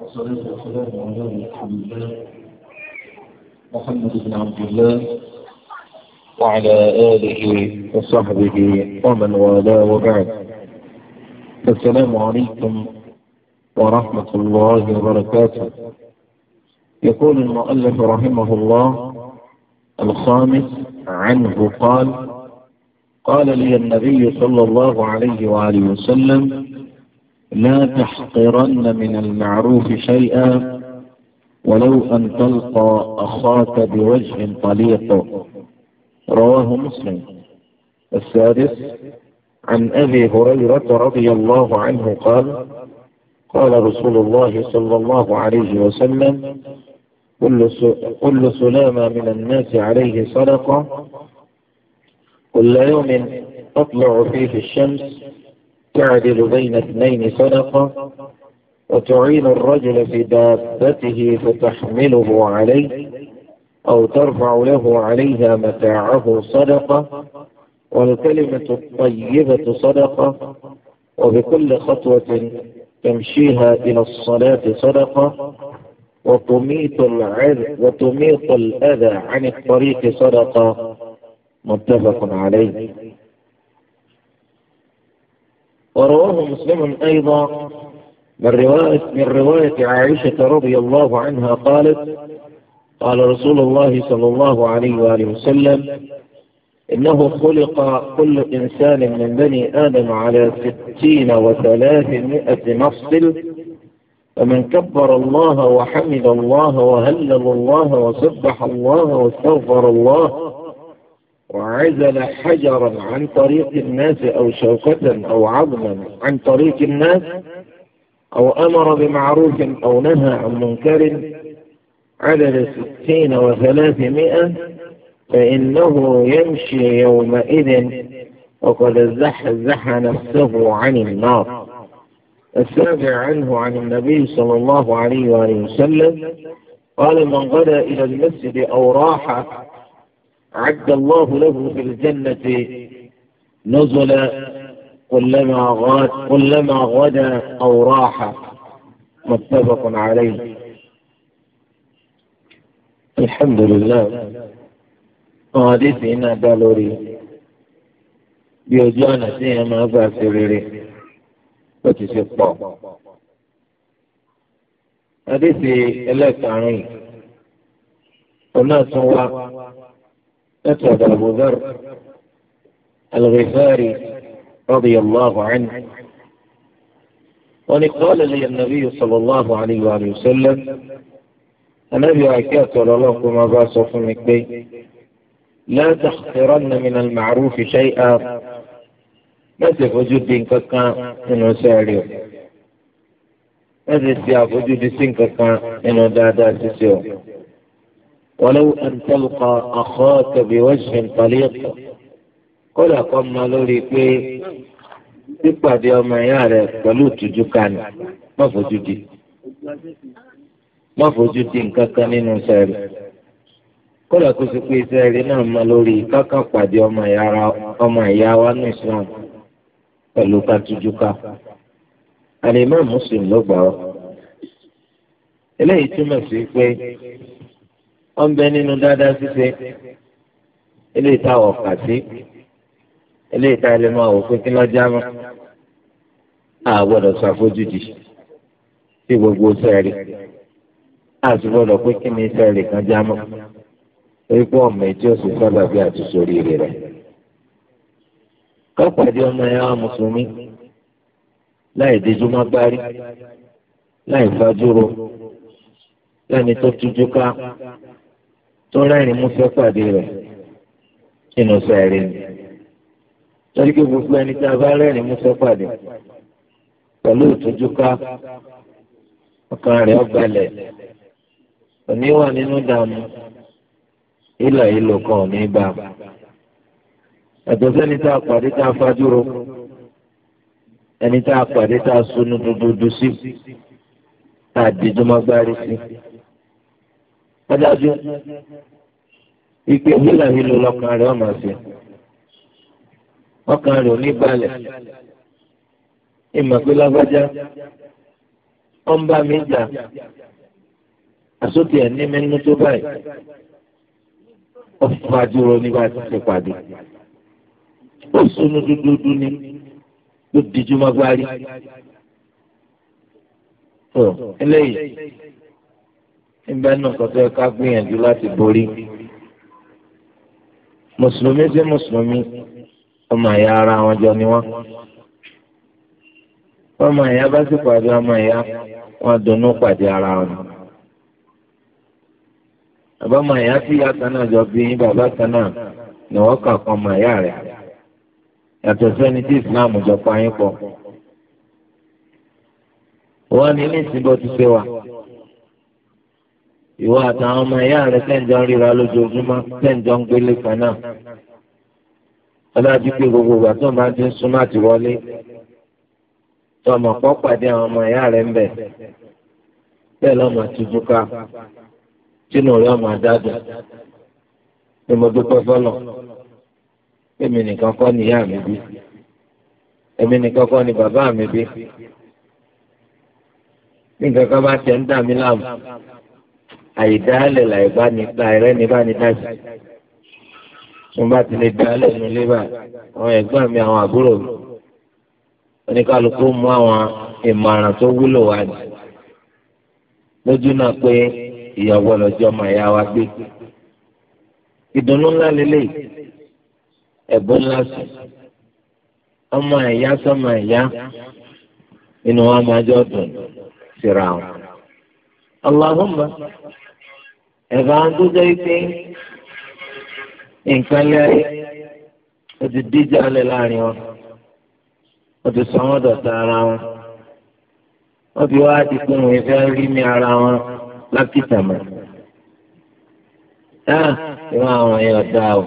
والصلاة والسلام على رسول الله محمد بن عبد الله وعلى آله وصحبه ومن والاه وبعد السلام عليكم ورحمة الله وبركاته يقول المؤلف رحمه الله الخامس عنه قال قال لي النبي صلى الله عليه وآله وسلم لا تحقرن من المعروف شيئا ولو أن تلقى أخاك بوجه طليق رواه مسلم السادس عن أبي هريرة رضي الله عنه قال قال رسول الله صلى الله عليه وسلم كل سلامة من الناس عليه صدقة كل يوم تطلع فيه الشمس تعدل بين اثنين صدقة وتعين الرجل في دابته فتحمله عليه أو ترفع له عليها متاعه صدقة والكلمة الطيبة صدقة وبكل خطوة تمشيها إلى الصلاة صدقة وتميط العذ وتميط الأذى عن الطريق صدقة متفق عليه ورواه مسلم أيضا من رواية, من رواية عائشة رضي الله عنها قالت قال رسول الله صلى الله عليه وآله وسلم إنه خلق كل إنسان من بني آدم على ستين وثلاثمائة مفصل فمن كبر الله وحمد الله وهلل الله وسبح الله واستغفر الله وعزل حجرا عن طريق الناس أو شوكة أو عظما عن طريق الناس أو أمر بمعروف أو نهى عن منكر عدد ستين وثلاثمائة فإنه يمشي يومئذ وقد زحزح نفسه عن النار السابع عنه عن النبي صلى الله عليه وآله وسلم قال من غدا إلى المسجد أو راح أعد الله له في الجنة نزلا كلما غاد كلما غدا أو راح متفق عليه الحمد لله حديث دالوري بيوجانا سيما فاسريري وتشفى حديثي لك عنه وناس أسود أبو ذر الغفاري رضي الله عنه قال لي النبي صلى الله عليه وآله وسلم النبي عكاة لكم أبا صفنك بي لا تخترن من المعروف شيئا ما تفجد ككا من سعره ما تفجد سنككا من دادا سسيو ولو أن تلقى أخاك بوجه طليق قل قم لوري بي ìpàdé ọmọ ẹ̀yà rẹ̀ pẹ̀lú ìtújú kanì má fojú di má fojú di nǹkan kan nínú iṣẹ́ rẹ̀ kódà kó sì pé iṣẹ́ rẹ̀ náà má lórí kákan pàdé ọmọ ẹ̀yà wa ní Islam pẹ̀lú kátújú ká àlè má mùsùlùmí ló gbà ọ́ eléyìí túmọ̀ sí pé wọ́n bẹ nínú dáadáa ṣíṣe eléyìí tá a wọ̀ kà sí eléyìí tá a lè máa wò pé kí lọ́jà mọ́ a gbọ́dọ̀ sọ àfojúdi sí gbogbo sẹ́ẹ̀rì a sì gbọ́dọ̀ pé kí ni sẹ́ẹ̀rì kan já mọ́ wípé ọmọ ètí òsì sábà bí àtúnṣe oríire rẹ̀ kọ́pàdé ọmọ ẹ̀ wá mùsùlùmí láì díjú mọ́ gbárí láì fajúro lẹ́ni tó tújú ká tó rẹ́rìn músẹ́ pàdé rẹ̀ nínú sẹ́ẹ̀rì ni torí pé gbogbo ẹni tí a bá rẹ́rìn músẹ́ pàdé pẹ̀lú ìtújúká ọkàn rẹ̀ ọgbàlẹ̀ òní wà nínú dààmú ìlà ìlò kan ní bá a ẹ̀tọ́ sẹ́ni tá a pàdé tá a fajúro ẹni tá a pàdé tá a sunu dúdú sí tá a dídúmọ́gbárí sí adájọ́ ìpè hílàhílò lọ́kàn rẹ̀ ọ̀mà sí ọkàn rẹ̀ ò ní balẹ̀ ìmọ̀ pé lágbájá ó ń bá mi jà àsókè ẹ̀ ní mẹ́nu tó báyìí ọ̀fọ̀ àdúró ní bá ti ṣe pàdé ó sunu dúdúdú ni ló dijú mọ́ gbárí. eléyìí nígbà náà kọtọ ẹ ká gbìyànjú láti borí mùsùlùmí sí mùsùlùmí ọmọ ẹ̀yà ara wọn jọ ni wọ́n ọmọ ẹ̀yà bá sì pàdé ọmọ ẹ̀yà wọn dùnnú pàdé ara wọn bàbá ọmọ ẹ̀yà tí ìyá kan náà jọ bí bàbá kan náà ni wọ́n kà kọ́ ọmọ ẹ̀yà rẹ̀ yàtọ̀ sẹ́ni tí Islam jọ pa yín pọ̀ wọ́n ní ní ìsìnbọ̀ ti ṣe wà ìwọ àtàwọn ọmọ ẹ̀yà rẹ sẹ́ńjọ ń ríra lójoojúmọ́ sẹ́ńjọ ń gbélé kan náà ọlọ́dún pé gbogbo ìgbà tó máa ti ń súnmọ́ àti wọlé tó ọmọ pọ́ pàdé àwọn ọmọ ẹ̀yà rẹ ń bẹ̀ bẹ́ẹ̀ lọ́mọ tuntun ká tínú rẹ ọmọ adádùn ni mo dúpẹ́ fọlọ́ èmi nìkan kọ́ ni ìyá mi bí èmi nìkan kọ́ ni bàbá mi bí nǹkan kan bá tẹ̀ ń dà mí láàmú àìdáálẹ̀ làìrẹ́ ní bá ní dáṣì tí wọ́n bá ti lè dáálẹ̀ ní lébà àwọn ẹ̀gbọ́n mi àwọn àbúrò mi oníkálukú mú àwọn ìmọ̀ràn tó wúlò wá ní lójú náà pé ìyàwó ọlọ́jọ́ ọmọ ìyá wa gbé ìdùnnú ńlá lélẹ̀ ẹ̀bùn ńlá sùn ọmọ ìyá sọmọ ìyá inú wa máa jọ dùn síra wọn. Allahumma ẹ̀fà ń tó jẹ́ pé nǹkan lé ayé ó ti díjà lé láàrin wọn ó ti sọ wọn dọ̀tá ara wọn ó fi wá ti pín òun ìfẹ́ rí mi ara wọn lákìtàmọ́ náà ìwọ àwọn èèyàn dá o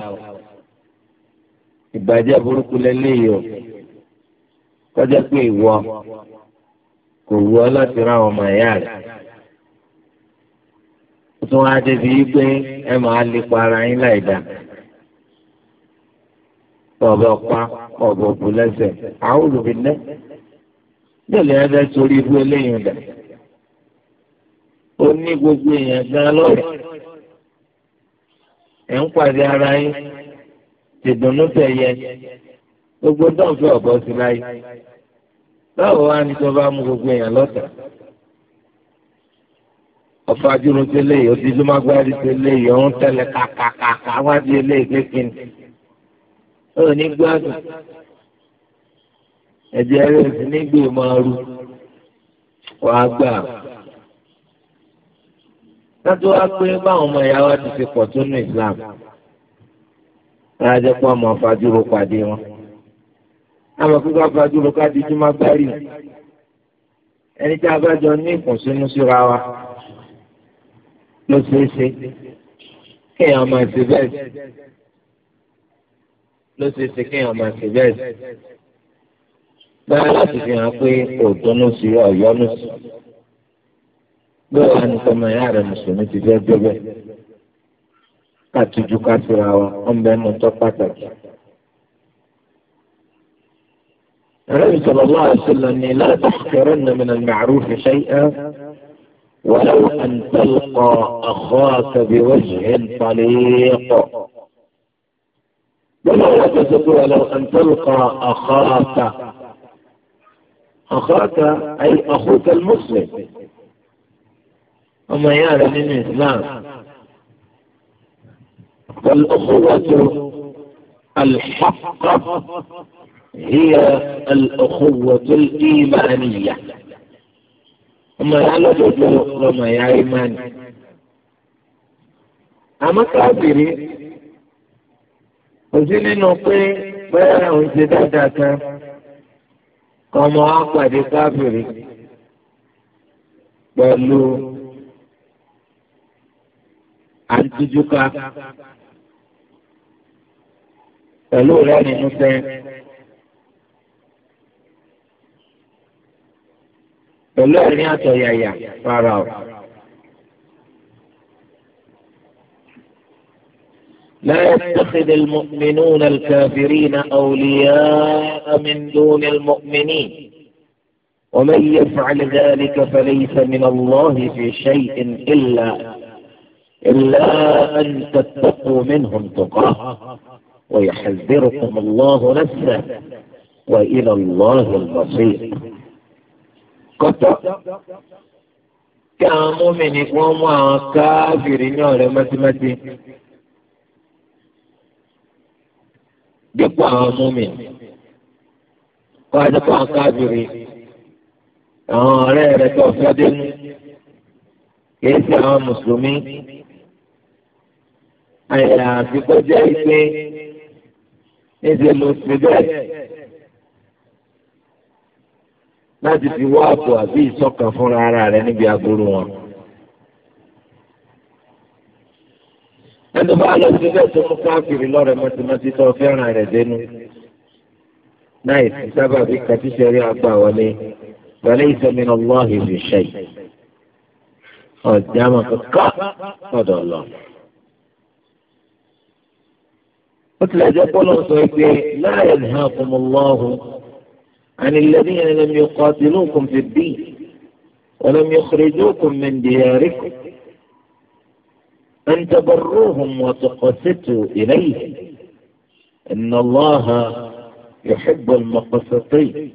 ìbàjẹ́ burúkú lẹ́lẹ́yìí o kọjá pé ìwọ kò wú láti rán ọmọ ẹ̀yà rẹ̀ tún wá débi wípé ẹ máa lépa ara yín láì dá ọ̀bẹ ọ̀pá ọ̀bẹ òbú lẹ́sẹ̀ àwọn olùbílẹ̀ nílẹ̀ ẹ fẹ́ torí ibú eléyìí dà ó ní gbogbo èèyàn gan lọ́rẹ̀ ẹ̀ ń pàdé ara yín tìdùnnú tẹ̀ yẹ gbogbo dọ́ǹfẹ́ ọ̀bọ sí láyé báwo wá ní tó bá mú gbogbo èèyàn lọ́tà ọ̀fọ̀ ajúro ti lé yìí odidi má gbárí ti lé yìí ọ̀hún tẹ̀lé kàkàkàkà wá di ilé kékin ó ní gbádùn ẹ̀jẹ̀ rẹ̀ sì ní gbé máa ru wàá gbà látó wá pé báwọn ọmọ ìyá wa ti fi pọ̀ tó nù Islam láàjẹ́ pé ọmọ fàdúró pàdé wọn àmọ́ kíkọ́ fàdúró ká di jùmọ̀ gbárí ẹni tí a bá jọ ní ìkùnsínú síra wa. ló ṣeé ṣe kéèyàn máa ṣe bẹ́ẹ̀ ló ṣeé ṣe kéèyàn máa ṣe bẹ́ẹ̀ báyọ̀ láti fi hàn pé òótọ́ ló ṣe ọ̀yọ́ ló ṣe bẹ́ẹ̀ wá ní sọmọ ìyá rẹ̀ mùsùlùmí ti fẹ́ gbé bẹ́ẹ̀ kàtújú kásìra wa wọ́n bẹ́ẹ̀ mú tọ́ pàtàkì. النبي صلى الله عليه وسلم لا تحقرن من المعروف شيئا ولو أن تلقى أخاك بوجه طليق ولو أن تلقى أخاك أخاك أي أخوك المسلم أما يا من الإسلام فالأخوة الحق هي الأخوة الإيمانية ọmọ ìyá lọ́dọọdọ lọmọ ìyá imani àmọ́ káàbìrì kò sí nínú pé bẹ́ẹ̀ òun ṣe dáadáa kan kọ́ ọmọ wa pàdé káàbìrì pẹ̀lú àtijúká pẹ̀lú rẹ̀ nínú sẹ́yìn. pẹ̀lú ẹ̀rín o. لا يتخذ المؤمنون الكافرين أولياء من دون المؤمنين ومن يفعل ذلك فليس من الله في شيء إلا إلا أن تتقوا منهم تقاه ويحذركم الله نفسه وإلى الله المصير kọ́tọ̀ kí àwọn mọ́mìnì kí wọ́n mú àwọn káfìrí ní ọ̀rẹ́ mọ́tímọ́tí dípò àwọn mọ́mìnì kọ́ àdúgbò àwọn káfìrí àwọn ọ̀rẹ́ rẹ̀ tó fẹ́ dénú kìí ṣe àwọn mùsùlùmí àyà àfikọ́jẹ́ ìpín níṣẹ́ ló ti bẹ́ẹ̀. láti fi wá àpò àbí ìsọ̀kan fúnra ara rẹ̀ níbi agbóró wọn. ẹnu bá lọ sí bẹ́ẹ̀ tó mú káàkiri lọ́rẹ̀ mọ́tímọ́tí tó fẹ́ràn rẹ̀ dénú. náà ìsìn sábà bí kàtíṣẹ́rí àgbà wọlé wọlé ìsọmi náà lọ́ ìlú iṣẹ́ yìí. ọ̀dà máa kankan ọ̀dọ̀ lọ. ó tilẹ̀ jẹ́ pọ́lọ́ sọ pé láyé ní hàn fún mi lọ́hùn. عن الذين لم يقاتلوكم في الدين ولم يخرجوكم من دياركم أن تبروهم وتقسطوا إليهم إن الله يحب المقسطين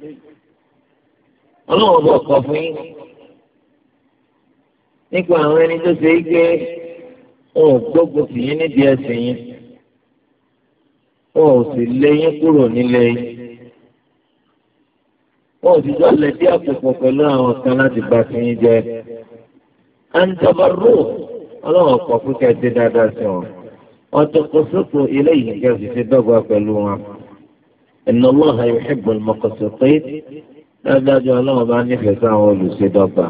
أنا وقفين نكو عواني تسيك أو كوكو فيني دياسين أو سليني كروني ليه wọn ò jíjọ́ lẹ̀ sí àpòpọ̀ pẹ̀lú àwọn kan láti bá fi yín jẹ. antabarro ọlọ́wọ́n pọ̀ fún kẹ́ẹ̀dé dáadáa sí wọn. wọ́n tó kó sóko ilé yìí kẹ́ fi fi dọ́gba pẹ̀lú wọn. inna Allaha yuhibbul muqsitin dájúdájú ọlọ́wọ́n bá nífẹ̀ẹ́ sáwọn olùṣèdọ́gba.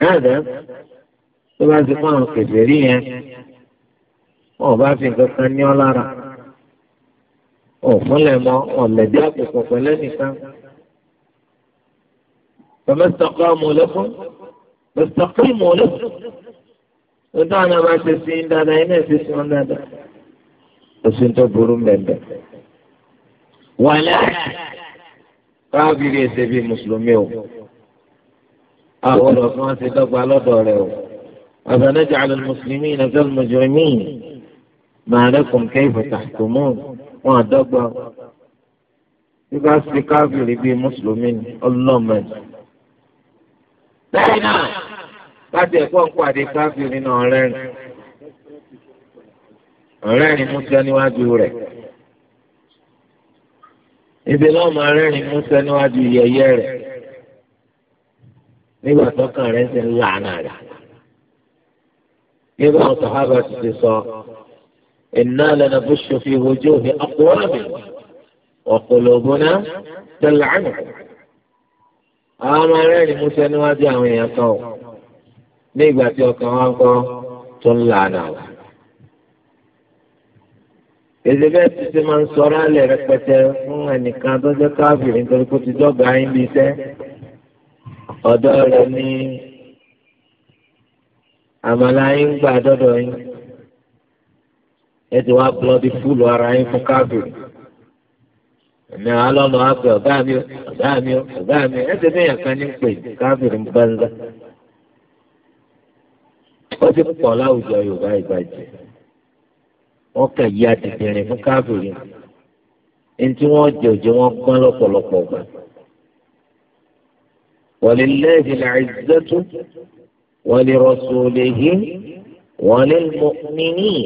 káàdà tó bá ti fún àwọn kẹfẹ́ rí yẹn wọn ò bá fi nǹkan kan ní ọ lára. وفلما الذي أبقى فلنك فما استقاموا لكم فاستقيموا لكم ودعنا ما تسين دعنا هنا تسين دانا تسين تبورون بندا ولا قابل يسبي مسلميو أول أقوان ستبع لطوله أفنجعل المسلمين كالمجرمين ما لكم كيف تحكمون wọn àdọ́gba bí bá ṣe káfíìrì bíi mùsùlùmí ni ọlọ́mọdé. lẹ́yìn náà bàtẹ pọ̀npọ̀ káfíìrì náà rẹ́rìn rẹ́rìn músẹ́ níwájú rẹ̀ ibi náà máa rẹ́rìn músẹ́ níwájú yẹyẹ rẹ̀ nígbà tọ́kàn rẹ̀ ń ńlá náà nígbà ti ti sọ. إنا لنبش في وجوه أقوام وقلوبنا تلعن àwọn ará ẹni mú sẹniwájú àwọn èèyàn kan ọ ní ìgbà tí ọkàn wa ń kọ tó ń la àná wa. èdè bẹ́ẹ̀ ti ṣe máa ń sọ̀rọ̀ alẹ́ rẹpẹtẹ fún ẹnìkan tó jẹ́ káfíìrì nítorí kó ti dọ́gba yín bí iṣẹ́ ọ̀dọ́ rẹ̀ ní àmàlà yín gbà dọ́dọ̀ yín ẹ ti wá blọọdì fúlù ara yín fún káàbìrì ẹ̀mí alọ́nà àgbẹ̀ ọ̀gá mi ó ọ̀gá mi ó ọ̀gá mi ẹ ti níyàn kan ní pè káàbìrì bánzá ó ti pọ̀ láwùjọ Yorùbá ìbàjẹ́ wọ́n kà yí adìdìrín fún káàbìrì ẹni tí wọ́n jẹ òjò wọn gbọ́n lọ́pọ̀lọpọ̀ gbà walillahi al-izzatu wa li rasulihi wa lil mu'minin.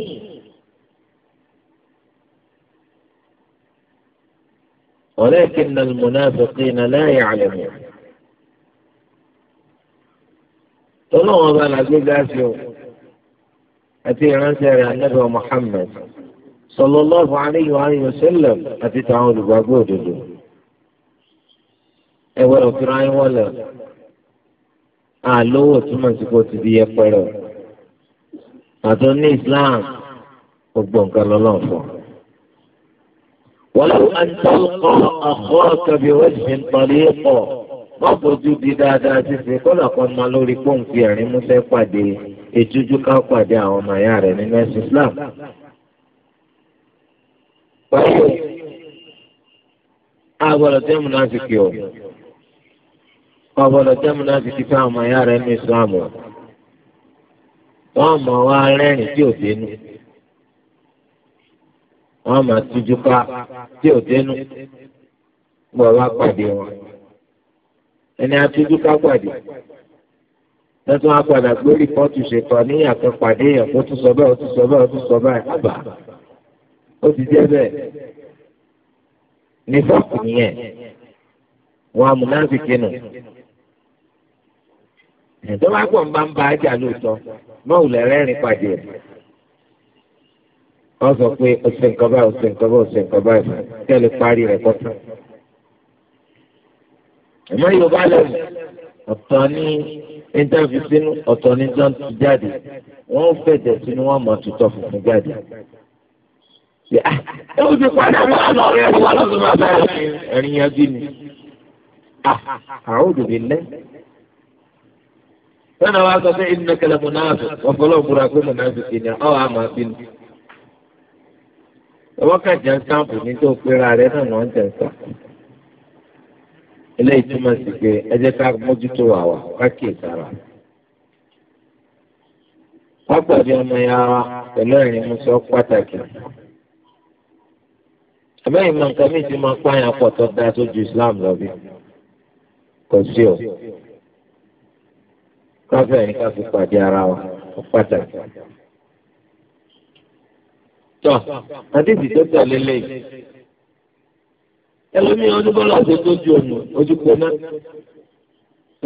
ولكن المنافقين لا يعلمون tọ́lọ́wọ́n bá la gbéga sí o àti ìránṣẹ́ rẹ̀ anábẹ́ Muhammad sallallahu alayhi wa sallam àti táwọn olùgbàgbọ́ òdodo ẹ gbọ́dọ̀ fira yín wọlé àlówó túmọ̀ sí kó ti di yẹpẹrẹ àtọ́ ní Islam gbogbo nǹkan lọ́lọ́fọ̀ọ́. ولو أن تلقى أخاك بوجه طليق wọ́n fojú di dáadáa ṣíṣe kọ́lá kan máa lórí pọ́ǹpì ẹ̀rín músẹ́ pàdé ètújú ká pàdé àwọn ọmọ ìyá rẹ̀ nínú ẹ̀sìn Islam. pẹ̀lú àgbọ̀dọ̀ jẹ́ múnáfíkì o ọ̀gbọ̀dọ̀ fún àwọn ọmọ ìyá rẹ̀ nínú Islam wọ́n mọ̀ wá rẹ́rìn tí ò dénú wọ́n máa tújú ká tí ò dénú gbọ́ wá pàdé wọn. ẹni atújú ká pàdé tẹ́tún á padà gbé rìpọ́ọ̀tù ṣètò àníyàn kan pàdé èèyàn kó tún sọ bẹ́ẹ̀ ó tún sọ bẹ́ẹ̀ ó tún sọ bẹ́ẹ̀ àbá ó ti jẹ́ bẹ́ẹ̀ ní fọ́ọ̀kù nìyẹn wọn amúnáfíkì nù ẹ̀dọ́ wá pọ̀ ń bá ń bá ajá lóòótọ́ mọ́wùlẹ̀ rẹ́rìn pàdé wọ́n sọ pé ọ̀sẹ̀ nǹkan báyìí ọ̀sẹ̀ nǹkan báyìí ọ̀sẹ̀ nǹkan báyìí kí ẹ lè parí rẹ̀ kọ́tà. ẹ̀mọ́ yorùbá lẹ́nu ọ̀tọ̀ ní íńtẹ́fì sínú ọ̀tọ̀ ní tó ń tu jáde wọ́n fẹ̀jẹ̀ sínú wọn mọ̀ tutọ́ funfun jáde. Ah, ẹ ó ti padà wá lọ rẹ wá lọ sí máa bẹ̀rẹ̀ ẹ̀rín yẹn bí mi. àwọn òdòdó lẹ́ sọ́nà wa sọ pé ìdílé wákàtí àǹtàǹpù ní tó pera rẹ náà lọ́n jẹ nǹkan. eléyìí túmọ̀ sí pé ẹ jẹ́ ká mójútó àwà káàkiri sára. pápábí ọmọ ya pẹ̀lú ẹ̀rín musa pàtàkì. àbẹ́yìn mọ nǹkan mìíràn ti máa pààyàn pọ̀ tó ju Islam lọ bí kò sí ara wa tọ àdéhùn tó tẹ̀lé lẹ́yìn ẹlòmí ọdún bọ́lá ṣe tójú ọ̀nà ojú kóná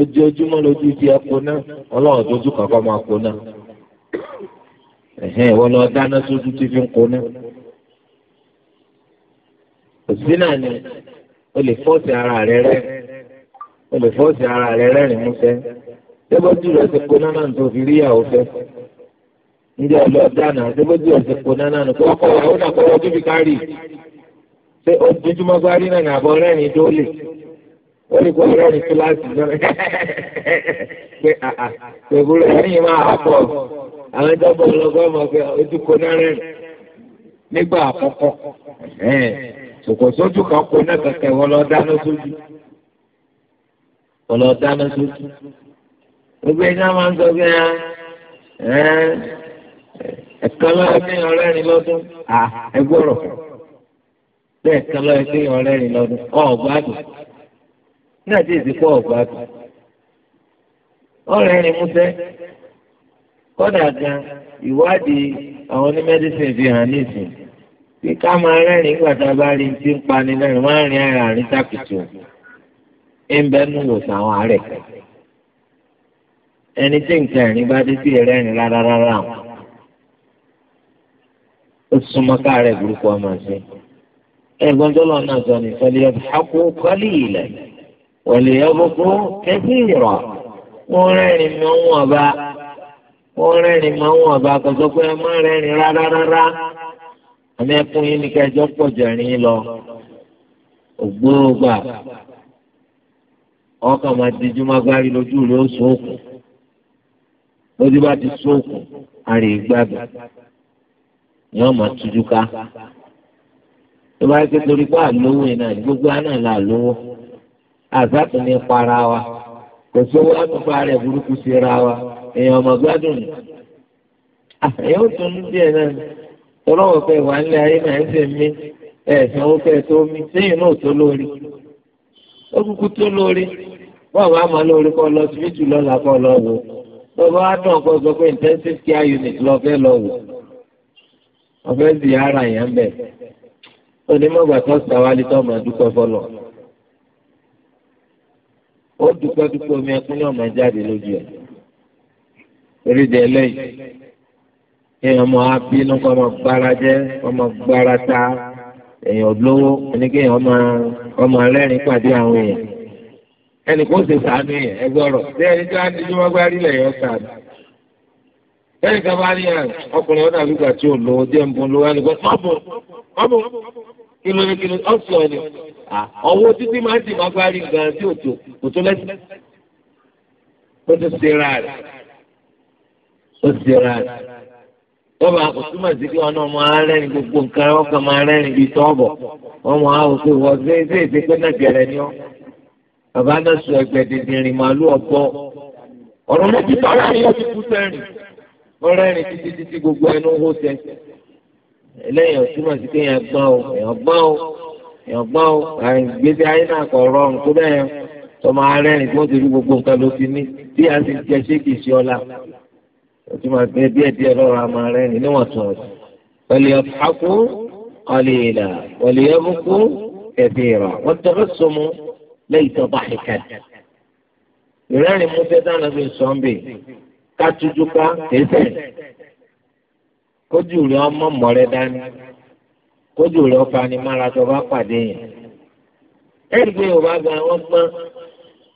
ojoojúmọ́ lójú ti ẹ kóná ọlọ́run tójú kankan máa kóná ẹ̀hẹ́n ìwọ lọ dáná sójú tí fi ń kóná òsì náà ni o lè fọ́ọ̀sì ara rẹ rẹ o lè fọ́ọ̀sì ara rẹ rẹ rìn músẹ́ tẹ́gbọ́n jù rẹ ti náà tó fi rí ìyàwó ndị ọlọ́dà náà débójú ọ̀sẹ̀ kò náà ee kó ọkọ̀ ọ̀hún náà kọ́ ọdún bíkárì ṣé ojoojúmọ́ gbárí náà nàbọ̀ rẹ́rìn tó lè ó lè kọ́ ẹ̀kan lọ́yẹ kéèyàn rẹ́rìn lọ́dún ẹgbọ́rọ̀ bẹ́ẹ̀ kan lọ́yẹ kéèyàn rẹ́rìn lọ́dún ọ̀gbádùn náà tí èsì pọ̀ ọ̀gbádùn ọ̀rẹ́rìn músẹ́ kọ́dà gan ìwádìí àwọn onímẹ́dísìn fi hàn nísìn bí ká máa rẹ́rìn nígbà tá a bá rí ti ń pani lẹ́rìn máa ń rìn ara rìn tákìtì ń bẹ́ nù wòsàn àwọn àárẹ̀ ẹni tí nǹkan ẹ̀rín bá dé sí ẹ̀rẹ́rìn rárá rárá àwọn ó súnmọ́ káàárẹ̀ burúkú ọmọ ẹ̀sìn. ẹ̀gbọ́n tó lọ náà sọ ní sọ́lẹ̀ ẹ̀bùn àpò kọ́lì ilẹ̀ wọ̀lé ẹ̀bùkú kẹ́sì ìrọ̀ wọ́n rẹ́rìn mọ́ wọn bá wọ́n rẹ́rìn mọ́ wọn bá kọ́sọ́ pé ẹ má rẹ́rìn rárá rárá àmì ẹkún yín ni kẹjọ pọ̀ jẹ̀rín lọ ògbóògbà ọkàn máa dijú má lójú rẹ̀ ó sóòkùn lójú bá ti sóòkùn àrè gbàgbà ni wọ́n máa tújú ká tó bá ké torí pé àlówó yẹn náà gbogbo àná là lówó àzàtò ní para wa kò sówó àtúfà rẹ̀ burúkú sí ra wa èèyàn ọmọ gbádùn ni èèyàn ó tún díẹ̀ náà tọ́lọ́wọ́ fẹ́ wà nílé ayé náà ẹ̀sẹ̀ mi ẹ̀sìn owó fẹ́ tó mi sẹ́yìn náà tó lórí ó kúkú tó lórí wọ́n bá máa lórí kọ́ lọ síbítù lọ́la kọ́ lọ wò bọ́ọ̀ bá sọ pé intensive care unit lọ fẹ́ lọ ọ̀fẹ́ sì ara yẹn bẹ̀ onímọ̀gbà tó sàwálì tó máa dúpẹ́ fọlọ̀ ó dúpẹ́ dúpẹ́ omi ẹkún ní ọ̀nà jáde lójú ẹ̀ orí de ẹlẹ́yìn èèyàn mọ abínú kọ́ ọmọ gbára jẹ́ ọmọ gbára ta èèyàn lówó oníkéèyàn ọmọ ọmọ rẹ́rìn pàdé àwọn èèyàn ẹnì kó ṣe sàánú yẹn ẹgbẹ́ ọ̀rọ̀ ẹni tí wọ́n á di tí wọ́n gbá rí lẹ̀ bẹ́ẹ̀ni ká bá rí àrùn ah, ọkùnrin ọ̀dà àgbègbè àti olówó díẹ̀ ń bọ̀ lówó ẹni gbọ́dọ̀ ọ̀bọ̀ ọ̀bọ̀ kìlọ̀ ní kìlọ̀ ọ̀sọ̀ ni ọwọ́ títí máa ń tì máa gbá rí gan tí òtò òtò lẹ́sìn ó ti ṣe ra rẹ̀ ó ti ṣe ra rẹ̀ tọ́ba kò túmọ̀ sí kí ọ̀nà ọmọ arẹ́rìn gbogbo nǹkan ọkàn máa rẹ́rìn bíi tọ́ọ̀bọ̀ ọmọ àwọn òkè wọ́n ṣe é ṣe é ṣe pé náà gẹ̀rẹ́ ni ọ́ bàbá náà sọ ẹgbẹ́ dídìrín màálù ọ̀gbọ́ ọ̀rọ̀ méjì tọ́lá ni ti kú sẹ́rìn ọrẹ́rìn títí títí gbogbo ẹnu hó sẹ eléyìí ò túmọ̀ sí pé èèyàn gbọ́n o èèyàn gbọ́n o èèyàn gbọ́n o àìgbésí ayé náà kọ̀ rọrùn tó bẹ́ẹ̀ tọmọ arẹ́rìn tí wọ́n ti rí gbogbo nǹkan ló ti ní bí a ti jẹ ṣé kìí ṣe ọlá ò túmọ̀ sí pé díẹ̀ díẹ̀ lọ́rọ̀ àmọ́ arẹ́rìn níwọ̀n tó ọ̀sẹ̀ pẹ̀lú ọ̀pákú ọ̀lẹ́yìnlá pẹ̀lú ẹ̀mùkú kẹfìrà wọ́n tọ́lọ́ sọmọ lẹ́yìn tó bá ìkà ìrẹ́rìn mú kátújú ká kéṣẹ kójú rẹ ọmọ mọrẹ dání kójú rẹ ọfà ni mára tó bá pàdé yẹn ẹni pé yorùbá gan wọn gbọ́n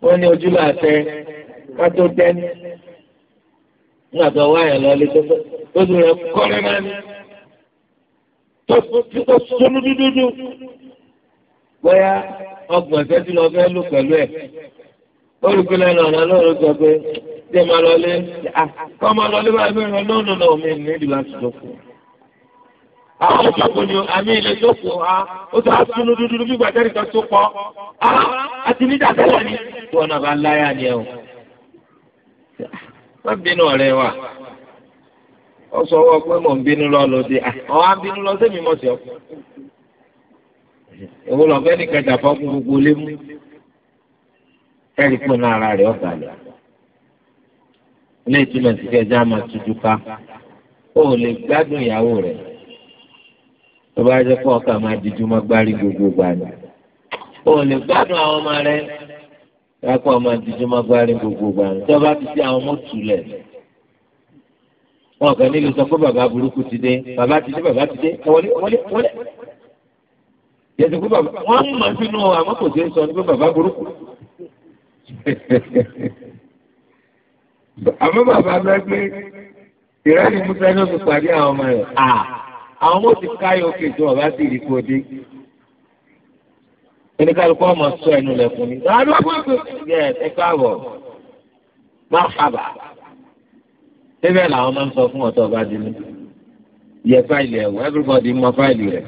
wọn ní ojú làtẹ kátó tẹni nígbà tó wáyà lọ lé tó kójú rẹ kọrẹ dání tó tó sọnù dúdúdú bóyá ọgbọ̀n ìfẹ́ lọ fẹ́ lò pẹ̀lú ẹ̀ ó rí i pé sọ pé jẹ́ máa lọlé ah, kọ́ máa lọlé báyìí bẹ́ẹ̀ lọ lọ́nà náà mi ní ìdí láti jókòó. Àwọn ah, òjòkó ni àmì ah, ilé jókòó a ó tó aṣọ dúdú bí gbàtẹ́rì kan tó pọ̀ a àti níta tẹ́lẹ̀ ni. Wọ́n náà bá láyà ni ẹ o. Má bínú ọ̀rẹ́ wa. Ó sọ wọ́n pé mò ń bínú lọ lòdì. Àwọn á bínú lọ sẹ́mi mọ̀ sí ọ. Èwo lọ́fẹ́ nìkan jà fọ́kùn gbogbo lé mú. Ẹ̀rí náà ara rẹ̀ ọ̀gá lẹ̀ ilé ìtumọ̀ sí kẹjá máa tuju ká ó lè gbádùn ìyàwó rẹ̀ tó bá jẹ́ pọ̀ ká máa dijú má gbárí gbogbo gbà ní. ó lè gbádùn àwọn ọmọ rẹ̀ kápọ̀ máa dijú má gbárí gbogbo gbà ní. tó bá ti sí àwọn ọmọ tùlẹ̀ wọn kàn nílùú sọ pé bàbá burúkú ti dé bàbá ti dé bàbá ti dé wọlé wọlé wọlé yẹtù pé bàbá wọn mọ sínú àmọ́ kò sí sọ ní pé bàbá burúkú. àmọ́ bàbá bẹ́ pé ìrẹ́lì musa ní oṣù pàdé àwọn ọmọ rẹ̀ à àwọn ọmọ ti káyọ̀ òkè tó ọba sì rí kó dé. oníkálukú ọmọ sọ ẹnu lẹ̀kùn ní. àwọn ọmọ pé yẹ ẹ káàbọ̀ má fàbà. síbẹ̀ làwọn máa ń sọ fún ọ̀tọ̀ ọba dínú. yẹ fáìlì ẹ̀ everybody mọ fáìlì rẹ̀.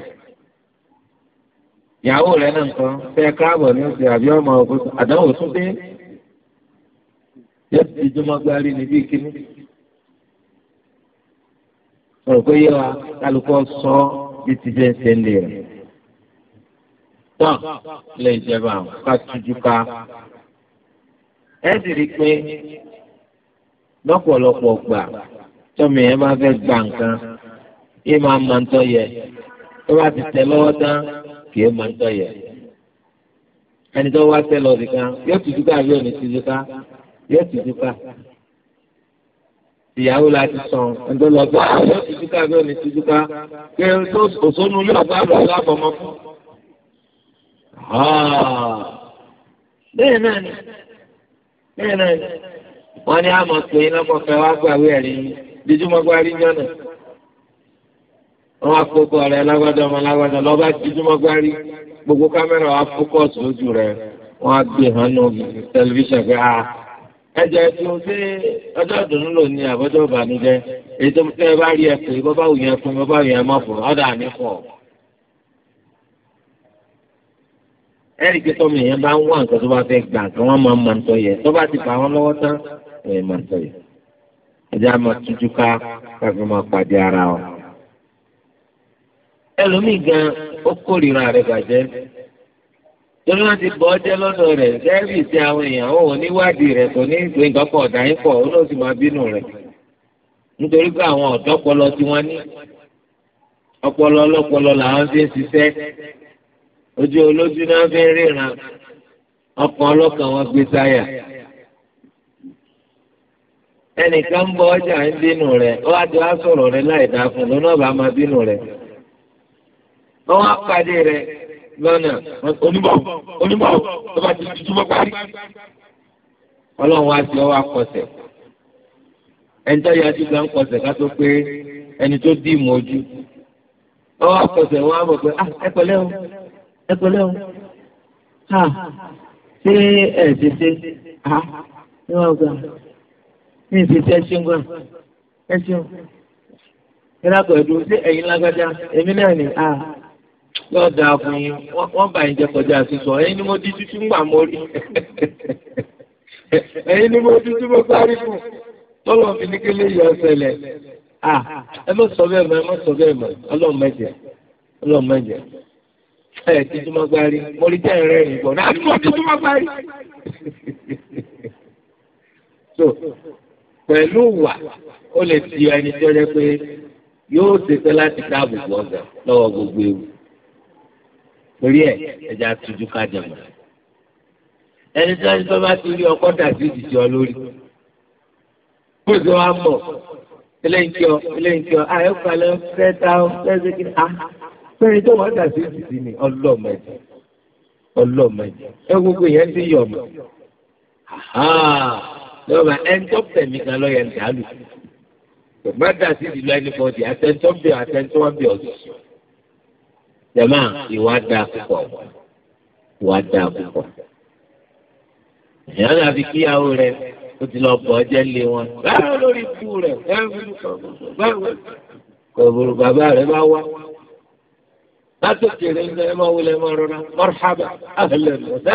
ìyàwó rẹ̀ náà ń kọ́ fẹ́ káàbọ̀ ní oṣù àbí ọmọ àdánwò tún dé yóò ti dúmọ́ gbárí níbí kíní. ọ̀rọ̀ pé yé wa kálukọ́ sọ bí ti jẹ́ sẹ́lẹ̀ rẹ̀. tán lè jẹba ká tuju ká. ẹ sì rí i pé lọ́pọ̀lọpọ̀ gbà tọ́mi ẹ bá fẹ́ gba nǹkan yé máa ma ń tọ́ yẹ tó bá ti tẹ lọ́wọ́ tán kì í ma ń tọ́ yẹ. ẹni wá tẹ lọ sí kan yóò tuju ká yóò ní tuju ká yóò ti dúpà ìyàwó la ti sàn ẹjọ́ lọ bá yóò ti dúpà bí òní ti dúpà pé òṣónú yóò bá lọ lábọmọ fún. Ah. bẹ́ẹ̀ náà ni bẹ́ẹ̀ náà ni wọ́n ní àmọ̀ pé lọ́kọ̀ọ́fẹ́ wá gbàwé ẹ̀rí dídúmọ́ gbárí yánà wọn akókó ọ̀rẹ́ alágbádá ọmọ alágbádá lọba dídúmọgbárí gbogbo kámẹ́rà wa fókọsì lójú rẹ̀ wọn á gbé hàn nù tẹlifíṣàn pé a ah, ẹjẹ tí o ṣe ọjọ́ ìdùnnú lò ní àbọ̀jọ́ ìbànújẹ́ ètò ẹ bá rí ẹkùn bọ́bá òun yẹn fún bọ́bá òun yẹn mọ̀ fún ọ̀dà nípọ̀. ẹ̀rí pé tọ́mọ bá ń wá nǹkan tó bá gbà kí wọ́n máa máa ń yẹ ti bá wọn lọ́wọ́ tán ara ọ. ẹlòmíì gan ó torí wọn ti bọ ọjẹ lọ́dọ̀ rẹ̀ gẹẹsì ti àwọn èèyàn ò níwádìí rẹ̀ kò ní ìpè nǹkan ọdà yín pọ ó sì máa ọpọlọ tí wọn ní ọpọlọ ọlọpọlọ làwọn fi ń ojú olójú náà fi ń ríran ọjà ń bínú ó wá ti wá sọ̀rọ̀ rẹ̀ láì dáa fún un lónà bá máa bínú ó wá lọ́nà onímọ̀ onímọ̀ tó bá ti tutù mọ́ parí. ọlọ́run wá sí ọwọ́ akọ̀sẹ̀ ẹni tó yẹ ẹtí gbà ń kọ̀sẹ̀ ká tó pé ẹni tó dì mọ́ ojú ọwọ́ akọ̀sẹ̀ wọn á mọ̀ pé ah, ẹ pẹ̀lẹ́ o ẹ pẹ̀lẹ́ o ha ṣé ẹ tètè ha ní wọn gbà ní ìtètè ẹ ṣeun gbà ẹ ṣeun ẹ dákọ̀ ẹ̀dùn sí ẹ̀yin lágbájá èmi náà ni ha. yóò dáa fún yín wọ́n bá yín jẹ kọjá sísọ ẹ̀yin ni mo di títí ń gbà mórí ẹ̀yin ni mo di yọ à ẹ má sọ bẹ́ẹ̀ mọ́ ẹ má sọ bẹ́ẹ̀ ọlọ́run mẹ́jẹ ọlọ́run mẹ́jẹ títí mo gbárí mo rí jẹ́ ẹ̀rẹ́ rìn bọ̀ gbárí. so pẹ̀lú wà ó lè di ẹni pé yóò ṣe láti dáàbò bọ̀ ọ̀gá lọ́wọ́ gbogbo ewu. torí ẹ ẹja tuju kájà mọ ẹni tí wọn ti bá ti rí ọkọ dà sí ìdìjẹ ọ lórí bó ṣe wá mọ eléyìí kí ọ eléyìí kí ọ àyọkàlẹ ah, fẹ ta ọ fẹsẹ kí a ah, fẹrin tó wọn dà sí ìdìjẹ ni ọlọmọdé ọlọmọdé ẹ gbogbo yẹn ti yọ ọmọ lọ́ba ẹ̀ńtọ́pẹ̀ mi kan lọ́yẹ̀ ń dàlù má dà sí ìdìlú ẹni fọ́ọ̀tì àtẹ̀ńtọ́pẹ̀ àtẹ̀ńtọ́pẹ̀ ọ̀sùn jama ìwà dáa púpọ̀ ìwà dáa púpọ̀ èèyàn àbí kíyàwó rẹ ó ti lọ bọ̀ ọjẹ́ lé wọn báwo lórí ikú rẹ kòbòrò bàbá rẹ bá wá látòkèrè ń bẹ ẹ máa wọlé ẹ máa rọra mọ́rùhábà áhẹlẹ ọ̀sẹ̀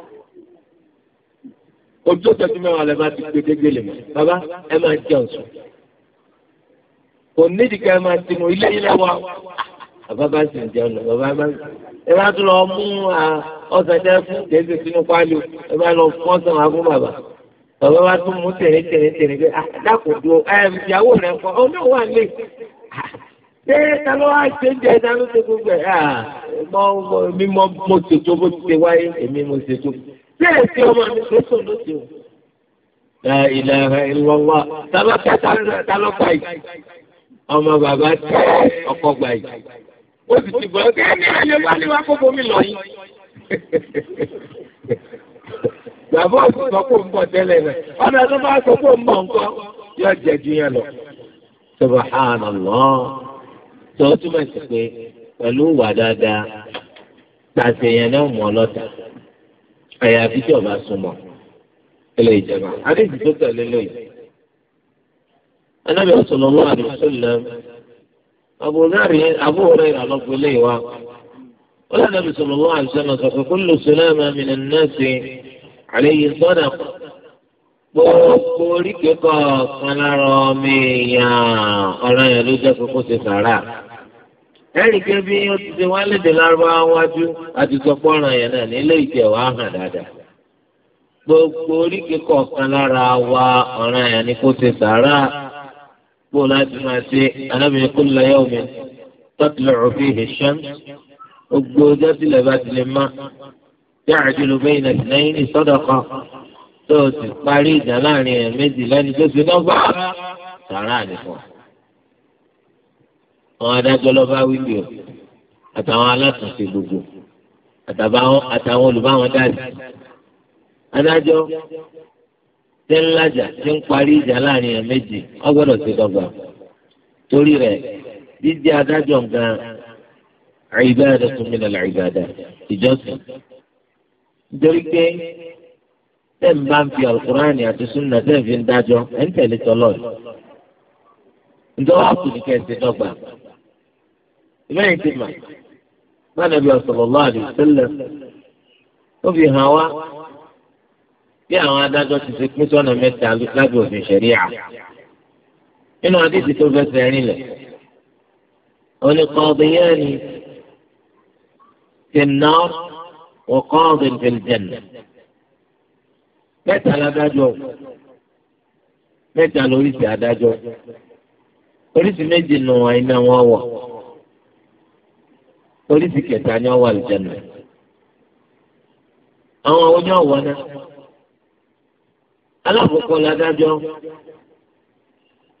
ojú ọjọ́jú mẹ́wàá lẹ́ máa ti pé dégbélé mọ́ bàbá ẹ máa jẹun sùn kò nídìí ká ẹ máa tinú ilé yín lẹ́wọ́ bàbá bá sì ń jẹun lọ bàbá bá ẹ bá tún lọ mú ọsàn jẹ fún kéésì sínú pálí ẹ bá lọ fún ọsàn wà fún bàbá bàbá bá tún mú tèrè tèrè tèrè pé dákò dúró ẹ ìyàwó rẹ kọ ọ náà wà lè ṣé ta ló wá ṣe ń jẹ ìdáná tó gbogbo ẹ mọ mo ṣètò bó ti ṣe wáyé èmi mo ṣètò bẹ́ẹ̀ sí ọmọ mi tó sùn lóṣù. La ilaha illallah tábàkà tálọ́pà yìí ọmọ bàbá tẹ ọkọ̀ gbà yìí. Ó sì ti bọ̀ ẹ́ ní ẹ̀yẹ wá ní wá kó bomi lọ yìí. Bàbá òsì sọ pé ń bọ̀ tẹ́lẹ̀ rẹ̀. Ọ̀nà tó bá sọ pé ń bọ̀ nǹkan yóò jẹ ju yẹn lọ. Subhanallah. Sọ túmọ̀ sí pé pẹ̀lú ìwà dáadáa, tàṣeyẹn náà mọ̀ ọ́ lọ́tà àyàfi tí ọba súnmọ́ ilé ìjọba àdéhùn tó tẹ̀lé lóyè. anábì sallallahu alaihi wasallam àbúrò àbúrò ìrànlọ́gbọ̀ lè wa. wọ́n anábì sallallahu alaihi wasallam sọ pé kullu sulama minan nasi alayhi sadaqa. gbogbo oríkèé kọ̀ọ̀kan lára ọmọ èèyàn ọ̀ràn yẹn ló jẹ́ kókó ti sàrà ẹ̀rí pé bí ó ti ṣe wá léde lárúbáwá wájú àti sọpọ́nrán yẹn náà nílé ìjẹ̀wá hàn dáadáa. gbogbo oríkèé kọ̀ọ̀kan lára wa ọ̀ràn yẹn ni kò ṣe sàárà kó láti máa ṣe anábìyẹn kó lọ yẹ omi tọ́tìlẹ̀ òfin hìṣẹ́m. gbogbo ọjọ́ tilẹ̀ bá tilẹ̀ má tí àjùlù bẹ́yìn náà lẹ́yìn ní sọ́dọ̀kọ tó ti parí ìjà láàrin ẹ̀ méjì lẹ́ni tó ṣe náà bá sàárà nìkan àwọn adájọ́ lọ́ba wíwì o àtàwọn alátùnṣe gbogbo àtàwọn olùbáwọn dáàbì adájọ́ tí ń lajà tí ń parí ìjà láàrin ẹ̀ méjì wọ́n gbọ́dọ̀ ti dọ́gba torí rẹ̀ jíjẹ́ adájọ́ nǹkan àìbáyàdà tó mi nàlẹ́ àìbáyàdà ìjọsìn nítorí pé tẹ́ ń bá ń fi alukurani àti sunna tẹ́ ń fi ń dájọ́ ẹ̀ ń tẹ̀lé tọ́lọ́ọ̀ nítorí wàá kù ní kẹ́sì dọ́gba ìbẹ́yìn ti mà bá nàbí sallallahu alaihi wasallam ó fi hàn wá bí àwọn adájọ́ ti ṣe pín sọ́nà mẹ́ta lábẹ́ òfin ṣẹ̀ríà nínú àdéhùn tó fẹsẹ̀ rinlẹ̀ òun ni qadiyani fi an-nar wa qadin fi al-janna mẹ́ta ládájọ́ mẹ́ta lóríṣi adájọ́ oríṣi méjì nù àìná wọn wọ̀ oríṣi kẹta ni wọ́n wà lùjẹ́nu àwọn àwọn oní ọ̀wọ́ náà alákòókò ládájọ́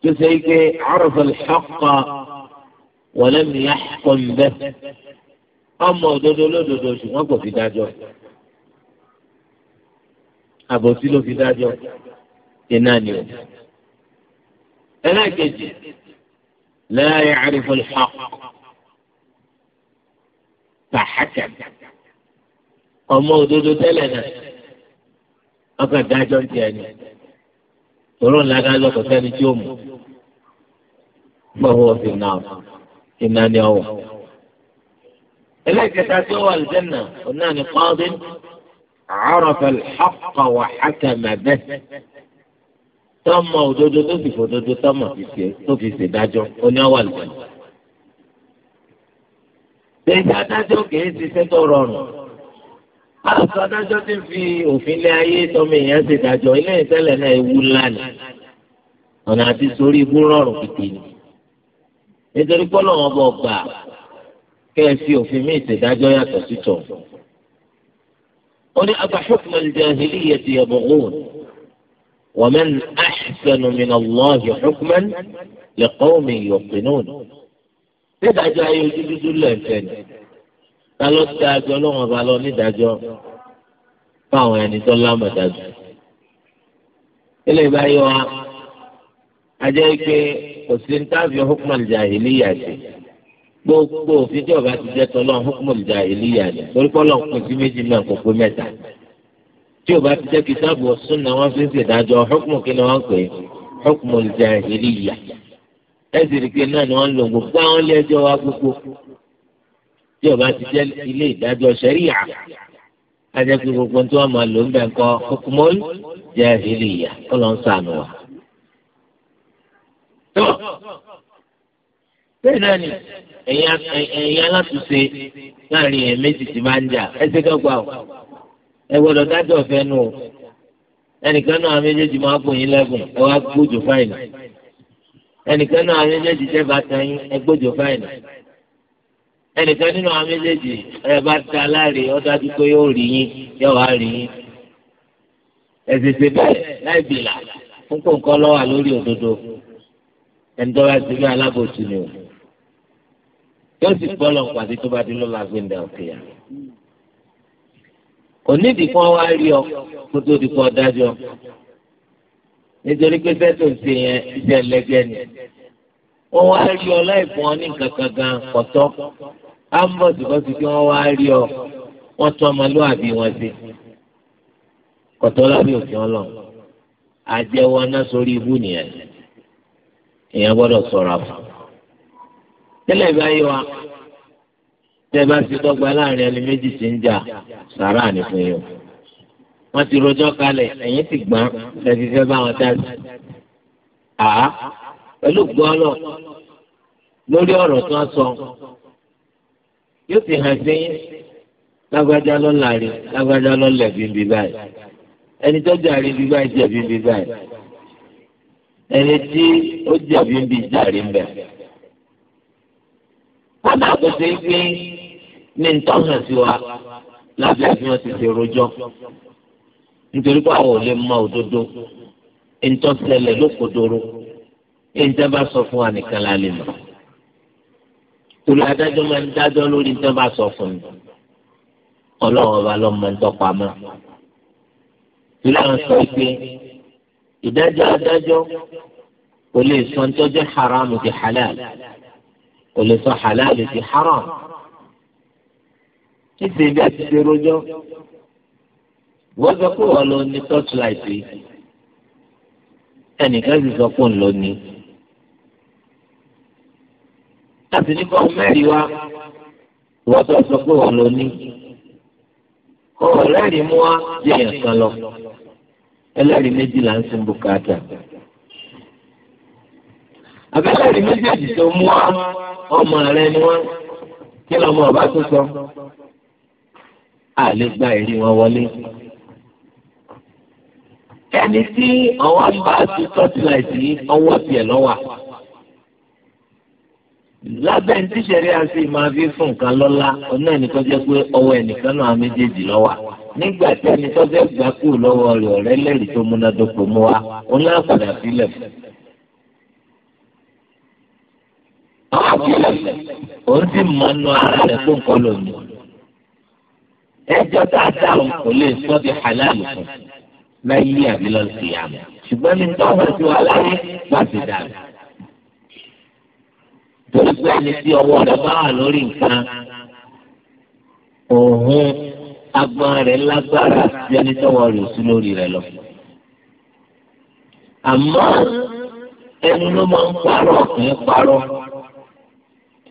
tó ṣe pé àròfẹ́ lọ́kọ̀ wọlé mi yá pọ̀ ń bẹ́ ọmọ òdodo lódodo ṣùgbọ́n kò fi dájọ́ àbòsí ló fi dájọ́ iná ni o ẹlẹ́kejì lẹ́yìn àròfẹ́ lọ́kọ̀ tàhákà ọmọ òdodo tẹ́lẹ̀ náà ọkọ̀ ìdájọ́ ń tiẹ̀ ni tòró ńlá dájọ́ kò sẹ́ni tí ó mú fọwọ́ fi náà iná ni ọwọ́. ẹlẹ́kẹta tí ó wà lùjẹ́nà ọ̀nà ni qadin arafa al-haqqa wa hakama bihi tọ́mọ òdodo tó fi fòdodo tọ́mọ fi ṣe tó fi ṣèdájọ́ ó ní ọwọ́ lùjẹ́nà ṣèjì adájọ́ kìí ṣiṣẹ́ tó rọrùn àṣọ adájọ́ ti fi òfin lé ayé tọmọ èèyàn ṣe dájọ́ ilé ìtẹ́lẹ̀ náà ewu ńlá ni ọ̀nà àti sórí ibú rọrùn kìkì ni nítorí pọ́lọ́ wọn bọ̀ gbà kẹ́ ẹ fi òfin mí ìṣèdájọ́ yàtọ̀ sítọ̀ ó ní afahukma al-jahiliyyati yabghun wa man ahsanu min Allahi hukman liqawmin yuqinun nídàájọ́ ayé ojú dúdú lẹ̀ǹtẹ̀ ni ta ló ti dájọ́ lọ́wọ́n ba lọ nídàájọ́ fáwọn ẹni tó lámọ̀dájú. ilé ìbáyé wa ajẹ́ pé kò sí ní táàbì hukman jahiliya sí gbogbo òfin tí ọba ti jẹ́ tọ́lọ́ hukman jahiliya ni torí pọ́lọ́ ń pín méjì náà kò pé mẹ́ta tí ọba ti jẹ́ kìtàbù sunna wọ́n fi ń ṣèdájọ́ hukman kí ni wọ́n ń pè hukman jahiliya ẹsì rí pé náà ni wọ́n ń lò gbogbo àwọn ilé ẹjọ́ wa gbogbo tí ó bá ti jẹ́ ilé ìdájọ́ ṣẹ̀ríyà ajẹ́ pé gbogbo tí wọ́n máa lò ń bẹ̀ kọ́ hukumul jahiliya kó lọ́n sànù wa. bẹ́ẹ̀ náà ni ẹ̀yin alátúnṣe láàrin ẹ̀ méjì ti máa ń jà ẹsẹ̀ dọ́gba o ẹ gbọ́dọ̀ dájọ́ ọ̀fẹ́ nù o ẹnìkan náà méjèèjì máa bùn yín lẹ́bùn ẹ wá gbójú fáìlì ẹnìkan náà méjèèjì tẹ́ bá tan yín ẹgbójò fáìlì ẹnìkan nínú àwọn méjèèjì ẹ bá ta láre ó dájú pé yóò rí yín yóò wá rí yín ẹ̀sìsì bẹ́ẹ̀ láì bìlà fún nǹkan lọ́wọ́ lórí òdodo ẹni tó bá ti rí alábòsí ni o yóò sì gbọ́ lọ pàdé tó bá dé lọ́la gbẹ̀ndà òkè yà onídìí kan wá rí ọ kó tó di kó ọ dájọ́ nítorí pé sẹ́tò ń ṣe yẹn iṣẹ́ ẹlẹ́gẹ́ ni wọ́n wá rí ọ láìpọ́n ní nǹkan kan gan kọ̀tọ́ á ń bọ̀ síbọ̀ sí kí wọ́n wá rí ọ wọ́n tún ọmọlúwàbí wọn ṣe kọ̀tọ́ lábẹ́ òfin ọlọ́run àjẹwọ́ náà sórí ibú nìyẹn èèyàn gbọ́dọ̀ sọ̀rọ̀ àfọ̀ tẹ́lẹ̀ báyìí wa tẹ́ bá ti dọ́gba láàrin ẹni méjì tí ń jà sàrà ní fún yín o wọ́n ti rojọ́ kalẹ̀ ẹ̀yìn ti gbọ́n ṣẹ̀tì fẹ́ bá wọn dájú. àá pẹ̀lú gbọ́lọ̀ lórí ọ̀rọ̀ tí wọ́n sọ yóò ti hàn sí lágbájá ló láre lágbájá ló lẹ̀bi bí báyìí ẹni tó jàre bí báyìí jẹ̀bi bí báyìí ẹni tí ó jẹ̀bi bí jàre ń bẹ̀. kọ́dà kò sí pé ní ntọ́hàn sí wa lábẹ́ àfihàn ti ṣe rojọ́ nítorí pé àwọn ò lè mọ òdodo ìtọ́sẹ̀lẹ̀ lókodoro ìjọba bá sọ fún wa nìkan la lè mọ̀ olùdájọ́ máa ń dájọ́ lórí ìjọba bá sọ fún mi ọlọ́run ọba ló máa ń tọpamọ́ ìlànà sọ pé ìdájọ́ adájọ́ kò lè sọ ntọ́jọ́ haramu ti halal kò lè sọ halal ti haram títí bí a ti ṣe rojọ́ wọ́n sọ pé wọ́n lọ ní torchlight ẹnìkan sì sọ pé òun lọ ní. láti ní kọ́ mẹ́rin wá wọ́n sọ sọ pé wọ́n lọ ní. ọ̀rẹ́ rí mú wá jẹ́ èèyàn kan lọ ẹlẹ́rìí méjì là ń sin bùkátà. abẹ́lẹ́rìí méjèèjì tó mú wá ọmọ rẹ ni wọ́n kí lọ́mọ ọba tó sọ. a gba ẹ̀rí wọn wọlé ẹni tí ọwọ́ bá ti tọ́tìláìtì ọwọ́ tiẹ̀ lọ́wà lábẹ́ ní tíṣẹ̀rí àti máa fi fún nǹkan lọ́lá ọ̀nà ẹnìkan jẹ́ pé ọwọ́ ẹnìkan náà méjèèjì lọ́wà nígbà tí ẹni tó fẹ́ gbà kú lọ́wọ́ rẹ̀ ọ̀rẹ́ lẹ́rìí tó múnádóko mú wa ó ní àpàdà sílẹ̀ fún. àwọn àbílẹ̀ òun sì máa ń nu ara rẹ̀ fún nǹkan lòun. ẹjọ́ tá a dá òun kò lè sọ́ di halal fún un láyé àbí lọ́sì àmì ṣùgbọ́n ní tọ́wọ́ ti wà láyé láti dàbí. torí pé ẹni tí ọwọ́ rẹ̀ bá wà lórí nǹkan òun agbọ́n rẹ̀ lágbára bí ẹni tọ́wọ́ rẹ̀ sí lórí rẹ̀ lọ. àmọ́ ẹnu ló máa ń parọ́ ọkùnrin parọ́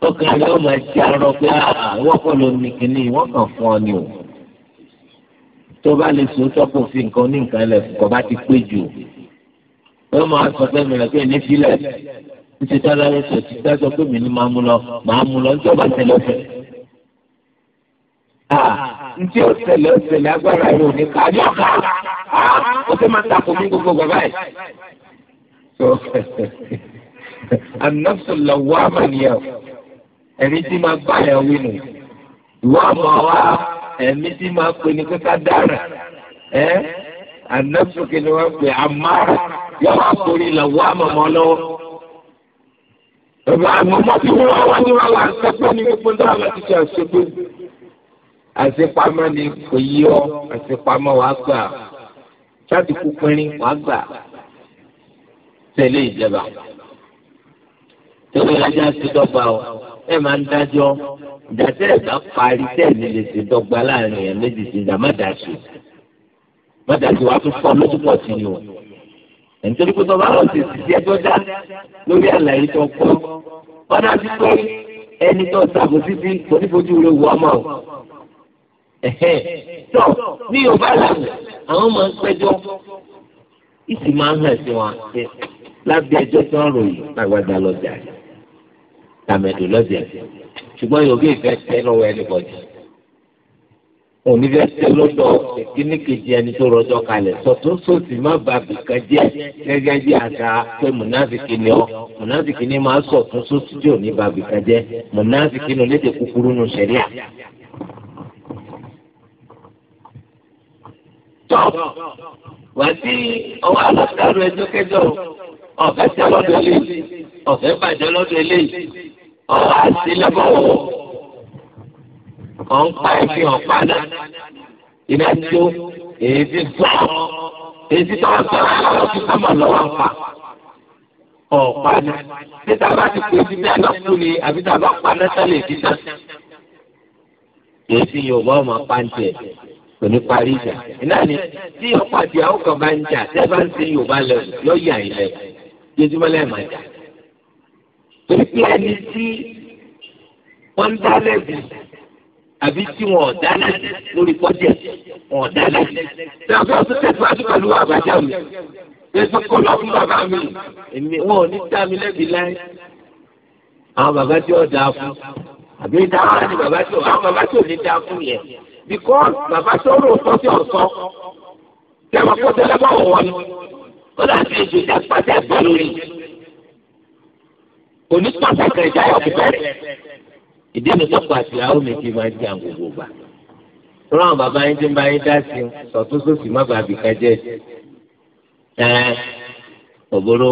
ọkùnrin ló máa ti arọ pé àwọn ah, kọ́ ló ní kinní wọ́n kàn fún ọ ni o tó bá lè so tọ́pọ̀ fi nǹkan ní nǹkan lẹ̀ kọ́ bá ti pé jù wọ́n máa sọ pé mi rẹ̀ pé ní sílẹ̀ títí tọ́lá yẹn sọ ti dájọ́ pé mi ní máa mú lọ máa mú lọ níjọba tẹ̀lé ọ̀fẹ́. ntí ó tẹ̀lé ọ̀sẹ̀lẹ̀ agbára yìí ò ní ká ní ọ̀ká ó fẹ́ máa takò mí gbogbo bàbá yìí. anọ́sọ̀lọ̀ wọ́n á mà ẹ̀rí tí máa bá yẹn wí nù wọ́n á wá ẹ̀mí tí máa pe ni pé ká dára ẹ́ ànáfíkì ni wọ́n pè àmàrà yọ wá torí ìlàwọ́ àmọ̀mọ́ lọ́wọ́. Bàbá àmọ̀mọ́ tí wọ́n wá ní wàhálà ń sẹ́pẹ́ ní gbogbo náà láti ṣe àṣepé. Àṣepamọ́ ni kò yí ọ, àṣepamọ́ wàá gbà. Ṣáàtì kú pinrin wàá gbà. Tẹ̀lé ìjẹba. Tẹ̀lé ìlàjà ti dọ́gba ọ, ẹ máa ń dájọ́ ìdásẹ́ ẹ̀dá parí tẹ̀lé lè ṣe dọ́gba láàrin èèyàn méjì sí ìdá mọ́dàṣe mọ́dàṣe wàá tún fọ́ lójú pọ̀ sí ni o nítorí pé tọ́ba àwọn ti ṣiṣẹ́ tó dá lórí àlàyé tó kọ́ wọ́n dá sí pé ẹni tó ṣàbò títí kò ní fojú rẹ̀ wọ́ ọmọ o. tó ní yorùbá làwọn àwọn máa ń pẹ́jọ́ ìsì máa ń hàn sí wọn lábẹ́ ẹjọ́ tó ń ròyìn àgbàdà yìí tàmẹ̀dò lọ́jẹ̀ ṣùgbọ́n yóò bí ìfẹ́ tẹ́ lọ́wọ́ ẹnìbọ̀dì òní fẹ́ tẹ́ lọ́dọ̀ kíní kejì ẹni tó rọjọ́ kalẹ̀ sọ̀tún sòsì má ba bìkan jẹ́ gẹ́gẹ́ bí àga pé mùnáfìkì ni ọ́ mùnáfìkì ni máa sọ̀tún sòsì tí òní ba bìkan jẹ́ mùnáfìkì ni onídìí kúkúrú nu sẹ̀ríà. tọ́ wà sí ọwọ́ àlọ́tàrú ẹjọ́ kẹjọ ọ̀fẹ́ tẹ́ lọ́dọ̀ eléyìí ọ̀fẹ́ bàjẹ́ lọ́dọ̀ eléyìí ọwọ́ àtìlẹ́bọ̀ wò ọ̀ ń pa ẹ̀fín ọ̀padà iná tó èyí tó èyí tó sọ̀rọ̀ àwọn tó sábà lọ́wọ́ pa ọ̀padà títa bá ti pè sí bẹ́ẹ̀ náà kú ni àbí tá a bá padà sálẹ̀ títà èyí tí yorùbá ọmọ pàǹtẹ̀ kò ní parí ìjà iná ni tí ọ̀pọ̀ àti àwọn kan bá ń jà tẹ́ bá ń sin yorùbá lẹ́wọ̀ yọ yà ilẹ̀ yójúmọ́ máa jà torí pé ẹni tí wọ́n ń dá lẹ́bi àbí tí wọn ò dá lẹ́bi lórí pọ́jẹ́ wọn ò dá lẹ́bi. ṣé àbí ọtún tẹ̀síwájú pẹ̀lú àbájá mi ṣé tó kọ́ lọ fún bàbá mi èmi wọn ò ní dá mi lẹ́bi láyé. àwọn bàbá tí ó dáa fún àbí dáhà ni bàbá tí ó àwọn bàbá tí ò ní dáa fún yẹn because bàbá tó rò sọ sí ọ̀sán tẹ̀wọ́n kó tẹ́lẹ̀ bá wọ̀ wọ́n ni ó dà òní pàṣẹ ìjà yóò fi bẹ̀rẹ̀. ìdí mi tọ́pọ̀ àti ìyàwó mi ti máa ń jà gbogbo gbà. tọ́lá àwọn bàbá yín ti ń bá yín dá sí i sọ̀tún sósì má bàa bì ká jẹ́ ẹ ògbóró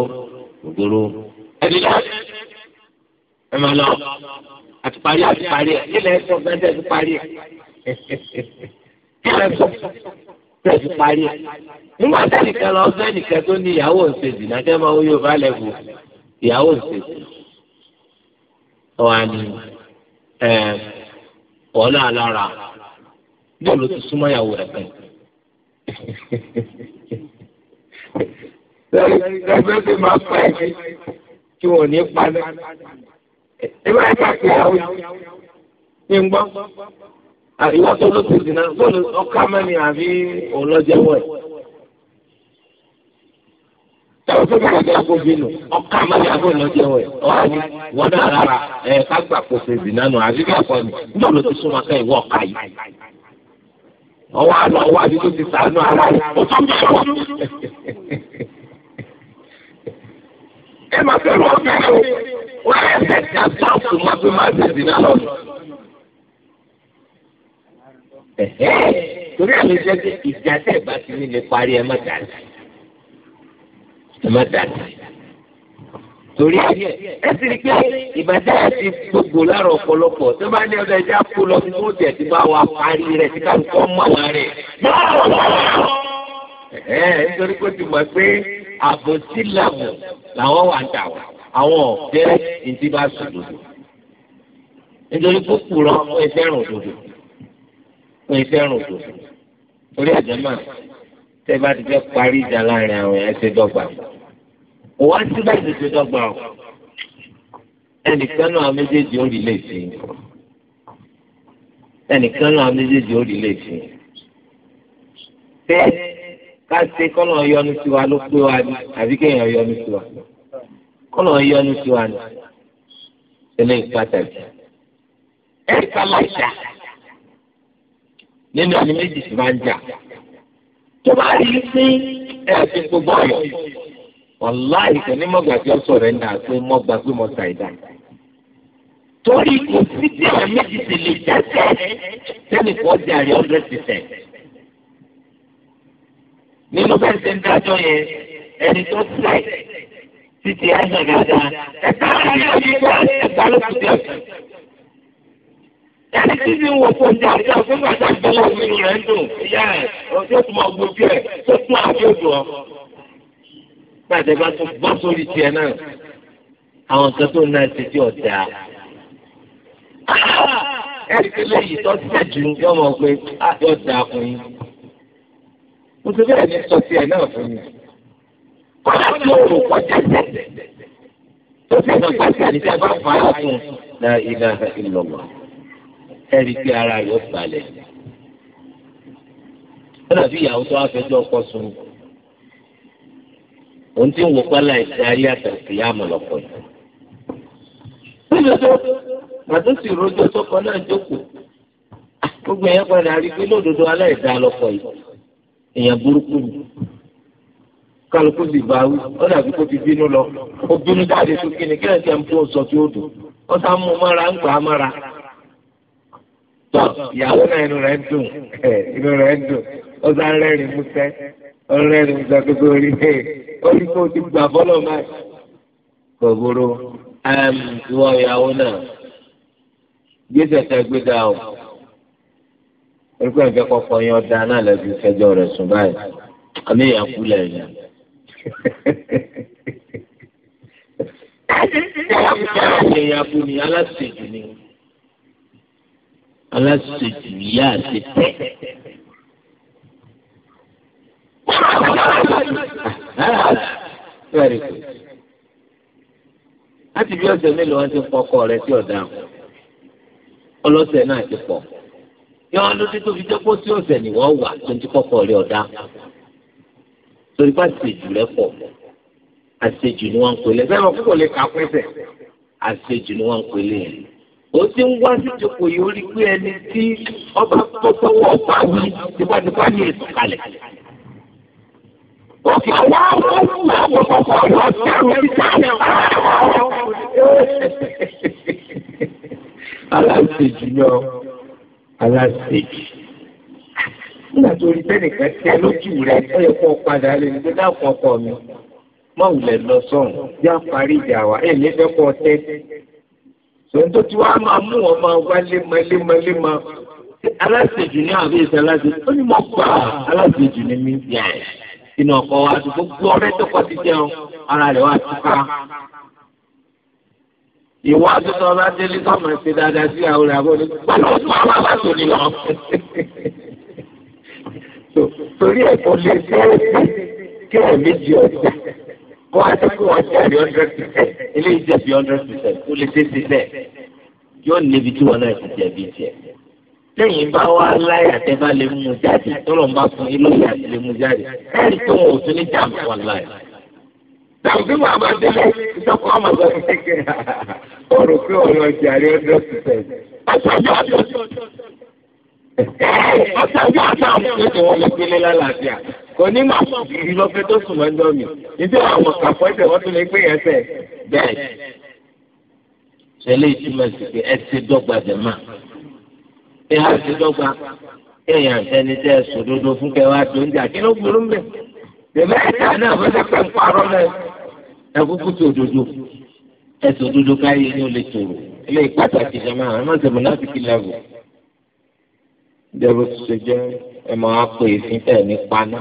ògbóró ẹbí náà ẹ máa lọ àti parí àti parí ẹ kí lẹ sọ gbẹdẹ ti parí ẹ kí lẹ sọ gbẹdẹ ti parí ẹ nígbà tẹnìkan lọ fẹ́ nìkan tó ní ìyàwó òṣèlú náà kẹ́ máa wọ Yorùbá lẹ́bù ìyàwó òṣèlú. ọ̀hà ni ọ̀là alára bọ́ọ̀lù ti súnmọ́ ya rẹ̀ pẹ̀lú. ẹgbẹ́ ti máa pẹ́ kí wọ́n ní paná. ìwé ẹ̀ka yàwó ní tó ló ti dì náà ọkà mẹ́rin àbí ẹ̀. o tó bá kẹ́kẹ́ kó bínú ọkọ àmàlẹ́ àbọ̀ lọ́jọ́ ẹ̀ ọ̀hánì wọn náà rárá ẹ̀ ká gbà kó ṣe ìdìnnà nù àbí bẹ́ẹ̀ ni nígbà ló ti súnmọ́ kẹ́ ìwọ ọ̀ka yìí. ọwọ́ àlọ́ ọwọ́ àbí ti sàánú ara rẹ̀ ó tó bẹ̀rẹ̀ wọ́n. ẹ máa fẹ́ lọ o wọ́n ẹ̀ fẹ́ ká sáàpù má fi má ṣe ìdìnnà lọ. torí àlejò ìjà tẹ̀ bá ti ní ẹ má dàgbà torí ẹ sì rí pé ìbàjẹ́ àti gbogbo lára ọ̀pọ̀lọpọ̀ tó bá ní ọ̀dọ̀ ẹja kó lọ sí mọ́tì ẹ̀ tí bá wa parí rẹ̀ tí káàkó mọ̀ wá rẹ̀. ẹ ẹ nítorí kó ti mọ̀ pé àbòsí làwọn làwọn wà ń tà wá àwọn ọ̀jẹ́ ìdí bá sùn lòdò nítorí kó kùrọ̀ fún ìfẹ́ràn òdòdó fún ìfẹ́ràn òdòdó torí ẹ̀jẹ̀ máa tẹ́ bá ti fẹ́ parí ìjà láàrin àwọn ẹ̀ ṣe dọ́gba wá sí báyìí ṣe dọ́gba o ẹnìkan náà méjèèjì ó rí lèsì ẹnìkan náà méjèèjì ó rí lèsì tẹ́ ká ṣe kọ́nà yọnu sí wa ló pé wa ni àbí kéèyàn yọnu sí wa kọ́nà yọnu sí wa ni eléyìí pàtàkì ẹ̀ka máa jà nínú ẹni méjì sì máa ń jà tó bá rí sí ẹ̀sìn gbogbo ayọ̀ wàláì kò ní mọ̀gbà tí ó sọ̀rọ̀ ẹ̀dá pé mọ̀gbà pé mo ta ìdá. torí kò sí tí àwọn méjì ti lè jẹ́sẹ̀ sẹ́ni kò jàre hundred percent. nínú bẹ́ẹ̀ ṣe ń dájọ́ yẹn ẹni tó sẹ̀ títí àgbàgàdà ẹ̀ka àgbàgàdà ẹ̀ka ló ti dẹ̀ Ẹni tí ń wo kó jà jà fún bàtà gbọ́wọ́ mi rẹ̀ ń dùn ìyá ẹ̀ ọjọ́ tó máa gbójú ẹ̀ tó tún àjọjọ. Bàtà bá tún bọ́ sórí tiẹ̀ náà. Àwọn kan tó náà ti ti ọ̀dà. Ẹni tí lè tó tẹ̀ jù yọ mọ̀ pé yọ da fún yín. Mo ti bẹ́ẹ̀ ní sọ tiẹ̀ náà fún mi. Kọ́lá tí ó rò kọjá tẹ̀tẹ̀. Tó ti sọ pé àti àdìsẹ́ bá fà á fún un. La ilaha ẹ̀rí pé ara rẹ̀ ó balẹ̀. ó dàbí ìyàwó tó wá fẹjọ́ ọkọ sùn òun tí ń wò pálá ìṣe ayé àtàkì yá mọ̀ yìí. lójoojú màtó sì rojọ́ sọ́kọ náà jókòó gbogbo ẹ̀yẹ́ padà rí pé lódodo lọ́pọ̀ yìí èèyàn burúkú ni kálukú sì bá wí dàbí kó ti bínú lọ tó kíni kí ẹ̀ ń ọ̀sọ̀ tí ó dùn tọ ìyàwó náà inú rẹ̀ dùn inú rẹ̀ dùn ó sá rẹ́rìn músẹ́ ó rẹ́rìn músẹ́ gbogbo orí ẹ orí kò ti gbà fọlọ́ máa kò burú ìwọ ìyàwó náà gbèsè tẹgbẹ́ dà o orúkọ ìfẹ́ kọ́kọ́ yẹn ọ̀dà náà lẹ́bi fẹjọ́ rẹ̀ sùn báyìí àmì ìyàkú lẹ́yìn. ìyàkú ni aláṣejù ni aláṣejù yá àti tẹ. Ah, láti bí ọ̀sẹ̀ mélòó wọn ti pọkọ rẹ sí ọ̀dà ọlọ́sẹ̀ náà ti pọ̀ yọ ọlọ́sẹ̀ tó fi jẹ́pọ̀ sí ọ̀sẹ̀ ni wọ́n wà tó ti pọkọ rẹ ọ̀dà torí bá ṣèjù rẹ pọ̀ àṣejù ni wọ́n ń pèlè bẹ́ẹ̀ mọ̀ kókò lè kà pẹ́sẹ̀ àṣejù ni wọ́n ń pèlè yẹn ó ti ń wá sí ìjòkó yìí ó rí pé ẹni tí ọba tó sọ́wọ́ ọ̀pá wí tipátipá ní ètò kalẹ̀. Òkè àwọn àwọn ọmọ àwọn ọmọ ọmọ ọ̀sẹ̀ àwọn ìsàlẹ̀ aláṣejì lọ aláṣejì. Nígbà tó rí bẹ́nìkan tẹ lójú rẹ̀ ó yẹ kó padà lè ní gbẹ́dá ọ̀pọ̀ ọkọ mi. Mọ̀wùlẹ̀ lọ sọ̀rùn, yá parí ìjà wa, ẹ̀ ní sọ̀rọ̀ tó ti wá máa mú wọn máa wá lémalémaléma aláṣejù ní àbí ìṣe aláṣejù ó ní mo gbà aláṣejù ní mí yà ẹ̀ inú ọkọ̀ wa ti gbogbo ọ̀rẹ́ tó kọ́ ti jẹun ara rẹ̀ wá ti ká. ìwà tuntun ọba délé sọmọ ṣe dáadáa sí àwọn rẹ̀ àbọ̀ ní pẹ̀lú àwọn aláṣọ ni lọ. torí ẹ̀kọ́ lè ṣe é kí ẹ̀mí di ọjà kó wá sí kó wọ́n jẹ̀bi hundred percent eléyìí jẹ̀bi hundred percent kó lè tètè bẹ́ẹ̀ yóò níbi tí wọn náà ti jẹ̀bi tiẹ̀. lẹ́yìn bá wá láyà tẹ́ bá lè mú jáde tọ́lọ̀ ń bá fún ilé ìyá ti lè mú jáde ẹ̀rí tó wọn ò tún ní jàm fún láyà. dàbí màá bá délé ìtọ́kọ́ ọmọ sọ fún kékeré ọ̀rọ̀ pé ọ̀rọ̀ jàre hundred percent. ọ̀sánjọ́ ọ̀sánjọ́ ọ̀sánjọ́ ọ̀sánjọ́ ọ̀sánjọ́ ọ̀sánjọ́ kò ní máa mọ̀ kiri lọ́fẹ́ tó sùn lọ́jọ́ mi nítorí àwọn kàpọ̀ ẹsẹ̀ wọ́n tún lè pé ẹsẹ̀ bẹ́ẹ̀. ṣẹlẹ̀ ìtumọ̀ sí pé ẹ ti dọ́gba jẹ̀mọ́ ẹ á ti dọ́gba èèyàn ẹni tẹ́ ẹ sùn dodo fún kẹ́ wá tó ń jà kí ló burú mbẹ́ tẹ̀mẹ́ ẹ̀dá náà wọ́n ti pẹ́ ń parọ́ lẹ ẹ kúkú tó dodo ẹ sùn dodo káyé ni ó lè tòrò ilé pàtàkì jẹ̀mọ́ àwọn ọmọ ìṣẹ̀mọ̀ láti kí lẹ́wọ̀ ìjọba ti ṣe jẹ́ ẹ máa pè tẹ̀ ní paná.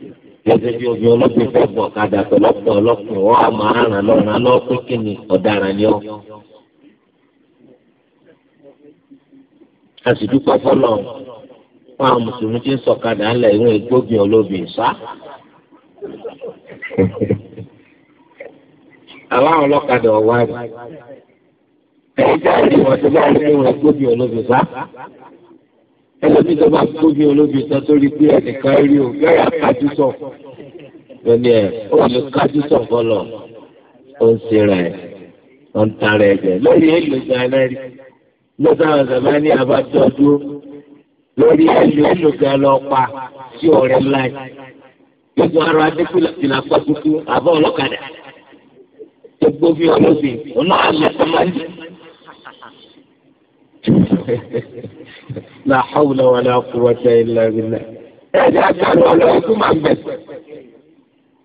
lọ́sẹ̀ bí omi ọlọ́gbìn fẹ́ bọ̀ kadà pẹ̀lú ọ̀pọ̀ ọlọ́pìn wọ́n máa ràn lọ́ràn lọ́pẹ́ kí ni ọ̀daràn ni ọ́. a sì dúpẹ́ fọlọ́ fún àwọn mùsùlùmí tí ń sọ̀kadà ńlẹ̀ ìwọ̀n ìgbógun olóbìn sá. àwọn àwọn ọlọ́kadà ọ̀wá rẹ̀ ẹ̀yìn tí a lè wọ́n ti bá ìwọ̀n ìgbógun olóbìn sá ẹlòmíì tó bá gbógi olóbi tán tó rí pé ẹnìkan rí o yọ̀rọ̀ kájú sọ lóní ẹ̀ ó lè kájú sọ fọlọ̀ ó ń ṣe rẹ̀ ó ń tara ẹ̀jẹ̀ lórí èlò gánà rí lọ́sọ̀ àwọn sàmá ní abájọ́ dúró lórí èlò èlò gánà ọ̀pá sí ọ̀rẹ́ láì gbogbo ara adékù ìlà pàtúkú àbọ̀ ọlọ́kadà gbogbo bí ọlọ́sìn ọ̀nà àlẹ́ sàmá ní la hawla wa la quwwata illa billah. ẹ jẹ́ àtàlù ọlọ́run tó máa ń bẹ̀.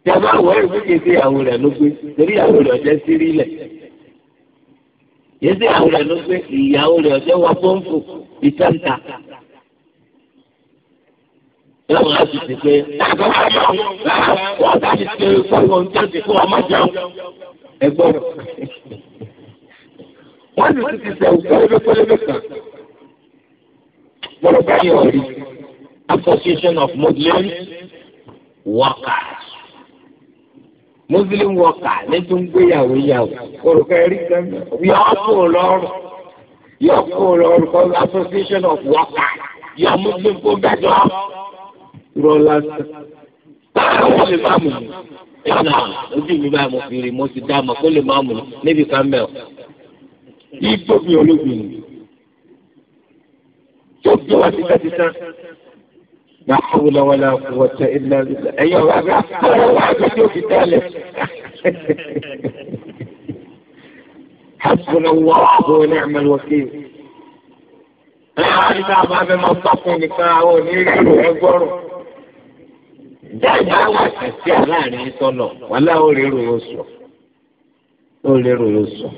jàmbá àwọn ẹrù méje sí ìyàwó rẹ̀ ló gbé torí ìyàwó rẹ̀ ọ̀jẹ́ sí rí lẹ̀. yé sí ìyàwó rẹ̀ ló gbé ìyàwó rẹ̀ ọ̀jẹ́ wọ pọ́ǹpù ìtẹ́ǹta. Ìyàwó rẹ̀ ti ti pé wọ́n ti ti pé wọ́n ti ti pé wọ́n máa jẹun. Ẹgbọ́n wọ́n ti ti ti pẹ́lẹ́pẹ́lẹ́ kan. Yorùbá association of Muslim workers Muslim worker ní tó ń gbéyàwó yàwó orúkọ ẹ̀rí kan yóò kó lọ́rùn yóò kó lọ́rùn kọ́ association of workers yóò Muslim kó gbẹjọ́ rọlá táwọn wọn lè máa mú mi ẹ̀nà ojú mi báyìí mo fi rí mo ti dá mọ̀ kó lè máa mú mi níbi kan mẹ́ọ̀. Ibo mi olóògbé ni. لا حول ولا قوة إلا بالله أيوة أفضل واحد يوم الثالث حسبنا الله ونعم الوكيل أعلم ما من مصطفى نكاو نيجي نقول دعوة السيران يسولو ولا أولي رؤوسه أولي رؤوسه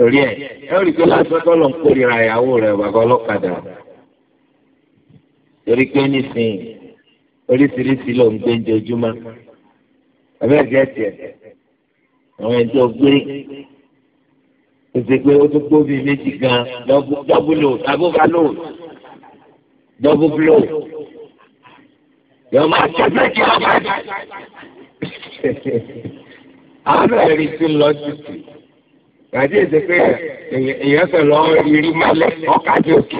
torí ẹ ẹ rí i pé lásán kọ́ ló ń kórìíra ìyàwó rẹ̀ bàbá ọlọ́kadà torí pé nísìnyí oríṣiríṣi ló ń gbé ojoojúmọ́ abẹ́rẹ́ jẹ́ tiẹ̀ àwọn ẹni tó gbé òṣèpé ó tún gbóbi méjì gan dọ́búlò abúbalò dọ́búblò yọ máa tẹ́sẹ̀ kí wọ́n jẹ́ àwọn ẹ̀rí ti lọ títì àti èsè pé èèyàn sọ lọ irí malẹ̀ ọ̀kadì òkè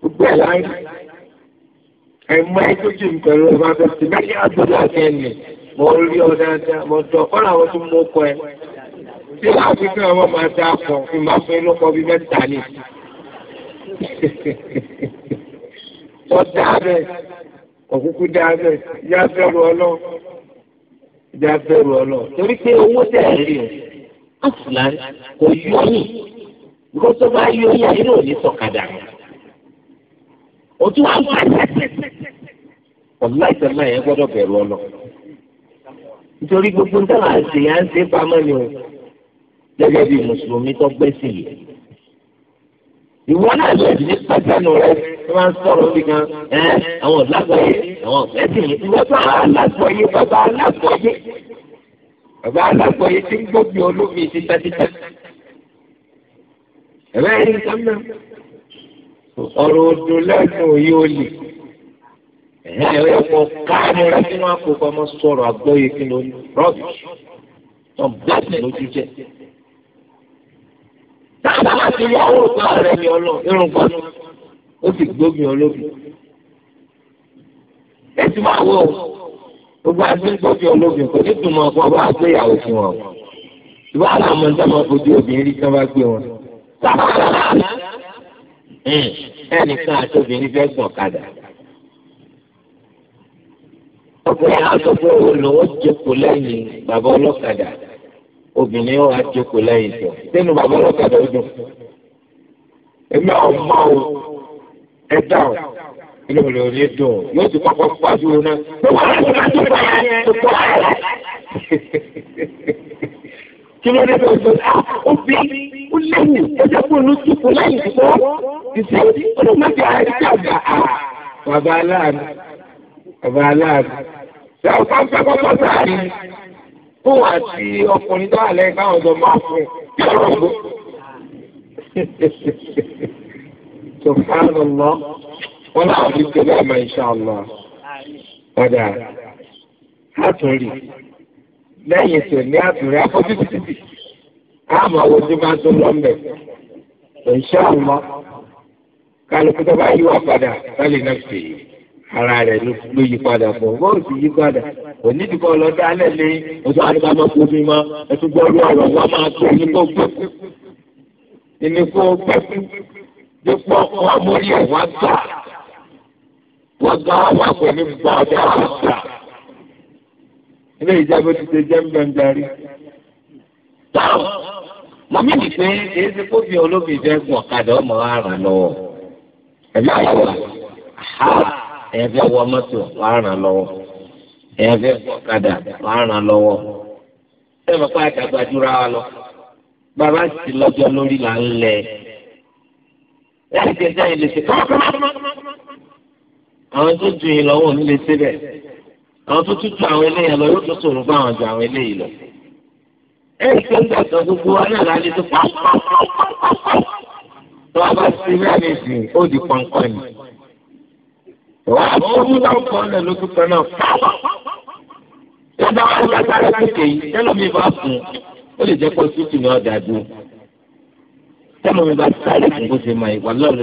gbogbo ẹ̀ láyé ẹ̀mọ́ ẹ̀dójì pẹ̀lú ọba bẹ́ẹ̀ tí bẹ́ẹ̀ ní àdúgbò àti ẹ̀nì mo rí ọ dáadáa mo dọ̀ kọ́ra àwọn tó mú kọ ẹ tí láàfin ọmọ máa dá kọ fi máa fún inú kọ bí mẹ́ta ni wọ́n dá bẹ́ẹ̀ òkúkú dá bẹ́ẹ̀ ìyá bẹ̀rù ọlọ́ ìyá bẹ̀rù ọlọ́ torí pé owó tẹ̀ rí o asùlán kò yọyìn nǹkan tó bá yọyìn àyè náà ní sọ̀kadà rẹ̀ òtún wà ń pàṣẹ ọ̀la ìtẹ̀lá yẹn gbọ́dọ̀ bẹ̀rù ọ lọ nítorí gbogbo nǹkan à ń ṣe à ń ṣe pamọ́ ni o gẹ́gẹ́ bí mùsùlùmí tó gbẹ́sìn yìí ìwọ náà lè ní pẹ́sẹ́nu rẹ tí wọ́n ń sọ̀rọ̀ bí kan ẹ́ àwọn ọ̀làgbọ̀yé àwọn ọ̀gbẹ́sìn yìí ìwọ́n tó àwọn alágbọ̀yé bàbá alágbọ̀yé bàbá alágbó yìí ti ń gbóbi olómi títẹ́títẹ́ ẹ̀rẹ́ yìí sọ́nà ọ̀rọ̀ odò lẹ́nu òye olè ẹ̀yà ẹ̀rọ ẹ̀kọ́ káàdì rẹ sínú àpò kọ́ ọmọ sọ̀rọ̀ àgbọ̀yé kí ló ń rọ́bì wọn bẹ́ẹ̀ lójú jẹ́ táwọn bá ti yá owó ìgbà rẹ ní ọlọ irun kan ó sì gbóbi olómi ẹ ti máa wọ ọ gbogbo agbẹ́gbọ́bí olóbìn kò ní dùn mọ́ ọba àgbéyàwó fún wọn. ìwà àlàmọ́ ń dábàá fojú obìnrin rí tán bá gbé wọn. ẹnìkan àti obìnrin fẹ́ gbọ̀n kadà. ọkùnrin àtọ́fẹ́ wo lọ́wọ́ jókòó lẹ́yìn bàbá ọlọ́kadà obìnrin wa jókòó lẹ́yìn tó. sínú bàbá ọlọ́kadà ó dùn. èmi ọ̀ mọ́ ọ ẹ dáhùn inú rẹ̀ ò ní dùn yóò ti kọ́kọ́ pàdé òun náà. kí ló dé tó tó ah, ó bí ó lẹ́yìn ó jẹ́ kó ló ti kó lẹ́yìn tó ìṣe ó ló má ti ara ẹ̀ ká gbà á. Ah, bàbá aláàánú bàbá aláàánú ṣé o kàn fẹ́ kọ́kọ́ sáré kó wà sí ọkùnrin tó wà lẹ́yìn káwọn ọ̀dọ́ máa fún un. Subhanallah wọ́n láwọn ní pé bẹ́ẹ̀ máa ń ṣá ọ̀nà ọ̀dà àtúnrí lẹ́yìn tó ní àtúnrí afọ́jú títí àmọ́ àwọn ojú bá tó lọ́mọ̀ ìṣá ọ̀nà kálukú tó bá yí wà padà lálẹ́ náà fi ara rẹ̀ ló yí padà fún un bóòlù ti yí padà òní ti kọ́ lọ dálẹ̀ lé oṣù àdìgbà máa kú mi mọ́ wọn máa tó ní kó gbẹ́ kú dípò ọmọ orí ẹ̀ wá gbà wọ́n gbà wà pẹ̀lú nǹkan ọjà ọ̀sà. ilé ìjábọ̀ ti ṣe jẹ́ mbẹ́ndarí. táwọn mọ̀mí ni pé èyí ti fi olómi fẹ́ gun ọ̀kadà ọmọ ara lọ́wọ́. ẹ̀mí àyẹ̀wò ẹ̀yẹ fẹ́ wọ mọ́tò ara lọ́wọ́. ẹ̀yẹ fẹ́ gun ọ̀kadà ara lọ́wọ́. ẹ mọ̀ pé àtàgbàdúrà wa lọ. bàbá sì lọ́jọ́ lórí là ń lẹ̀. láti jẹ́ sẹ́yìn ṣe kọ́kọ́ àwọn tó ju yìí lọ́wọ́ nílé síbẹ̀ àwọn tó tún àwọn eléyìí lọ yóò tó sòrò fún àwọn ju àwọn eléyìí lọ. ẹ̀yìn tó gbà sọ gbogbo wa náà lálẹ́ tó pàápàápàápàá tó bá ti rí àmì ó di pọ̀npọ̀n ni. wà á mú mú náà pọ̀ náà lójú kan náà pàápàá. ìjọba wa ń gbàgbára kékeré yìí tẹ́lọ̀mí bá fún un ó lè jẹ́ pé síìtì ni ọ̀dà dùn. tẹ́lọ̀mí bá sáré fún bó ṣe máa ìwà lọ́ọ̀lù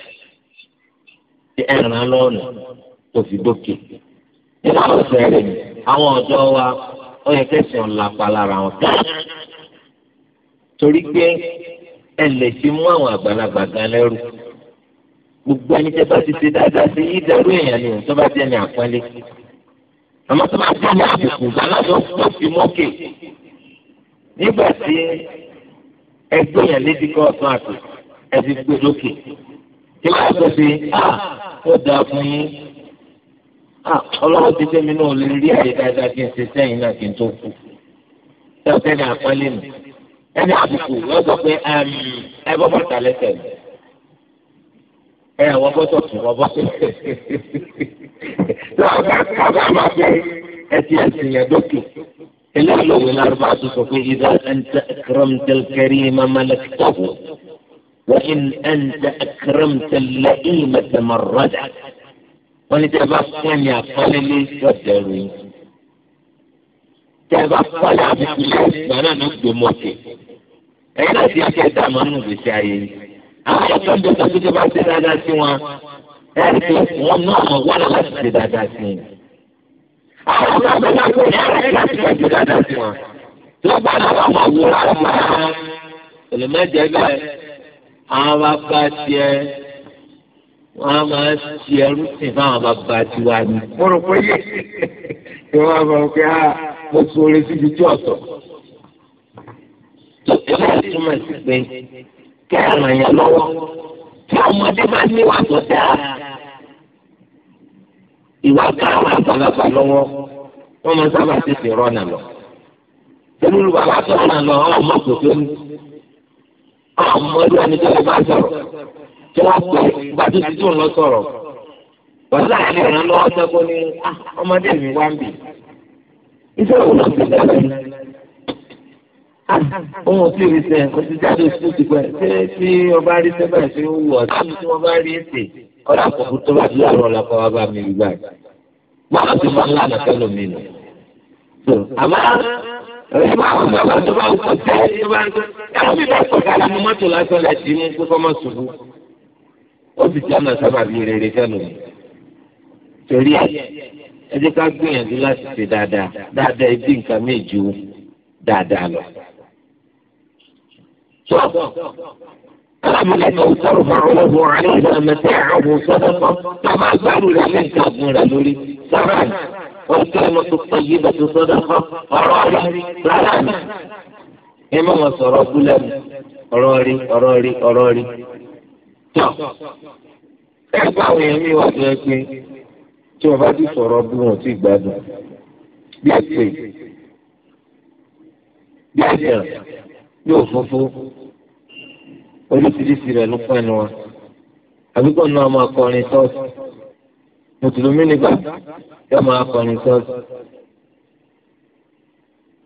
tí ẹ ràn án lọ́nà tó fi dókè. nínú àwọn ọ̀sẹ̀ rẹ̀ àwọn ọ̀dọ́ wa ó yẹ kẹsàn-án lápá lára wọn torí pé ẹ lè ti mú àwọn àgbàlagbà gan lẹ́rù gbogbo ẹni tẹ́ bá ti ṣe dáadáa sí yí èèyàn ni òun tó bá jẹ́ ní àpọ́nlé àmọ́ tó bá jẹ́ ní àbùkù gbàlásọ tó fi mọ́kè nígbà tí ẹgbẹ́ yẹn lédi kọ́ ọ̀tún àti ẹbí gbé lókè tí wọ́n á sọ pé yóò dáa fún yín ah, ọlọ́wọ́ ti tẹ́mi náà lè rí àyè dáadáa kí n ṣe sẹ́yìn náà kí n tó kú ṣẹ́fẹ́ ní àpọ́nlé mi ẹni àbùkù yóò sọ pé ẹ bọ́ bàtà lẹ́sẹ̀ mi ẹ wọ́ bọ́tọ̀ tù wọ́ bọ́tọ̀ lọ́gàgàgà máa fi ẹtì ẹtì yẹn dókè eléyìí lówó lárúbá tó sọ pé ìdá ẹ̀ ń tẹ́ kẹrẹ́mtẹ́lkẹ́rì máa máa lẹ́kítọ́fù. وإن أنت أكرمت اللئيمة مردا wọ́n ní tẹ́ bá fún yàn fọ́lé lé lọ́dẹ̀ ròyìn tẹ́ bá fọ́lé àbùkù lé ìgbà náà ló gbé mọ́tò ẹ̀yin náà ti ẹ̀kẹ́ dà mọ́ nínú ìgbésí ayé yìí àwọn ẹ̀kọ́ ń bẹ tó tó bá ṣe dáadáa sí wọn ẹ̀ẹ́dì wọn náà wọ́n láti ṣe dáadáa sí wọn àwọn ọ̀gá ọ̀gá ọ̀gá ẹ̀ẹ́dì láti ṣe dáadáa sí wọn tó bá náà wọ́n máa wúra ọ̀gá ọ̀gá àwọn bàbá tiẹ̀ wọ́n á máa ti ẹrú sí fáwọn bàbá tiwa ni. mo rò pé yé kí wọ́n á máa kí á ah, mo sọ̀rọ̀ síbi tí ọ̀tọ̀. ìjọba ìtumọ̀ sí pé kí a ràn yẹn lọ́wọ́ tí ọmọdé máa ní wà tó dáa. ìwà káwọn àgbàlagbà lọ́wọ́ wọ́n máa sábà tètè rọ́nà lọ. olùbàbà tó rọ́nà lọ ọmọ kò tó ní ọmọ ọdún ẹni tó lè bá sọ̀rọ̀ tí wọ́n pè gbàdú ti tó ń lọ sọ̀rọ̀ wọ́n láyé lè ràn lọ́wọ́ sẹ́kọ́ ní ah, ọmọdé mi wá ń bì iṣẹ́ ah, òun náà ti dàgbà yìí ohun tí rí sẹ o ti jáde sí ti pẹ ṣé tí ọba rí sẹ bẹ́ẹ̀ ṣe ń wù ọ tí tí wọn bá rí ètè ọlá àkókò tó bá dúró àrùn ọlọpàá wa bá mi rí báyìí máa ti máa ń lànà fẹlẹ mi nù tó bá wù kó tẹ́ ẹ bá ń tẹ́ ẹ̀rọ mi bá kọjá la mo má tó lásán la ti mú pé kọ́ má ṣubú ó sì já náà sábà bí rere fẹ́nu mi torí ẹ ẹ ká gbìyànjú láti ṣe dáadáa dáadáa ibi nǹkan méjì ó dáadáa lọ. tó alábìlẹ̀ náà ó sọ̀rọ̀ fún àwọn ọmọ rẹ̀ ní ìlànà mẹ́tẹ́ẹ̀rọ̀ ọ̀hún sọ́dọ̀ kan tó máa gbárù rẹ̀ lẹ́ǹkan ọ̀gbìn rẹ̀ lórí sábà والكلمة الطيبة صدقة أراري سلام إمام صرا فلان أراري أراري أراري tó ẹgbẹ́ àwọn èèyàn mi wà tó yẹ pé tí wọ́n bá ti sọ̀rọ̀ bí wọ́n ti gbádùn bí ẹ̀pẹ́ bí ẹ̀jẹ̀ bí òfófó oríṣiríṣi rẹ̀ ló fún wa àbíkọ́ náà máa kọrin ṣọ́ọ̀ṣì mùsùlùmí nígbà yọ máa kọrin sọ́ọ̀sì.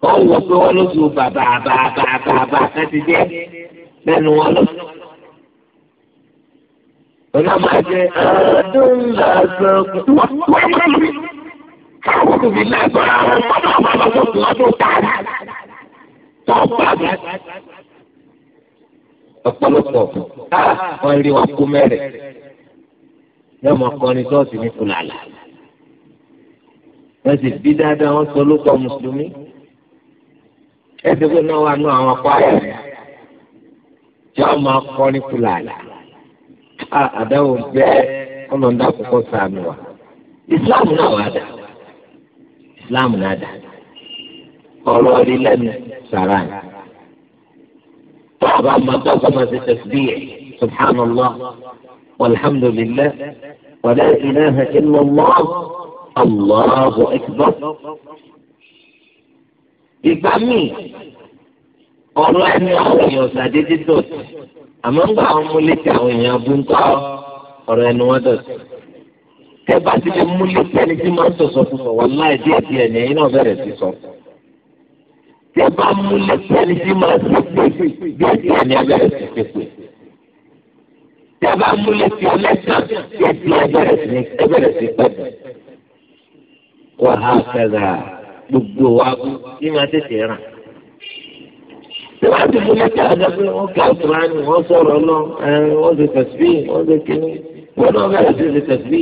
wọ́n wọ pé wọ́n ló ju bàbà bàbà bàbà láti jẹ́ lẹ́nu wọn lọ. Ọ̀nà máa jẹ ọdún lásán wọ́n máa lù mí. Káwọn kò fi lágbára wọn bàbá bàbá tó tún ọdún tààrà. Tọ́pọ̀ mi ọ̀pọ̀lọpọ̀ ah, wọ́n rí wọn kú mẹ́rẹ̀ yóò máa kọrin ṣọ́ọ̀ṣì ní fúlàlà wọ́n sì bí dáadáa wọ́n sọ lóko mùsùlùmí ẹsẹ̀ pé náà wà nù àwọn akọ ayà yóò máa kọrin fúlàlà àdáwò bẹ́ẹ̀ ọlọ́ọ̀dà kọ́kọ́ sàmì wa ìsìláàmù náà wà dà ìsìláàmù náà dà ọ̀rọ̀ lẹ́nu sàrà ni. Bàbá àmọ́ àgbà kọ́ máa ṣe tẹ̀síbíyẹ̀ subhanallah. والحمد لله ولا إله إلا الله الله أكبر ìgbà míì ọ̀rọ̀ ẹni àwọn èèyàn ṣàdédé dọ̀tí àmọ́ ń gbà àwọn múlẹ̀tì àwọn èèyàn abúntọ́ ọ̀rọ̀ ẹni wọn dọ̀tí. tẹ́ bá ti lè múlẹ̀tì ẹni tí máa ń sọ̀sọ̀ fún ọ wà láì díẹ̀ díẹ̀ ní ẹ̀yin náà bẹ̀rẹ̀ sí sọ. tẹ́ bá múlẹ̀tì ẹni tí máa ń sọ̀sọ̀ fún ọ díẹ̀ díẹ̀ ní ẹ bẹ̀rẹ̀ sí pépè tí a bá múlẹ̀ tí ọ lẹ́sàn tí ẹ ti ẹbẹ̀rẹ̀ sí ẹbẹ̀rẹ̀ sí pẹ̀lú. wà á fẹ́ra gbogbo wa kú kí máa tètè ràn. tí wọ́n ti múlẹ̀ tí a lọ pé wọ́n kà ọ́tún rání wọ́n sọ̀rọ̀ lọ wọ́n ti tẹ̀sí wọ́n ti kíní wọ́n náà bẹ̀rẹ̀ sí tẹ̀sí.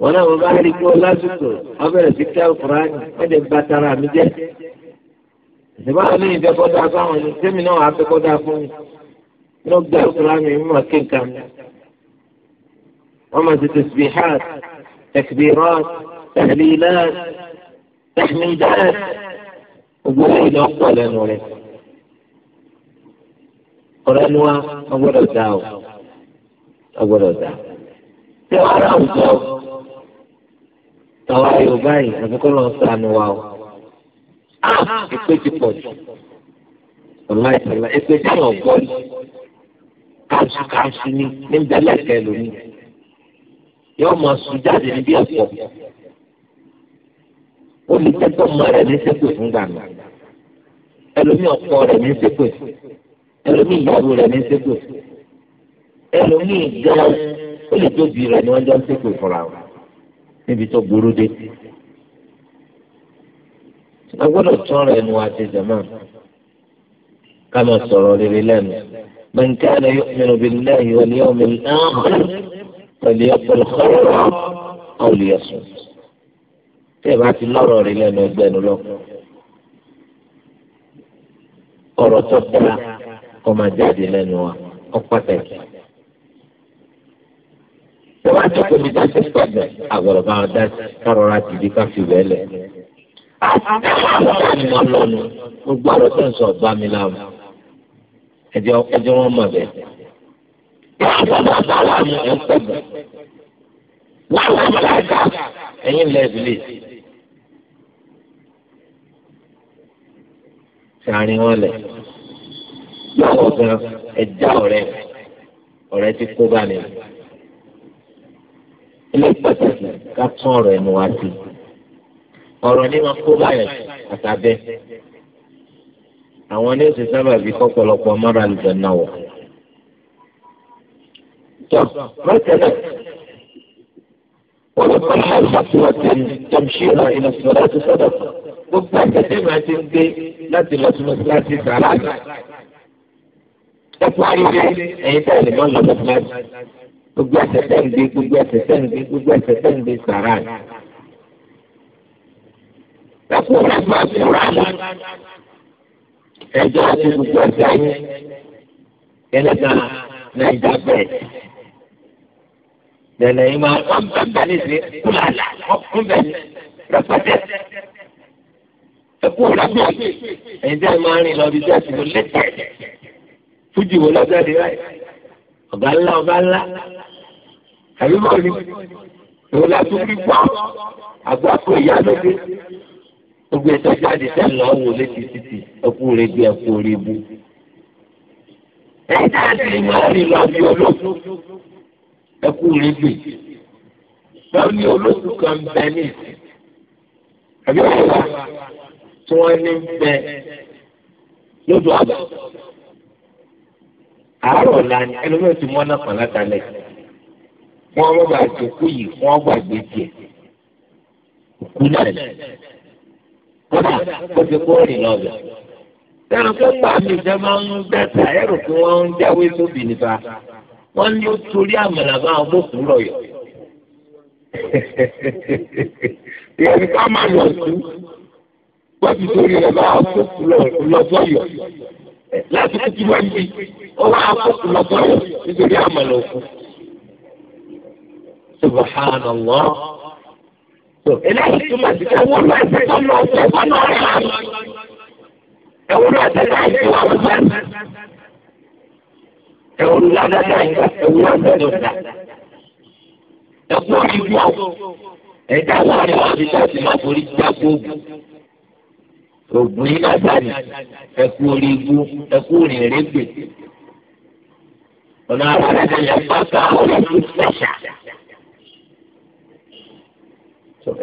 wọ́n náà wọ́n bá rí kó lásìkò wọ́n sí kí ọ́tún rání wọ́n ti bá tara mi jẹ́. ìdìbò رب القرآن ممكن كاملة ومن تسبيحات تكبيرات تهليلات تحميدات وقول إلى أفضل نوره قرآن هو أول الدعوة أول الدعوة تقرا وتوب تواي وباي انا بقول له استنى واو اه اكتب والله والله اكتب kanṣukanṣu ni ní ìdálẹ́kẹ̀ lónìí yóò máa sùn jáde níbi ẹ̀fọ́ ó lè jẹ́ tọ́mọ rẹ̀ ní sẹ́pẹ̀ fún gbàgbà ẹlòmíì ọkọ rẹ̀ ní sẹ́pẹ̀ ẹlòmíì ìyàwó rẹ̀ ní sẹ́pẹ̀ ẹlòmíì gan ó rẹ̀ ni wọ́n jọ ń sẹ́pẹ̀ fúnra wọn níbi tó burú dé a gbọ́dọ̀ tún ọ̀rọ̀ ẹnu wa ti jẹ̀ mọ́ ká máa sọ̀rọ̀ rere lẹ́nu. من كان يؤمن بالله واليوم الآخر فليقل خيرا أو ليصمت tẹ́ẹ̀ bá ti lọ́rọ̀ rí lẹ́nu ẹgbẹ́nu lọ. ọ̀rọ̀ tó dára kó máa jáde lẹ́nu wa ó pàtàkì. tẹ́ẹ̀ bá tó kò ní dáṣẹ́ pẹ̀lẹ́ àgọ̀rọ̀ bá wọn dáṣẹ́ kárọ̀ láti di ká fi bẹ́ẹ̀ lẹ̀. àti àwọn ọ̀gá ni wọ́n lọ́nu gbogbo àròtẹ́sọ̀ ọ̀gbá mi láwọn ẹjọ́ ẹjọ́ wọn mọ̀ bẹ́ẹ̀. ẹ̀yin lẹ́bìlì sàárín wọn lẹ̀ lọ́wọ́ gan ẹja ọ̀rẹ́ ọ̀rẹ́ ti kó bá ní. ilé pàtàkì ká tún ọ̀rọ̀ ẹnu wa sí ọ̀rọ̀ ní wọn kó báyọ̀ àtàbẹ́ àwọn ní oṣù sábà bí kọ́pọ̀lọpọ̀ mọ́ra lùfẹ́ náà wọ̀. tó mọ́tẹ́lẹ̀ wọ́n lè kọ́lá àlùfáàtì wà tẹ̀ tẹ̀mṣíra ìlọsọ̀rọ̀ láti sọ́dọ̀ gbogbo àtẹ̀tẹ̀ máa ti ń gbé láti lọ́sọ̀rọ̀ láti sàrà. ẹ̀kọ́ ayé ẹ̀yin tẹ̀lé mọ́ lọ́sọ̀rọ̀ láti gbogbo àtẹ̀tẹ̀ ń gbé gbogbo àtẹ̀tẹ̀ ń gbé gbogbo àtẹ̀tẹ̀ ń gbé sàrà. ẹ̀kọ́ ọ̀rẹ́ máa fi rà lọ́sọ̀rọ̀ ẹjọ́ ní gbogbo ọ̀sẹ̀ ayé kẹlẹ́ta nàìjà bẹ́ẹ̀ lẹ́lẹ̀ yìí máa wọ́n bẹ́ẹ̀ bẹ́ẹ̀ ní sí kúlàlà wọ́n bẹ́ẹ̀ ní rẹpẹtẹ ẹkú ọ̀làgbọ̀ ẹ̀jẹ̀ máa rìn lọ bí jẹ́sì ló lẹ́tẹ̀ fújì wò lọ́jọ́ rẹ̀ ọ̀gá ńlá ọ̀gá ńlá àyùbọ̀ ni ìwòlá tó fi gbọ́ àgbà kò ìyá lóde gbogbo ètò ìjáde tẹ́ lọ wò létí títì ẹkú rẹ̀ bí ẹkú rẹ̀ bú. ẹ̀yìn tí a ti máa rí lọ bí olóṣù ẹkú rẹ̀ bì. lọ́wọ́ ní olóṣù kan bẹ ní ìsìn. àbí wọ́n wá tí wọ́n ní bẹ lójú àgbà. àárọ̀ la ni ẹlòmíràn ti mọ́ pàlá kalẹ̀. wọ́n rọ́bà àjòkú yìí wọ́n gbàgbé tiẹ̀. òkú náà ni. kódà ó ti kó rìn tó gbà mí máa ń kí wọ́n ń jáwé tóbi nípa. Wọ́n ní torí àmàlà máa bó kú lọ́yọ̀. Ìyẹn ká máa lọ sí. Wọ́n ti torí rẹ̀ máa Láti kú ń bí, ó nítorí àmàlà òkú. eléyìí túmọ̀ sí pé wọ́n máa ti tọ́ lọ sí ọ̀pọ̀ náà rà á. ẹ̀wọ̀n náà tẹ̀lé àìsí wà fún bẹ́ẹ̀. ẹ̀wọ̀n ládàá ẹ̀wọ̀n lọ́dọ̀ dà. ẹ̀kọ́ ìgbà ẹ̀dá wà ní wàá fi láti máa forí gbá gbogbo. ògùn yìí náà sàní ẹ̀kú orí igbó ẹ̀kú rìn rẹ́gbẹ̀. ọ̀nà àwọn ẹ̀dá yẹn pàtàkì ọ̀rẹ́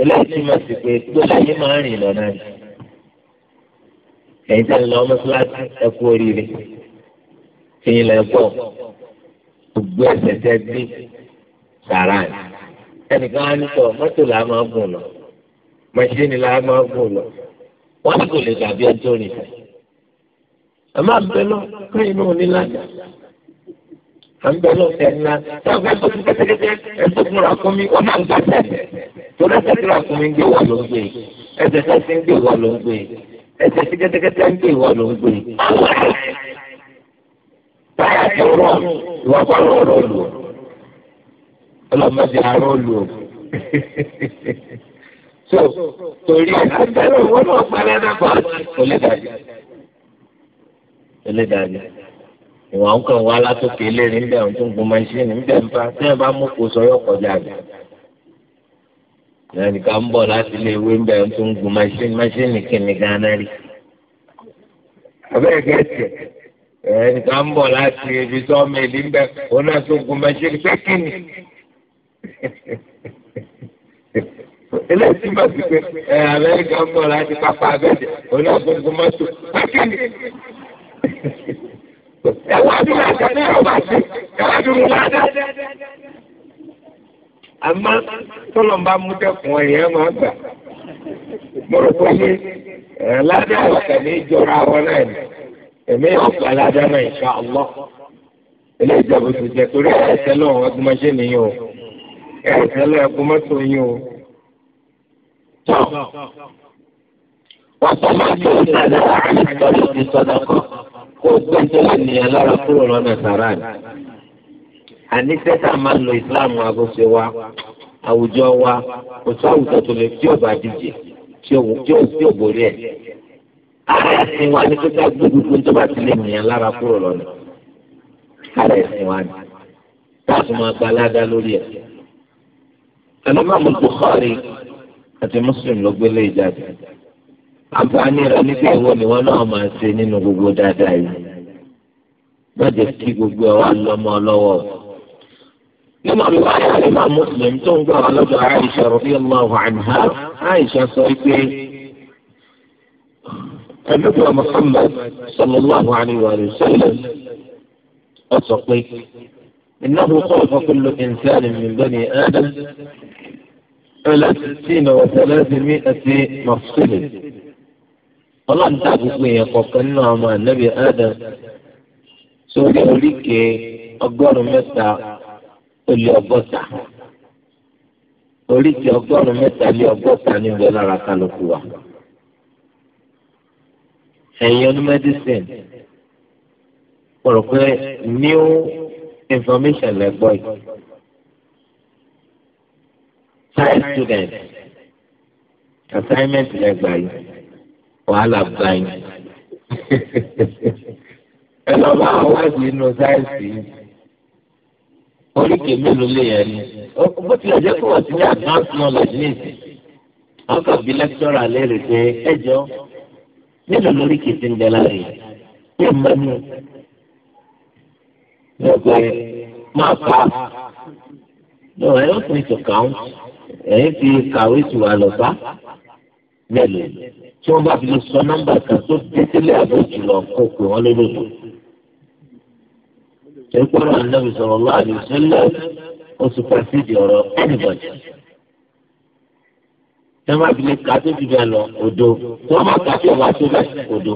eléyìí túmọ̀ sí pé gbogbo ayé máa ń rìn lọ náà ẹ̀yin tẹ́ ń lọ mọ́ṣáláṣí ẹ kú oríire ẹ̀yin lẹ́ pọ̀ gbogbo ẹ̀sẹ̀ tẹ́ gbé sàrà ni ẹnìkan á ní sọ mọ́tò là á máa gùn lọ mọ́ṣíìnì là á máa gùn lọ wọ́n kò lè dàbí ọjọ́ rìn sẹ́yìn àmọ́ àbẹ̀lọ́ kẹ́yìn náà ní lájà àgbẹ̀lọ́ tẹ̀lá táwọn ẹ̀sọ́ ti kẹ́tẹ́kẹ́tẹ́ ẹ̀sọ́ fún ràkúnmí wọn náà ń gbà tẹ̀lẹ̀ torí ẹ̀sẹ̀ tí ràkúnmí ń gbé wà ló ń gbé ẹ̀sẹ̀ tí ẹ̀sẹ̀ ń gbé wà ló ń gbé ẹ̀sẹ̀ tí kẹ́tẹ́kẹ́tẹ́ ń gbé wà ló ń gbé. báyà ti rọ ìwà pàrọ̀ ọ̀rọ̀ lù ọ́ ọlọ́mọdé arọ́ lù ọ́ so torí àgbẹ̀lọ́ wọn náà pẹ̀lẹ́ náà kọ́ ìwà ń kàn wá látòkè léèrè ń bẹ̀ ń tún gun mọ́ṣíìnì ń bẹ̀ ń bá tẹ́yìn bá mú kó sọyọ́ kọjá rẹ̀. ìyá nìkan ń bọ̀ láti ilé ìwé ń bẹ̀ ń tún gun mọ́ṣíìnì mọ́ṣíìnì kìnnì gánà rí. abẹ́rẹ́ gẹ̀ẹ́sì ìyá nìkan ń bọ̀ láti ibi tó ọmọ èlì ń bẹ̀ òun náà tún gun mọ́ṣíìnì pẹ́kìnì. eléyìí bá ti pé ẹ abẹ́rẹ́ bọ̀ láti pápá ẹ̀wọ́n àti ìyàtọ̀ ní ọba sí ẹ̀wọ́n àti ìmúlá dá. àmọ́ tọ́lọ̀ ń bá mú dẹ́kun ẹ̀yẹ́ máa gbà mo rò pé ní ẹ̀ẹ́dá ọ̀sẹ̀ ní ìjọra wọn náà ni èmi yóò gba aládá náà insha Allah ilé ìjọba tó jẹ torí ẹ̀ẹ́sẹ̀ lọ́wọ́ ọdún máṣẹ́ nìyí o ẹ̀ẹ́sẹ̀ lọ́wọ́ ẹ̀kú mọ́tò yín o. wọ́n sọ ma ní ìlànà àti ìtọ́jú kó gbé ìṣẹ̀lẹ̀ nìyẹn lára kúrò lọ́nà sàrà ni. àní sẹ́tà máa ń lo Islam agbóṣe wa àwùjọ wa kò sí àwùjọ tó lè tí ò bá díje tí ò tí ò borí ẹ̀. ààrẹ ẹ̀sìn wa ni kíkà gbé gbogbo tó bá ti lè nìyẹn lára kúrò lọ́nà. ààrẹ ẹ̀sìn wa ni táàtù máa gba aládá lórí ẹ̀. ẹ̀lọ́mọ̀ Bukhari àti Muslim ló gbélé ìjáde. àǹfààní rẹ níbi ìwọ ni wọn náà máa ṣe nínú gbogbo dáadáa yìí má jẹ́ kí gbogbo ẹ wá lọ́mọ lọ́wọ́ nínú riwaya Imam Muslim tó ń gbà wá lọ́dọ̀ Aisha radiyallahu anha Aisha sọ pé ẹnìkan Muhammad sallallahu alayhi wa sallam ọ sọ pé innahu khalaqa kullu insanin min bani Adam ثلاثين وثلاثمائة مفصل ọlọ́run dà gbogbo èèyàn kọ̀ọ̀kan nínú ọmọ ànábì Adam sórí oríkèé ọgọ́rùn-ún mẹ́ta ó lé ọgọ́ta oríkèé ọgọ́rùn-ún mẹ́ta lé ọgọ́ta níbẹ̀ lára kálukú wa. ẹ̀yin ọdún mẹ́dísìn pọ̀rọ̀ pé new information lẹ́gbọ́ yìí. science student assignment lẹ́gbàá yìí wàhálà gbàyìn ẹ lọ bá àwọn wáìsì inú sáyẹnsì oríkèé mélòó lè yẹn ni bó tilẹ̀ jẹ́ kó wọ́n ti ní advance knowledge ní ìsìn wọ́n kàn bí lẹ́kítọ́rà lérè pé ẹjọ́ mélòó lórí kìí ti ń bẹ lára pé mọ́nú ló pé máa pa no I don't need to count ẹ̀yìn fi kàwé tù wá lọ́ba mélòó tí wọ́n bá fi lè sọ nọ́mbà kan tó tẹ́tẹ́lẹ̀ àbójú lọ kó pé wọ́n lérò lò. ìpọ́nrọ̀ ànábì sọ̀rọ̀ lọ́wọ́ àdìsílẹ̀ ó sì pàṣẹ ìdí ọ̀rọ̀ ẹnìbọ̀dì. tí wọ́n bá fi lè kà tó ti bẹ̀ lọ òdo tí wọ́n bá kà tó wà tó bẹ̀ òdo.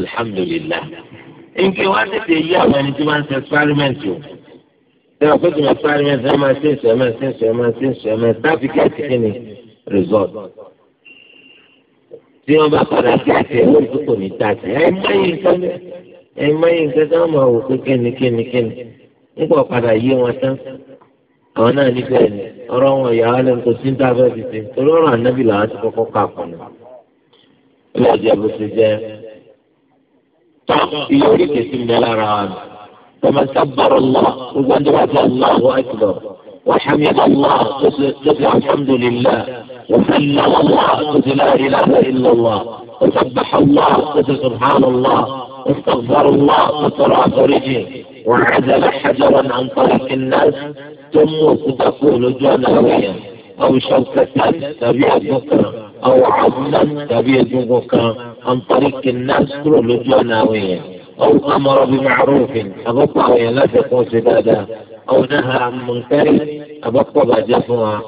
alhamdulillah. nǹkan wá tètè yí àwọn ẹni tí wọ́n ń ṣe experimenti o. sẹ́wọ̀n pé tí wọ́n experimenti ẹ̀ máa ṣe ìṣẹ̀mẹ̀ ṣe ìṣẹ̀mẹ̀ ṣe ìṣẹ̀mẹ̀ tí wọ́n bá padà bí àti ẹ̀rọ tí kò ní dájú ẹ̀ mẹ́yìn nǹkan ẹ̀ mẹ́yìn nǹkan tí wọ́n máa wò pé kíni kíni kíni nígbà padà yé wọn tán àwọn náà níbẹ̀ ni ọ̀rọ̀ wọn yà á lẹ́nu kò sí ní dábẹ́ títí torí ọ̀rọ̀ ànábì làwọn ti kọ́kọ́ kà kàn ní. ilé ọjà bó ti jẹ́ iye orí kèsì ń lára wa nù. tọ́mọ sábàrọ̀ lọ gbogbo ẹni tó bá ti àlọ́ àwọn àìsàn wàhámi àlọ́ tó ti وسلم الله لا إله إلا الله وسبح الله سبحان الله استغفر الله وترى فرجه وعزل حجرا عن طريق الناس ثم تكون جنويا أو شوكة تبيع بكرة أو عظما تبيع بكرة عن طريق الناس كل جنويا أو أمر بمعروف أبقى لا تكون سدادا أو نهى عن منكر أبطأ بجفوها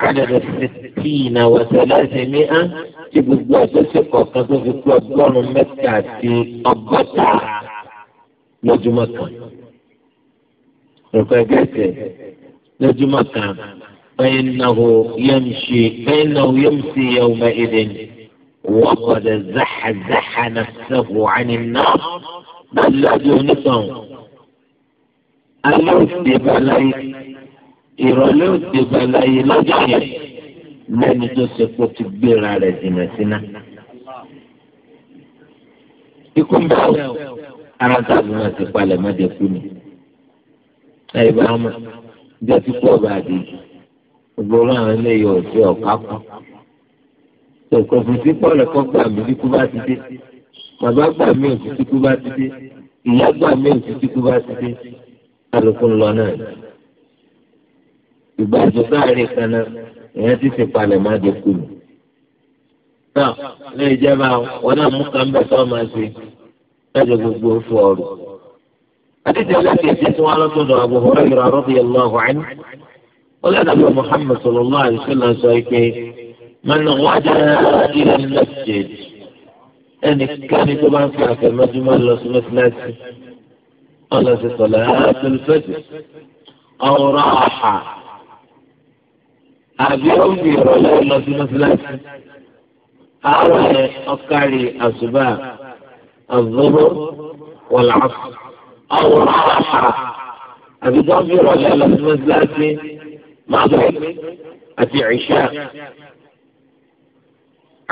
عدد الستين وثلاثمائة تبدو تسق وقصف كوبون مكة في أبطع نجمك وقالت نجمك فإنه يمشي فإنه يمشي يومئذ وقد زح زح نفسه عن النار بل لا جهنسه ألوث بلايك ìrọ̀lẹ́ òde balaye lọ́jọ́ yẹn lẹ́ni tó ṣe kó ti gbéra rẹ̀ dìnnà síná. ikú ń bẹ̀ ọ́ ara tàbí wọn ti palẹ̀ mọ́dé kú ni. ẹ̀yìn bá wọn bí ọtí kú ọba àdìjú gbogbo àwọn eléyìí ò ọ̀ká kú. kò fi sí kọ́ gbà mí bí kú bá ti dé bàbá gbà mí ò kú bá ti dé ìyá gbà mí ò kú bá ti dé kálukú ń náà ìgbàjọ láàrin kan náà èèyàn ti fi palẹ̀ má di kùnú. náà lẹ́yìn ìjẹba wọn náà mú kàmbẹ́ tó máa ṣe lọ́jọ́ gbogbo ń fọ ọ̀rọ̀. àdìsí aláṣẹ ìṣẹ́ tí wọ́n lọ́sọ̀dọ̀ Abu Hurairah radiyallahu anhu. wọ́n lọ́dọ̀ àbúrò Muhammad sallallahu alaihi wasallam sọ pé man ghada ila al-masjid ẹnikẹ́ni tó bá ń fi àfẹ̀mọ́júmọ́ lọ sí mẹ́sàlásì ọ̀lọ́sẹ̀ sọ̀lá àbí ó fi ìrọ̀lẹ́ lọ sí mọ́sálásí. àwọn ẹ̀ ọ̀kárí àṣùbà àzọ́bọ̀ wọ̀lá àwọn àṣà àbí tó ń fi ìrọ̀lẹ́ lọ sí mọ́sálásí mọ́sálásí àti ìṣá.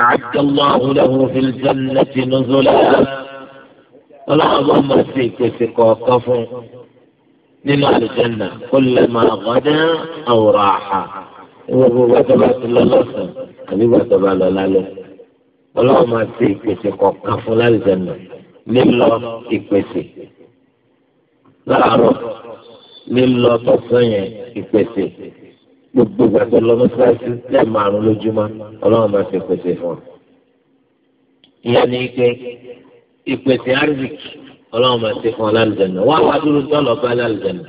أعد الله له في الجنة نزلا اللهم سيك سيك وقف من الجنة كلما غدا أو راحة ìwọ̀n bí wọ́n tọ́ba ti lọ lọ́sàn-án àbí wọ́n tọ́ba lọ lálẹ́ ọlọ́run máa ti ìpèsè kọ̀ọ̀kan fún lálùjẹ̀nà lílọ ìpèsè láàárọ̀ lílọ tọ̀sán yẹn ìpèsè gbogbo ìgbàgbọ́ lọ mọ́sálásí lẹ́ẹ̀márùn lójúmọ́ ọlọ́run máa ti ìpèsè fún ọ. ìyá ni pé ìpèsè arzik ọlọ́run máa ti fún ọ lálùjẹ̀nà wàá wá dúró tọ́lọ̀ bá lálùjẹ̀nà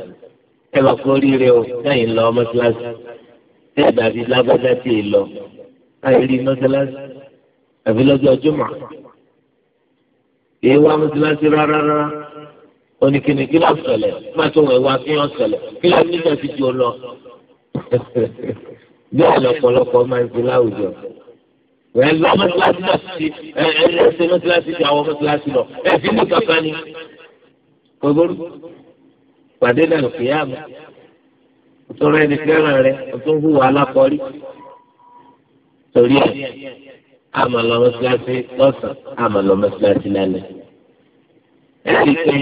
tí ẹ dàbí lágbájá tí ì lọ àìrí mọ́sálásí àbí lọ́jọ́ jùmọ̀ èyí wá mọ́sálásí rárá rárá oníkìní kí ló ṣẹlẹ̀ má tó wẹ̀ wá kí wọ́n ṣẹlẹ̀ kí ló nígbà tí jù ọ lọ. bẹ́ẹ̀ lọ́pọ̀lọpọ̀ máa ń fi láwùjọ ẹ lọ mọ́sálásí lọ sí ẹ ẹ ṣe mọ́sálásí ju àwọn mọ́sálásí lọ ẹ fi ní kankan ni. kò gbóró pàdé náà kìí àmọ́ tọrọ ẹni fẹ́ràn rẹ ọtún hùwà alákọ̀ọ́rí torí ẹ̀ àmọ̀ lọ mọ́síláṣí lọ́sàn àmọ̀ lọ mọ́síláṣí lálẹ́. ẹ ti pé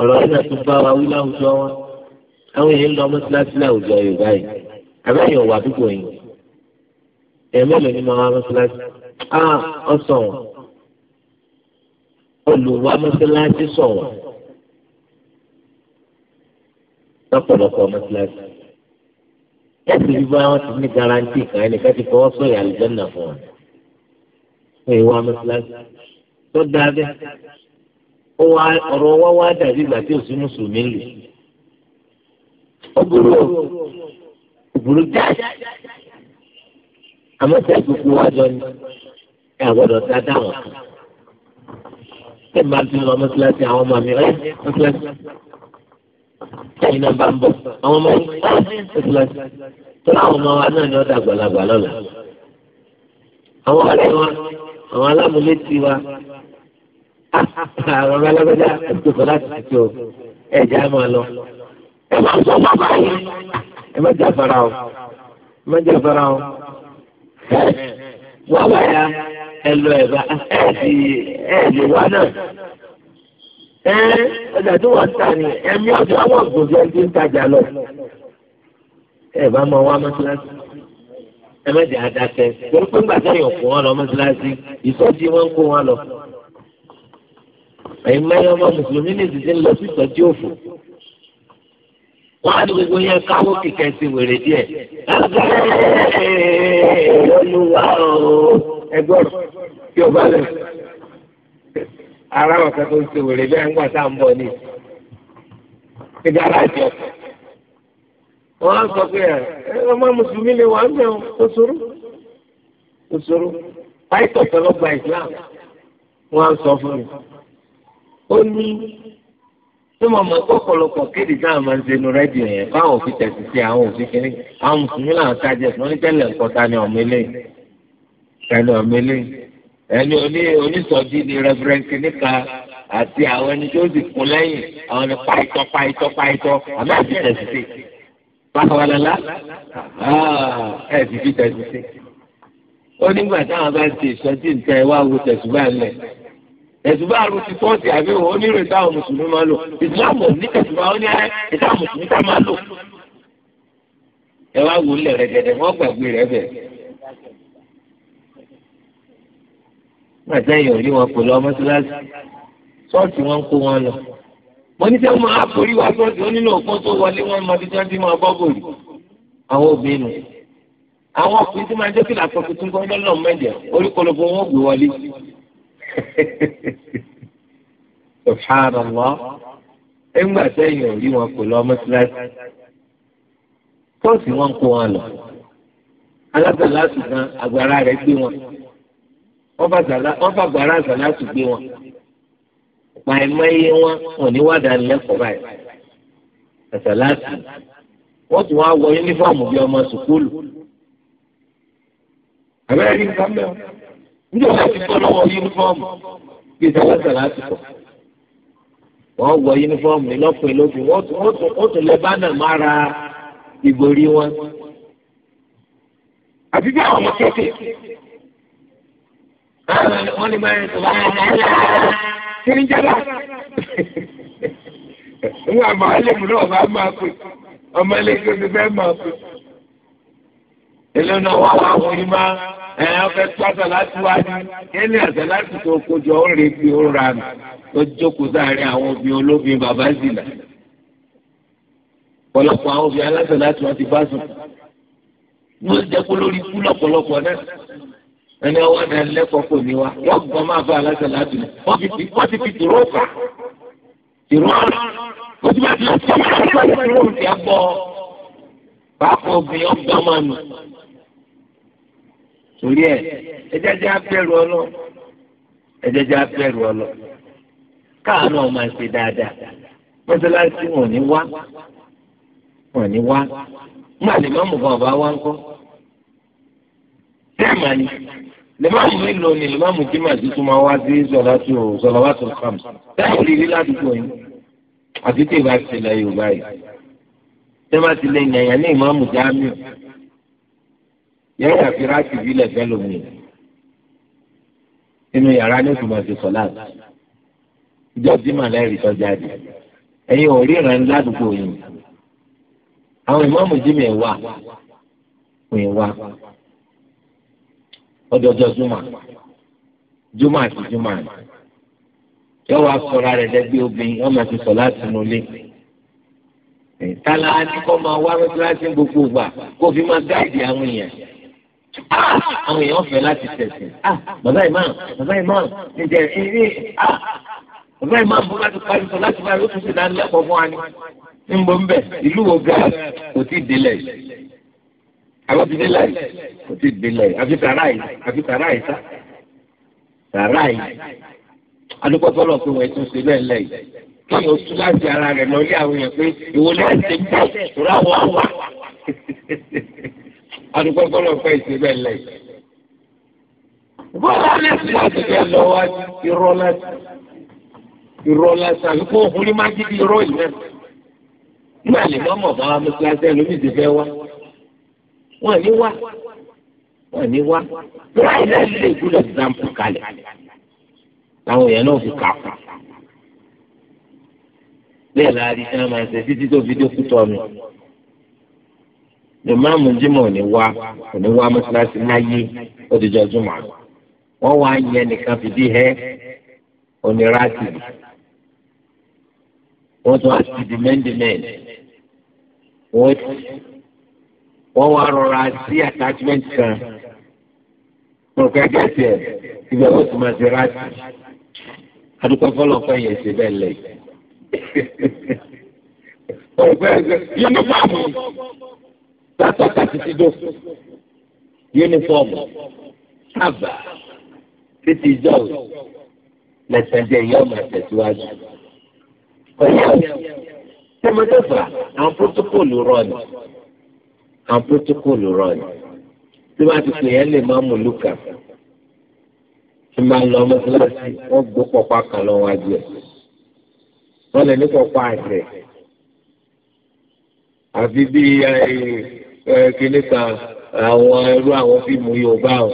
ọ̀rọ̀ yìí náà tún bá wa wí láwùjọ wa àwọn èèyàn lọ mọ́síláṣí láwùjọ yorùbá yìí àbẹ́yẹ̀ wà dúpọ̀ yìí èèyàn mélòó ni mo wá mọ́síláṣí ah, ọ̀sán olùwà mọ́síláṣí sọ̀wọ́n. lọ́pọ̀lọpọ̀ mọ́sálásí. ẹ̀sì bíbá wọn ti ní garanti kan ẹnìkan ti fọwọ́ sọ̀yà àlùjànnà fún wọn. wọ́n ìwà mọ́sálásí tó dáa bẹ́ẹ̀. ọ̀rọ̀ wa wá dàbí ìgbà tí òsín mùsùlùmí lù. ó burú ó burú jáde. àmọ́ tí a gbogbo wa jọ ni ẹ̀ gbọ́dọ̀ ta dáwọn máa ti lọ mọ́sálásí àwọn ọmọ mi rẹ̀ mọ́sálásí ẹ̀yin náà bá ń bọ̀ àwọn ọmọ yìí tọ́lá àwọn ọmọ wa náà ni ọ̀dà àgbàlagbà lọ́la àwọn ọ̀rẹ́ wa àwọn alámúlétí wa ah, àwọn ọmọ alágbèjà àtòkò láti tètè o ẹ̀jẹ̀ á máa lọ ẹ máa sọ bàbá yìí ẹ má jà fara o ẹ má jà fara o wọ́n wà ya ẹ lọ ẹ̀ bá ẹ̀ ẹ̀ ẹ̀ lè wá náà ẹ ọjà tí wọ́n ta ni ẹ̀mí ọjọ́ àwọn ògbójú ẹni tí ń tajà lọ. ẹ bá mọ wá mọ́ṣáláṣí ẹ mẹ́jẹ̀ adákẹ́ torí pé ńgbà sẹ́yìn òkú wọn lọ mọ́ṣáláṣí ìsọ́jì wọn kó wọn lọ. ẹ̀yin mẹ́rin ọmọ mùsùlùmí ní ìdíje ń lọ sí ìtọ́jú òfò. wọ́n á ní gbogbo yẹn káwó kìkẹ́ sí wèrè díẹ̀. ẹgbẹ́ olúwa ẹgbẹ́ ọ̀rọ̀ kí ọ ara wọn kan tó ń ṣe wèrè bẹ́ẹ̀ ń gbà tá à ń bọ̀ ní ní gáràjì ọ̀tọ̀. wọ́n á sọ pé ẹ ọmọ mùsùlùmí lè wà ń bẹ̀ ọ́ kó sóró kó sóró pàìtọ̀ tọ́lọ́gba islam wọ́n á sọ fún mi. ó ní tí mo mọ̀ ọ̀pọ̀lọpọ̀ kéde táwọn máa ń ṣe nu rédíò yẹn báwọn òfin tẹ̀sí sí àwọn òfin kiri àwọn mùsùlùmí làwọn tájẹ̀ fún ní tẹ́lẹ̀ nǹkan ta ni ọ̀mẹ́lẹ́yìn ẹni oní onísọjí ni rẹfúrẹǹsì níka àti àwọn ẹni tó sì kún lẹ́yìn àwọn ni pàìtọ pàìtọ pàìtọ àmì àti tẹsítì pàkàwálálá ẹ ti fi tẹsítì ó nígbà táwọn bá ti ìsọjí nǹkan ẹ wá wo tẹsùbá ńlẹ tẹsùbá àrùn ti tọ́sí àbí òun onírò táwọn mùsùlùmí máa lò ìsìláàmù ní tẹsùbá ó ní ẹ ìsìláàmù mùsùlùmí tá máa lò ẹ wá wò ó lẹ̀ rẹ̀ gbàgbé rẹ̀ bẹ̀rẹ̀. màtẹ́yìn ò rí wọn pẹ̀lú ọmọ síláàsì ṣọ́ọ̀ṣì wọn ń kó wọn lọ. mo ní sẹ́wọ́n máa forí wa ṣọ́ọ̀ṣì ó nínú òpó tó wọlé wọn mọ bí wọ́n ti máa bọ́ bòlì. àwọn obìnrin nù. àwọn ọkùnrin tí máa jẹ́ kí làkọ́ tuntun kan lọ́nà mẹ́jẹ̀ orí kọlọ́bù wọn ò gbé wọlé. subhanallah ẹgbà sẹ́yìn ò rí wọn pẹ̀lú ọmọ síláàsì ṣọ́ọ̀ṣì wọn kó wọn lọ. alágbàlá wọ́n fà gbàrà àzàlá tù gbé wọn pàìmọye wọn wọn ní wàdà lẹ́kọ̀ọ́ báyìí àzàlá tù wọ́n tún wá wọ yúnífọ́ọ̀mù bíi ọmọ sùkúlù àbẹ́rẹ́ ní nǹkan mẹ́wọ́ níjọ́ wọn ti tọ́ lọ́wọ́ yúnífọ́ọ̀mù bíi ìdáwọ́ àzàlá tù kọ̀ wọ́n wọ yúnífọ́ọ̀mù lọ́kùnrin lóbìn wọ́n tún lẹ́ bánà mára ìgòrí wọn àti bí àwọn ọmọ kẹ́kẹ́ wọ́n ní báyìí tó báyìí láyà kí ni jẹ́ náà. Nígbà máa lè mú náà bá máa pè ọmọ ẹlẹ́gbẹ́ mi fẹ́ máa pè. Èlé náà wà wá wọ́n yí máa ẹ̀ ẹ́ fẹ́ tó àṣà láti wá ní. Kẹ́lí àṣà láti tó kojọ ó rè bí ó ra Ọ̀pọ̀lọpọ̀ àwọn obìnrin aláṣà láti wá ti bá sùn. Wọ́n jẹ́ kó lórí ikú lọ́pọ̀lọpọ̀ náà ẹni ọwọ́ ẹ̀dá lẹ́kọ̀ọ́ kò ní wa wọ́n gbọ́n máa bá aláṣẹ láti lọ wọ́n ti fi tìró fà tìró ọ̀rọ̀ wọ́n ti bá ti lọ sọ́mọ́ ọ̀rọ̀ ìwé ìwé ìwé ìbọ̀ pàápàá obìnrin ọgbà máa nù. torí ẹ ẹjẹjẹ abẹ́rù ọlọ ẹjẹjẹ abẹ́rù ọlọ káàánú ọmọ ẹsẹ dáadáa mọ́sálásí wọn ní wá wọn ní wá mọ́ àlè mọ́mù kan ọba wá ń kọ́ tẹ́ẹ̀mà ni lèmọ́ọ̀mù mélòó ni lèmọ́ọ̀mù jimá ti tún máa wá sí sọ̀látù sọ̀lọ́wátù kàm táyà lè rí ládùúgbò yín àti tí ìbá ti lẹ yorùbá yìí tẹ́ bá ti lè yànyàn ní ìmọ̀ọ̀mù jáàmù yẹ́n àfi ráàtì bílẹ̀ fẹ́ lómi inú yàrá ní oṣù màsí sọ̀látù ìjọ jimá lẹ́rìí sọ́jà dì ẹ̀yin ò rí ìrìn ládùúgbò yìí àwọn ìmọ̀ọ̀mù jimá ẹ̀ wà ẹ̀ wà ọjọjọ juma juma àti juma yóò wá sọra rẹ̀ dẹbi obìnrin yóò máa ti sọ láti inú ilé tala ni kò máa wá mẹsàlásì gbogbo gbà kó fi máa gáàdì àwọn èèyàn ah! àwọn èèyàn fẹ́ láti tẹsán ah! bàbá imam bàbá imam ǹjẹ́ ilé ah! bàbá imam bó láti parí sọ láti máa yóò tún ṣe dánilẹ́kọ̀ọ́ fún wa ni ń ń bẹ ìlú wo ga kò tí ì délẹ̀ yìí àwọn ti délẹ̀ kò ti délẹ̀ àfi tààrà yìí àfi tààrà yìí sá tààrà yìí adúgbò fọlọ́ pé wọ́n ti ń ṣe bẹ́ẹ̀ lẹ̀ yìí kí o tún láti ara rẹ̀ lọ lé àwọn yẹn pé ìwọ láti bẹ́ẹ̀ rà wá wá adúgbò fọlọ́ pé ìṣe bẹ́ẹ̀ lẹ̀ yìí. bọ́lá lẹ́sìn láti bẹ́ẹ̀ lọ wá irọ́ láti irọ́ láti àbí kó o fún ní má irọ́ yìí náà. nígbà lè mọ́ mọ̀ bá wa mú wọn ní wá wọn ní wá láì láì lè gbúdọ̀ zampu kalẹ̀ làwọn èèyàn náà fi kà á bẹ́ẹ̀ la rí sáà máa ṣe títí tó fi dókú tọ́ mi ìmáàmù Jímọ̀ ní wá kò ní wá mọ́ṣáláṣí láyé ó ti jọ jùmọ̀ wọ́n wá yẹn nìkan fìdí hẹ́ onírátì wọ́n tún àti dìmẹ́ndìmẹ́ndì wọ́n ti wọ́n wá rọra sí attachment kan wọ́n fẹ́ gẹ̀ẹ́sì ẹ̀ ibẹ̀ ó sì máa ṣe ráàtì adúpẹ́ fọlọ́ fẹ́ yẹn ṣe bẹ́ẹ̀ lẹ̀ yunifọ́ọ̀mù látọ̀ kàtí ti dó yunifọ́ọ̀mù sábà títí jọ́ọ̀ lẹ́sẹ̀dẹ̀ yọ ọmọ àtẹ̀síwájú ọ̀yẹ́ ọ̀yẹ́ tẹ́mọ́tẹ́fà àwọn pótókòlù rọ̀ ni àwọn protocolu rọ ni tí wọ́n ti pè yẹn lè má mú lùkà tí wọ́n bá lọ mọ́sálásí wọ́n gbó pọ̀pá kan lọ́wọ́ adìẹ wọ́n lè ní pọ̀pá àtẹ àfi bí kíní kan àwọn irú àwọn fíìmù Yorùbá o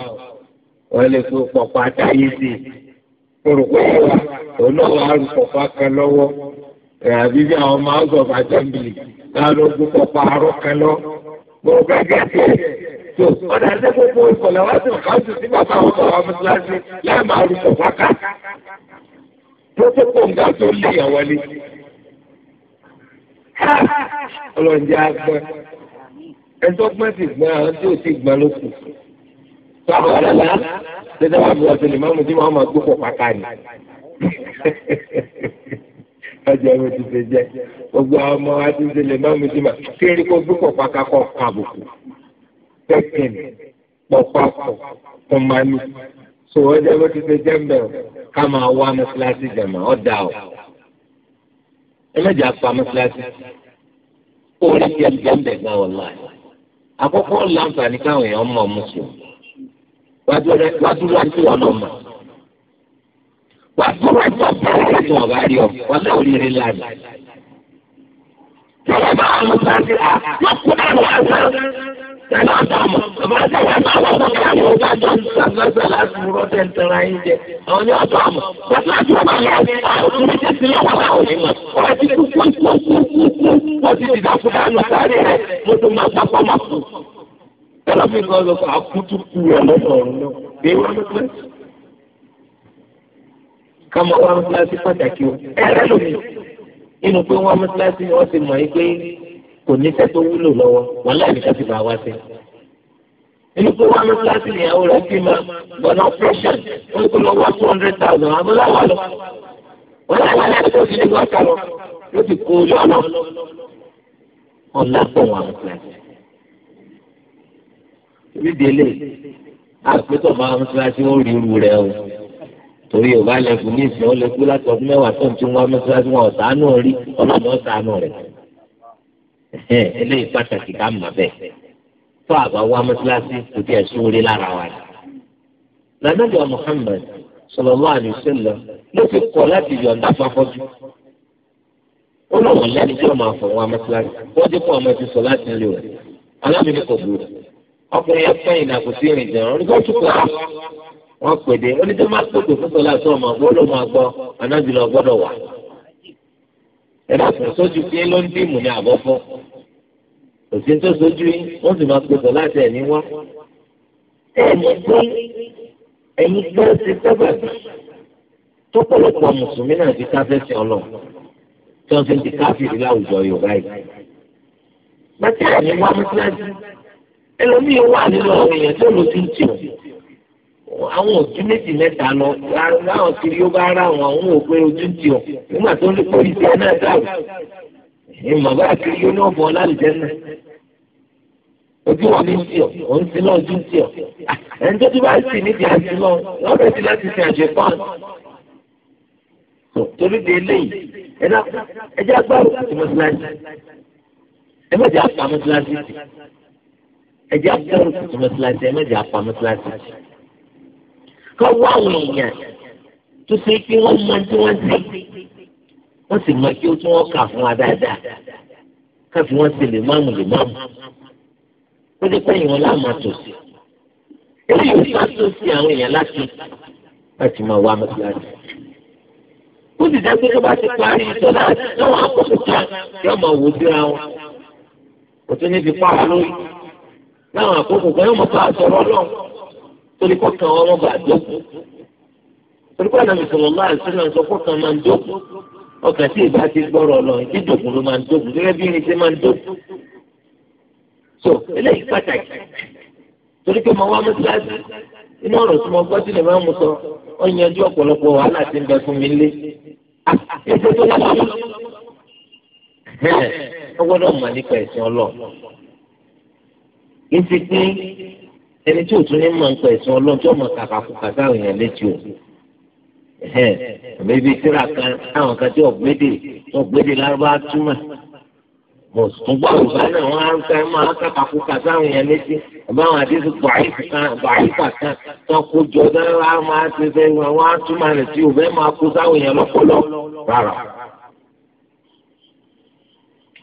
wọ́n lè fi pọ̀pá táyé sí i rò pé òun náà wà á rò pọ̀pá kan bí àwọn ọmọ house of assembly náà ló gbó pọ̀pá arọ́ gbogbo gẹ́gẹ́ tiẹ̀ tó ọ̀dà ẹ̀sẹ̀ gbogbo ìkọ̀lẹ̀ wá sí ọ̀káńtù sí bàbá àwọn ọmọ àwọn mọ́sálásí láì máa rú pọ̀ fáká tó tó kó ń ga tó lé ìyàwó ni. ọlọ́njẹ́ agbọ́n ẹ̀sọ́ gbọ́n ti gbọ́n àwọn tí ò ti gbọ́n ló kù. sọ́kọ̀ ọ̀dà náà ṣẹ̀dá wà bí wọ́n ti lè má mú sí wọn máa gbó pọ̀ ni. ọjọ́ mi ti ṣe jẹ́ gbogbo ọmọ wa ti ṣe lè má mi ti mà kí n rí kó gbé pọ̀pá kakọ̀ kàbùkù pẹ́kìn pọ̀pá pọ̀ kọ́mánì so ọjọ́ mi ti ṣe jẹ́ mbẹ́ o ká máa wá mọ́sálásí jẹ̀mọ́ ọ̀ dà o ẹlẹ́jà pa mọ́sálásí orí ti ẹ̀jẹ̀ ń bẹ̀ gan wọn láàyè àkọ́kọ́ láǹfààní káwọn èèyàn mọ̀ mùsùlùmí wájú wájú wájú wọn náà mọ̀ wà fọwọ́ tó tẹ̀lé tí wọ́n bá rí ọ wọ́n náà oríire lánàá. Tọ́lá bá wọn sá sí a, wọ́n kú náà wá sá. Tẹ̀lé ọ̀tọ̀ mọ̀, bàbá sọ̀rọ̀ náà wọ́n sọ pé àwọn ọba jọ ń sàgbẹ́sẹ̀ láti rọ́ tẹ̀ntẹ̀rẹ̀ ayé jẹ. Àwọn ní ọ̀tọ̀ mọ̀, wọ́n sọ àti ọba yẹn, àwọn òkú mi ti sílẹ̀ wọ́n láwọn ní mọ̀. Wọ́n ti kú kú kú kú kú kú, ti dìgbà fún dánù sáré rẹ̀, mo tún máa gbà pọ́ máa kú. Tẹ̀lé mi kọ́ lọ sọ kama wá mọ́sálásí pàtàkì o ẹ̀rẹ́ lómi nínú pé wọ́n mọ́sálásí wọ́n ti mọ̀ yìí pé kò ní sẹ́ tó wúlò lọ́wọ́ wọn láì ní sẹ́tì bá wá sí. nínú pé wọ́n mọ́sálásí ìyàwó rẹ̀ ti ma gbọ̀nà operation wọ́n kó lọ́wọ́ two hundred thousand abúláwà lọ. wọ́n láì wá láti tó sílé wọ́n kà lọ ló ti kó yọ lọ. wọ́n lápò wọn mọ́sálásí. ibi délé àpótọ̀ máa mọ́sálásí ó rí irú rẹ̀ o torí yorùbá lẹ fún ní ìsìn ó lè kú láti ọdún mẹ́wàá tó ń tún wá mọ́sálásí wọn ọ̀sánú rí ọlọ́run ní ọ̀sánú rẹ̀ eléyìí pàtàkì ká mọ̀ bẹ́ẹ̀ tó àbá wá mọ́sálásí kò tí ẹ̀ sún lára wa ni. lànàjọ Muhammad sallallahu alaihi wasallam ló fi kọ̀ láti yọ̀ǹda fáfọ́jú ó lọ́wọ́ lẹ́ni tí ó máa fọ̀ wá mọ́sálásí wọ́n ti kọ́ ọmọ ti sọ láti rí rẹ̀ alámi ní wọ́n pèdè oníṣẹ́ máa pèpè fún sọlá tó ọmọ gbọ́dọ̀ máa gbọ́ anábìlọ gbọ́dọ̀ wà. ẹ̀rọ sójú pé ló ń dìmú ní àbọ̀ fún òsì tó sojú yín wọ́n sì máa pèsè láti ẹ̀mí wá. ẹ̀mí pé ẹ̀yin gbọ́ ti sábàbí tó pọ̀lọpọ̀ mùsùlùmí náà ti ká fẹ́sẹ̀ ọlọ tí wọ́n fi ń di káfíìrì láwùjọ yorùbá yìí. bàtí àmì wá mọ́síláṣí ẹlòmíì wà nínú àwọn èèyàn tó lò sí ń tì wọ́n àwọn òtún méjì mẹ́ta lọ láwọn kiri ó bá rà wọn àwọn òpin ojú ti ọ nígbà tó lè kórìí ti ẹ náà dáwọ ìmọ̀ bá kiri yóò ní ọ̀bọ̀ lálùjẹ́ náà ojú wọn ní sí ọ òun sí lọ ojú sí ọ ẹni tó ti bá sì níbi àti lọ lọ́dọ̀ ti láti sin àjẹ fún ọ torí de eléyìí ẹ jẹ́ agbárò àti mọ́tíláṣí ẹ má jẹ́ apá mọ́tíláṣí ẹ jẹ́ agbárò àti mọ́tíláṣí ẹ má kọ́ wá àwọn èèyàn tó ṣe pé wọ́n mọ tí wọ́n ṣe wọ́n sì mọ kí ó tún wọ́n kà fún wa dáadáa káfí wọ́n ṣe lè máàmù lè máàmù ó lè pẹ́ ìwọ̀n láàmú àtòsí èyí yóò bá tó àwọn èèyàn láti láti máa wá mọ́tíláàdì. ó sì dá pé bá ti parí ìtọ́lá lọ́wọ́ àkókò kan yóò máa wò síra wọn kò tún ní fi pa lórí láwọn àkókò kan yóò máa bá a sọ̀rọ̀ lọ́wọ́ torí kó kan ọmọ bá dókú torí kó ànàmì sọ̀rọ̀ máa ṣe náà sọ kó kan máa ń dókú ọkàn tí ìbá ti gbọ́rọ̀ lọ ìdídòkú ló máa ń dókú gẹ́gẹ́ bí irin ṣe máa ń dókú. so eléyìí pàtàkì torí pé mo wá mú kíláàsì inú ọ̀rọ̀ tí mo gbọ́ sí lè máa mú sọ ó yanjú ọ̀pọ̀lọpọ̀ wàhálà tí ń bẹ fún mi lé. Ah, ẹsẹ̀ tó lọ́wọ́ ọ mọ̀ nípa ẹ̀sìn ọlọ́ọ̀ ẹni tí òtún ní mọ̀ ń pẹ̀ sọ ọlọ́run tí ọmọ kàkà fún kàkà òyìn létí o ẹ̀hẹ́n ibi tíra kan táwọn kan tí ọ̀gbẹ́dẹ̀ ọ̀gbẹ́dẹ̀ lárúbá túmọ̀ mo tún gbọ́ òrùka náà wọ́n á ń fẹ́ máa kàkà fún kàkà òyìn létí àbá àwọn àdéhùn bàáyífà kan tó kó jọ náà máa ti fẹ́ wọn á túmọ̀ rẹ̀ tí òbẹ́ máa kó sáwọn èèyàn rárá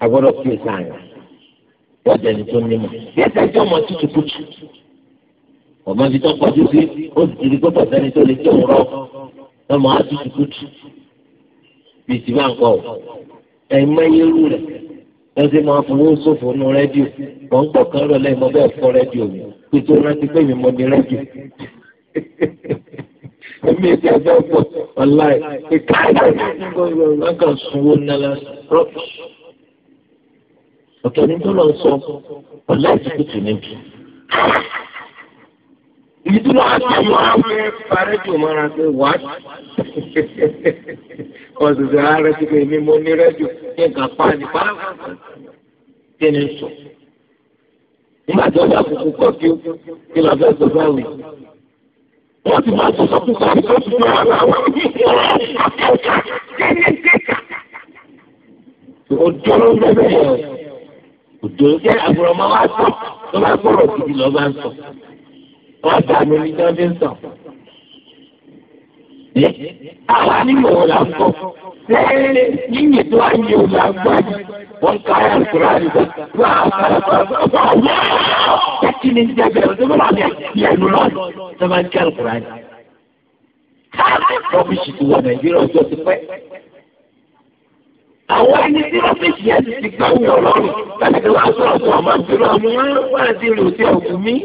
agbọ́dọ̀ fi ìsàn yẹn wọ́n jẹ́ni tó nímọ̀ yẹ́tẹ́jọ́ mọ́ tútù kútù ọmọ ibi tó kọjú sí ó sì ti di gbọ́dọ̀ sẹ́ni tó lè jẹ́ òwúrọ̀ lọ́mọ àtúntò kùtù bíi ti máa ń kọ́ ẹ̀mọ irú rẹ̀ lọ́sẹ̀ máa fowó ṣòfò nu rẹ́díò wọ́n ń pọ̀ kán rọlẹ́ mọ́ bẹ́ẹ̀ fọ́ rẹ́díò mi pé tó rántí pé mi mọ ní rẹ́díò èmi ìfẹ́ ẹ̀fẹ́ pọ̀ ọ̀láì ìka ìgbà kan sunwó nílẹ̀ rọ́bì ọ̀tọ̀ ní Ibi tí wọ́n á tẹ̀ wọ́n á fẹ́ parẹ́ jù mọ́ra pé wá. Ọ̀sùnṣe ààrẹ ti pè mí mo ní rẹ́díò kí n kà pa ní pàápàá kí ni sùn. Nígbà tí wọ́n bá kúkú kọ́ kí ó kí lọ fẹ́ sọ báwì. Wọ́n ti máa sọ̀sọ̀ kúkú àti tó ti máa wà wọ́n ní ìwọ̀n àkẹ́kẹ́ kẹ́kẹ́kẹ́. Òjò ló ń bẹ̀rẹ̀ yẹn. Òjò jẹ́ àbúrò máa wá sọ tó bá gbọ́rọ̀ gidi ń sọ wọ́n gbà mí ní jọ́bí ń sọ. Àwa ní mò ń la fọ́. Lẹ́yìn yíyìn tó wá yẹ òun lágbá yìí, wọ́n ká ayé àkùrá rẹ̀ bá. Wọ́n á fara fara fara wọ́n. Kẹ́kí ni jẹ́ bẹ̀rẹ̀ tó bá mi yẹnu lọ́nà tó bá ń kí Káàkiri rọ́bìṣì wọ Nàìjíríà ọjọ́ ti pẹ́. Àwọn ẹni tí wọ́n fi ṣìyẹn ti gbàgbé ọlọ́run. Bẹ́ẹ̀ni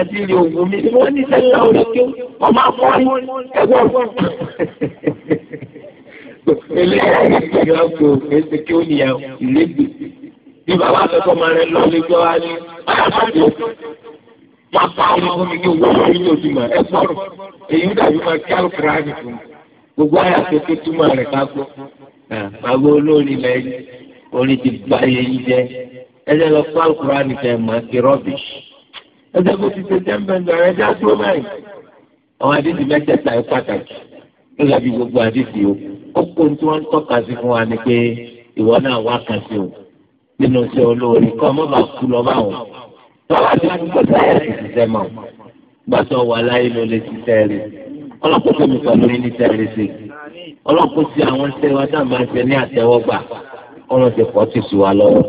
àti ilé ògùn mi wọ́n ní sẹ́lá oríkè wọ́n máa fọ́ ní ẹgbẹ́ ọ̀gbọ́n. eléyà ìgbà kò ẹsẹ̀ kí ó níyà ìlégbè bí bàbá akẹ́kọ̀ọ́ máa rẹ lọ lẹ́jọ́ wa ní báyàbájọ́ máa pa ọmọ ọmọ mi kí owó lórí ní ojú mà ẹ gbọ́rọ̀ èyí dàbí máa kí àlùkùrá mi fún gbogbo àyà tó tó túmọ̀ rẹ̀ ká gbọ́ àgbo olórin lẹ́yìn orin ti bá yẹn jẹ ẹ jẹ́ lọ fún àlùkùrá mi kẹ́ máa ti ẹjọ́ bó ti ṣe jẹ́ mbẹ́ńdọ̀ rẹ̀ já tó báyìí. àwọn àdìsí mẹ́tẹ̀ẹ̀ta ẹ̀ pàtàkì nígbà bí gbogbo àdìsí o ó kó tí wọ́n ń tọ́ka sí fún wa ni pé ìwọ náà wá kan sí o nínú iṣẹ́ olóore kọ́ ọmọ bá kú lọ bá wọn. tọ́wọ́ ti kú kó sáyà ti ṣiṣẹ́ mọ́ gbàtọ́ wà láyé ló lè ṣiṣẹ́ rẹ̀ ọlọ́kùnrin mi pẹ̀lú ní tẹ̀lé sí ọlọ́kùnrin sí àwọn iṣẹ́ wa dáàbà ṣe ní àtẹ́wọ́gbà ọlọ́dẹ pọ̀ ti sùn wa lọ́wọ́.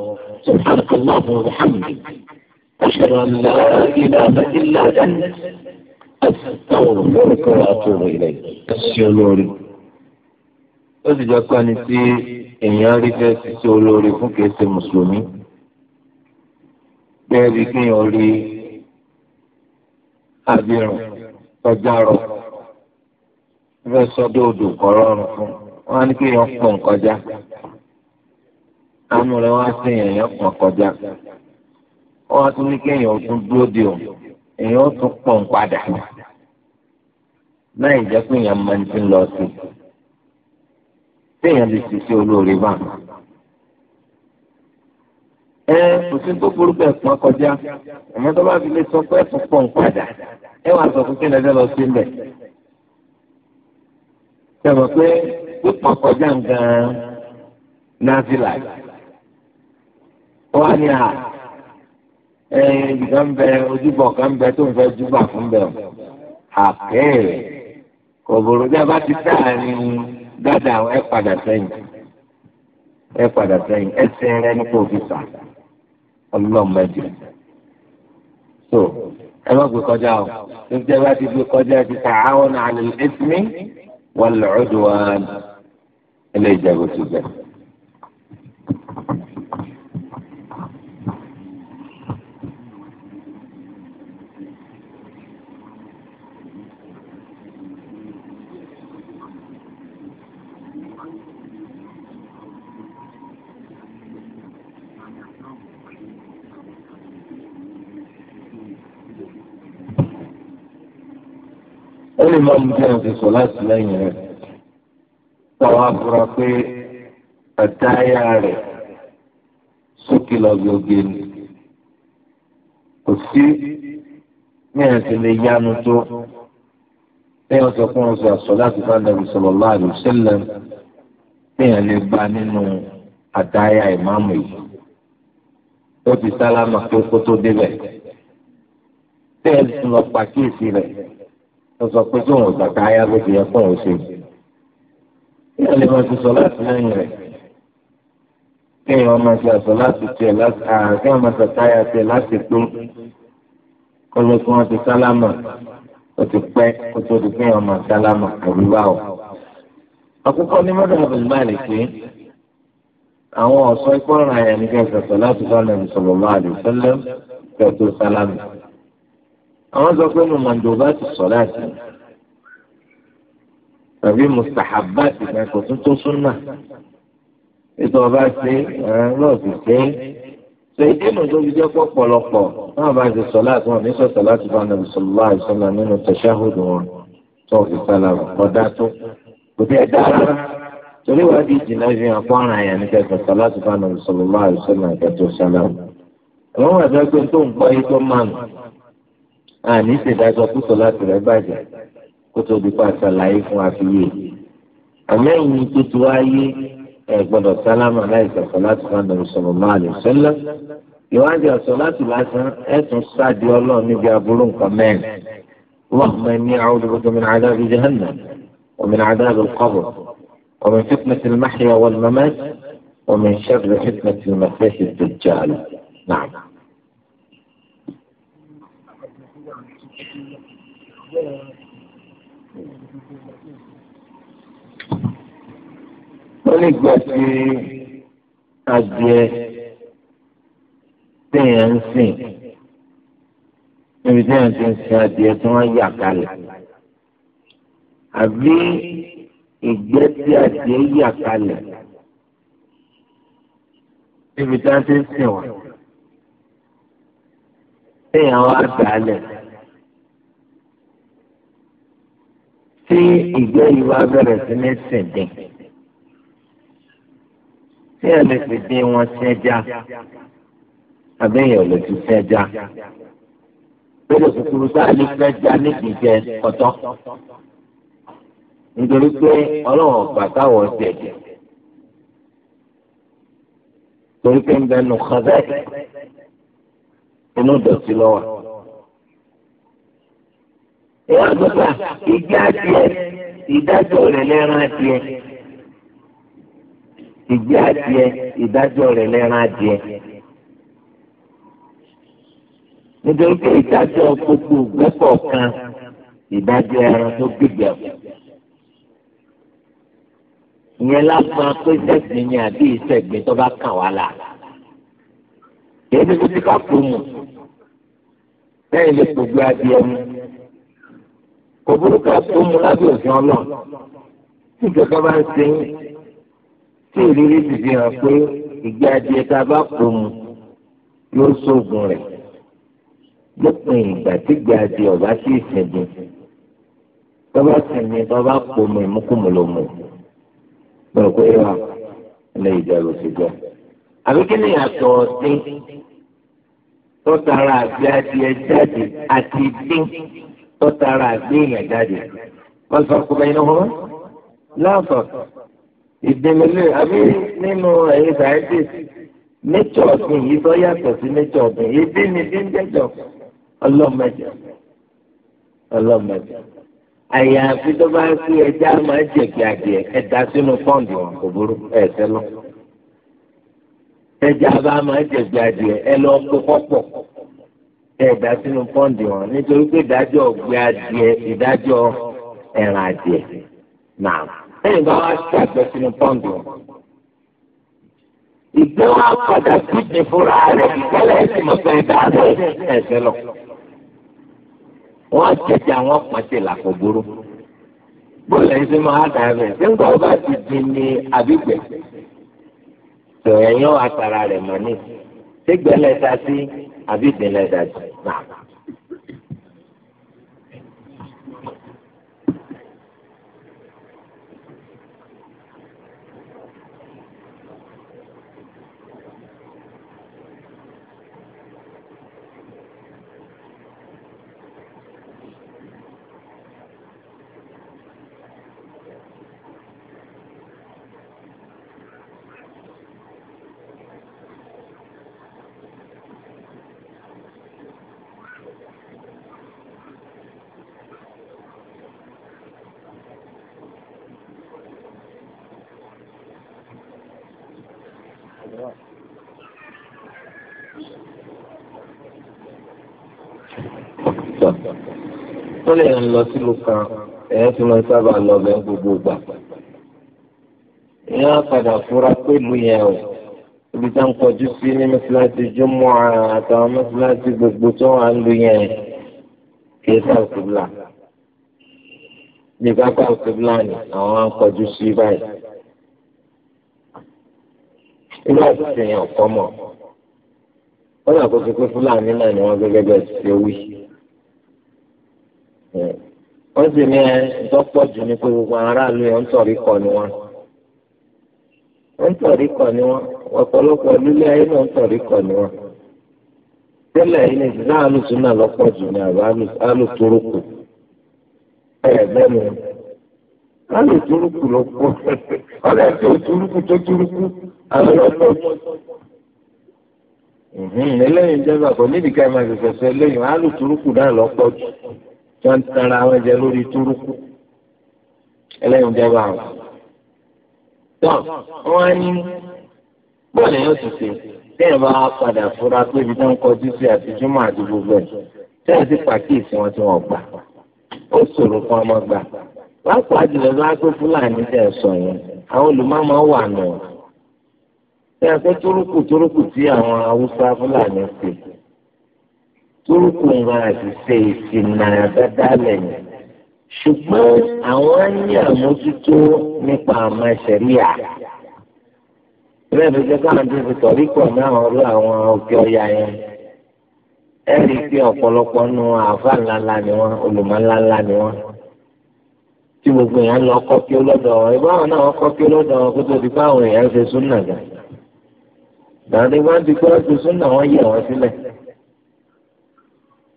أشهد أن لا إله إلا أنت أستغفرك وأتوب إليك ẹsẹ olórí ó sì jẹ́ pé ẹni tí èèyàn rí fẹ́ ṣiṣẹ́ olórí fún kìí ṣe mùsùlùmí bẹ́ẹ̀ bí kéèyàn rí àbírùn tọ́jà rọ fẹ́ sọ́dọ̀ odò kọ́rọ́rùn fún wọn á ní kéèyàn pọ̀ nkọjá àánú rẹ̀ wá sí èèyàn pọ̀ nkọjá ó wá tún ní kéèyàn ó tún dúró de òun èèyàn ó tún pọ̀ ń padà láì jẹ́ pé èèyàn máa ń ti lọ sí i téèyàn lè ṣiṣẹ́ olóore bá ẹ kò sí tó burú bẹ́ẹ̀ pọ́n kọjá àmọ́ tó bá fi lè sọ pé ẹ̀sùn pọ̀ ń padà ẹ wàá sọ fún kíni lọ sí ilẹ̀ ṣe mọ̀ pé pípọ̀ kọjá gan náà fi là wọ́n á ní à nǹkan bẹ ojúbọ kan bẹ tó ń fẹ́ júbà fún bẹ o àkẹẹ kòbòrò bí a bá ti dáàrin dáadáa ẹ padà sẹ́yìn ẹ padà sẹ́yìn ẹsẹ̀ rẹ ní kò ọlọmọdé so ẹ má gbé kọjá o tó bí a bá ti gbé kọjá ti sà àwọn àlè ẹsìn wal udwan ẹ lè jẹ bó ti ń jẹ́ òṣìṣọ́ láti lẹ́yìn rẹ̀ tọ́wọ́ afura pé àtàyà rẹ̀ sókè lọ́gbẹ̀ oge ni kò sí ní ẹ̀sìn lè yánu tó lẹ́yìn ọ̀sẹ̀ fún ọ̀sẹ̀ àṣọ láti bá nàbì sallallahu alaihi wasallam lẹ́yìn lè bá nínú àtàyà ìmáàmù yìí ó ti sálámà pé kó tó débẹ̀ tẹ́ẹ̀ lọ pàkíyèsí rẹ̀ ó sọ pé tóun gbàtà ayá bó ti yẹ kó òun ṣe èèyàn lè máa ti sọ láti lẹ́yìn rẹ̀ kéèyàn máa ṣe àṣọ láti tiẹ̀ láti kéèyàn máa ṣe táyà tiẹ̀ láti pé kó ló kí wọ́n ti sálámà ó ti pẹ́ kó tó di kéèyàn máa sálámà àríwá o. àkókò ní mọ́tò àbẹ̀lẹ̀ máa lè pé àwọn ọ̀ṣọ́ ìkọ́ra yẹn ní kẹsàn-án láti bá nàìjíríà sọ̀rọ̀ máa lè fẹ́lẹ́ kẹ́ sálámà àwọn sọ pé mo màndòbá ti sọ láti tàbí mùsàhábà ti kan kò tún tó súnà ètò ọba ṣe lọ́ọ̀sì ṣe ṣe ìdínà tó fi jẹ́ pọ̀pọ̀lọpọ̀ náà bá ti sọ láti wọn ní sọ̀tọ̀ láti bá nàbì sọ̀lá àìsọ̀lá nínú tẹ̀síáhùdù wọn tó fi sálà kọ́dá tó kò tẹ́ dára torí wàá di ìjìnlẹ̀ fi hàn fún ara yẹn ní kẹsàn láti bá nàbì sọ̀lá àìsọ̀lá ìkẹtọ̀ sálà. àwọn àgbẹ̀ pé tó ń gbọ́ yìí tó máa nù àní ìṣèdájọ́ kúsọ láti rẹ̀ bàjẹ́ kó tó di pa àṣàlàyé fún àfiyè àmọ́ ẹ̀yin tó ti wáyé ẹ gbọ́dọ̀ sálámà láì sọ̀tọ̀ láti fún àdàrú sọ̀rọ̀ máa lè sẹ́lẹ̀ ìwádìí ọ̀sọ̀ láti lásán ẹ tún sáàdì ọlọ́run níbi aburú nǹkan mẹ́rin wọ́n mọ ẹni àwọn olùkọ́ mi nàá dábì jahannam ومن عذاب القبر ومن فتنة المحيا والممات ومن شر فتنة المسيح الدجال نعم wọ́n lè gbà pé adìẹ téèyàn ń sìn níbi téèyàn ti ń sin adìẹ tí wọ́n yà kalẹ̀ àbí ìgbẹ́ tí adìẹ yà kalẹ̀ níbi tí ti ń sìn wọ́n téèyàn wá dà tí ìgbẹ́ yìí wá bẹ̀rẹ̀ sí ní sìndín tí ẹ̀ lè fi dín wọn sẹ́já abẹ́yẹ̀ lè fi sẹ́já lórí kúkúrú sáà lè sẹ́já nídìí jẹ ọ̀tọ̀ nítorí pé ọlọ́run ọ̀gbà táwọn ọ̀sẹ̀ jẹ torí pé ń bẹnu xọ́bẹ́ inú dọ̀tí lọ́wọ́ èèyàn gbọ́dọ̀ ìgbà tiẹ̀ ìdájọ́ rẹ̀ lẹ́ran tiẹ̀ ìgbé adìẹ ìdájọ́ rẹ̀ lẹ́ran adìẹ. nítorí pé ìdájọ́ gbogbo gbẹ́pọ̀ kan ìdájọ́ ẹran tó gbígbẹ́ ọ̀. ìyẹn lápá pé sẹ́gbìn ni àbí ìsẹ̀gbìn tó bá kàn wá là. èyí ni ti ká kó mu. bẹ́ẹ̀ lè gbogbo adìẹ mu kò burúkú tó mu lábẹ́ òfin ọlọ́run tí kankan bá ń ṣe yín tí ìrírí ti fi hàn pé ìgbé adìẹ tá a bá kó mu yóò sóògùn rẹ̀ lópin ìgbà tí ìgbé adìẹ ọ̀bá sí ìsìndín tó bá sì ní tó bá kó mu ìmúkùmù ló mu bẹ́ẹ̀ kó yẹ ilé ìjọba ti jọ. àbí ni ìyàtọ̀ ọ̀sìn tó tara àti adìẹ jáde àti dín tó tara àgbéyàn jáde wọ́n sọ kó bẹ́ẹ̀ náà wọ́n láàbọ̀ ìdílé àbí nínú ẹ̀yìn sàáìtìs nature ọ̀sìn yìí tó yàtọ̀ sí nature ọ̀gbìn ebi ni bí ń dẹ́jọ́ ọlọ́mọdé ọlọ́mọdé àyàfi tó bá sí ẹja máa jẹ kí adìẹ ẹ̀dá sínú pọ́ǹdì wọn kò burú ẹ̀ẹ́sẹ̀ lọ ẹja bá máa jẹ kí adìẹ ẹ lọ kó pọ́pọ̀. ẹ̀dá sínú pọ́ǹdì wọn nítorí pé ìdájọ́ ọ̀gbẹ́ adìẹ ìdájọ́ ẹ̀ràn adìẹ náà lẹ́yìn bá wá sí àgbẹ̀ sínú pọ́ǹdì wọn. ìgbẹ́ wa padà kíjì fúnra rẹ̀ ìkọ́lẹ̀ ẹ̀sìn mọ̀tò ẹ̀dá rẹ̀ ẹ̀sẹ̀ lọ. wọ́n jẹjẹ àwọn pàṣẹ làkọ̀ gbòòrò. ẹ̀sìn máa dà rẹ̀ nígbà wọ́n ti di ní àbígbẹ̀. rẹ̀ mọ́ àbí ìpínlẹ̀ ìdajì náà. sọ ó lè ń lọ sílùú kan ẹ̀yẹ́ tí wọ́n sábà lọ bẹ́ẹ̀ gbogbo gbà ìyá padà fura pẹ̀lú yẹn o ibi tá à ń kọjú sí ní mẹ́sàlásì jọ́mọ́ àtàwọn mẹ́sàlásì gbogbo tó wà ń lu yẹn kìí sàkúbìlà bí ká sàkúbìlà ni àwọn á kọjú sí báyìí irú àtúnṣe yẹn ọ̀pọ̀ mọ̀ wọ́n yà kó ti pé fúlàní náà ni wọ́n gẹ́gẹ́ bẹ́ẹ̀ ti ṣe wí. wọ́n sì ní ìdọ́pọ̀ jù ní pé gbogbo aráàlú yẹn ń tọ̀rí kọ ni wọ́n ń tọ̀rí kọ ni wọ́n ọ̀pọ̀lọpọ̀ nílé ayé náà ń tọ̀rí kọ ni wọ́n tẹ́lẹ̀ yìí ní ìdílé àlùsùn náà lọ́pọ̀ jù ní àbá àlùtúrùkù ẹ̀ àlùtúrùkù ló pọ̀ tó túrùkù tó túrùkù jẹ́ bàbá máa àlùtúrùkù náà lọ́pọ̀ jù. wọ́n ń tanra àwọn ẹ̀jẹ̀ lórí túrúkù ẹlẹ́yìn ìjọba àwọn. tán wọ́n á ní bọ́ọ̀lù yóò ti ṣe téèyàn bá padà fura pé ibi tó ń kọjú sí àtijọ́ máa di gbogbo ẹ̀ téèyàn sì pàkíyèsí wọn tí wọ́n gbà ó ṣòro fún ọmọ gbà. lápá jùlọ bá gbé fúlàní tẹ̀ sọ yẹn àwọn olùmọ́mọ́ wà nù. téèyàn pé túrúkù túrúkù tí àwọn haúsá fúlàní ṣe tóókù máa ti ṣe ìsìnà dáadáa lẹ́yìn ṣùgbọ́n àwọn á ní àmójútó nípa àmọ́ ṣẹ̀ríà lẹ́nu jẹ́ káwọn tó ti tọ̀rí pọ̀ ní àwọn ọlọ́ àwọn òkè ọ̀yà yẹn ẹ rí i pé ọ̀pọ̀lọpọ̀ nu àáfà ńláńlá ni wọ́n olùmọ̀ ńláńlá ni wọ́n tí gbogbo èèyàn lọ kọ́ kí ó lọ́dọ̀ wọn ìbá àwọn náà wọ́n kọ́ kí ó lọ́dọ̀ wọn kó tó di pé àwọn èèyàn ṣe súnà gà dàdé wọn ti kọ́ ṣe súnà wọn yẹ wọn sílẹ̀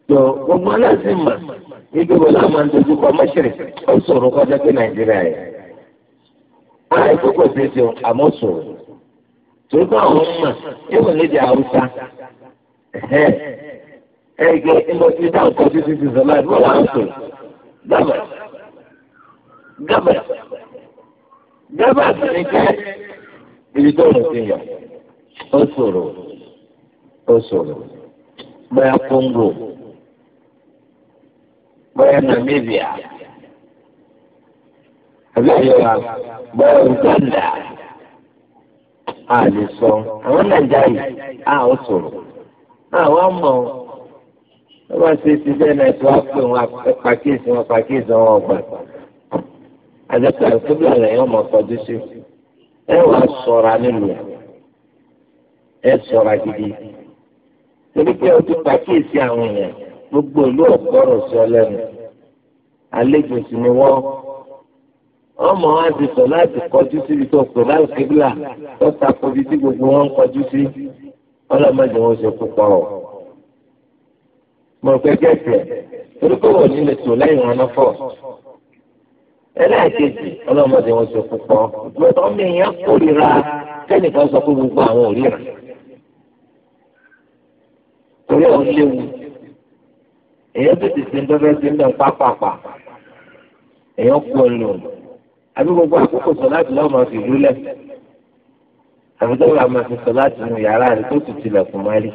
so gbogbo aláṣẹ mà níbi wo la máa ń dojú kọ mọ́ṣẹ̀rẹ̀ ó ṣòro kọjá pé nàìjíríà yẹ. ààrẹ kókò ṣeéṣe àmọ́ ṣòro tó bá àwọn mà yóò lédè haúsá ẹ ẹ gẹ ìmọ̀tí dáhùn kan títí ti sọ láì bọ́lá ń sọ ní ibi tó bóyá Namibia àbẹ̀yẹ̀wà bóyá Uganda a lè sọ àwọn Nàìjíríà a ò sọ̀rọ̀ àwọn àmọ́ wọ́n bá ṣe ti bẹ́ẹ̀ náà tí wọ́n pè wọ́n pàkíyèsí wọn pàkíyèsí wọn ọgbà àjọpọ̀ àìkúbíà lẹ́yìn ọmọ kọjú sí ẹ wàá sọ̀ra nílùú ẹ sọ̀ra gidi torí pé o ti pàkíyèsí àwọn èèyàn gbogbo ìlú ọ̀gbọ́rọ̀ sí ọ lẹ́nu àlejò sì ni wọ́n ọmọ wa ti sọ láti kọjú síbi tó pè láì kébìlà tó ta kobi tí gbogbo wọn ń kọjú sí ọlọ́mọdé wọn ṣe púpọ̀ ọ̀ mọ̀ gẹ́gẹ́ tiẹ̀ torí pé wọ́n nílẹ̀ tó lẹ́yìn wọn náà fọ̀ ẹlẹ́ẹ̀kejì ọlọ́mọdé wọn ṣe púpọ̀ lọ́tọ́ mi yẹn kẹ́nìkan sọ pé gbogbo àwọn ò ríra torí àwọn léwu èyàn tètè ṣe ń dọ́fẹ́ sí ilẹ̀ pápápá èyàn kú ọlọ́ àbí gbogbo àkókò sọ láti lọ́ọ́ máa fi lúlẹ̀ àbí tó wà máa fi sọ láti nu yàrá rẹ̀ tó ti tilẹ̀kùn mọ́lẹ̀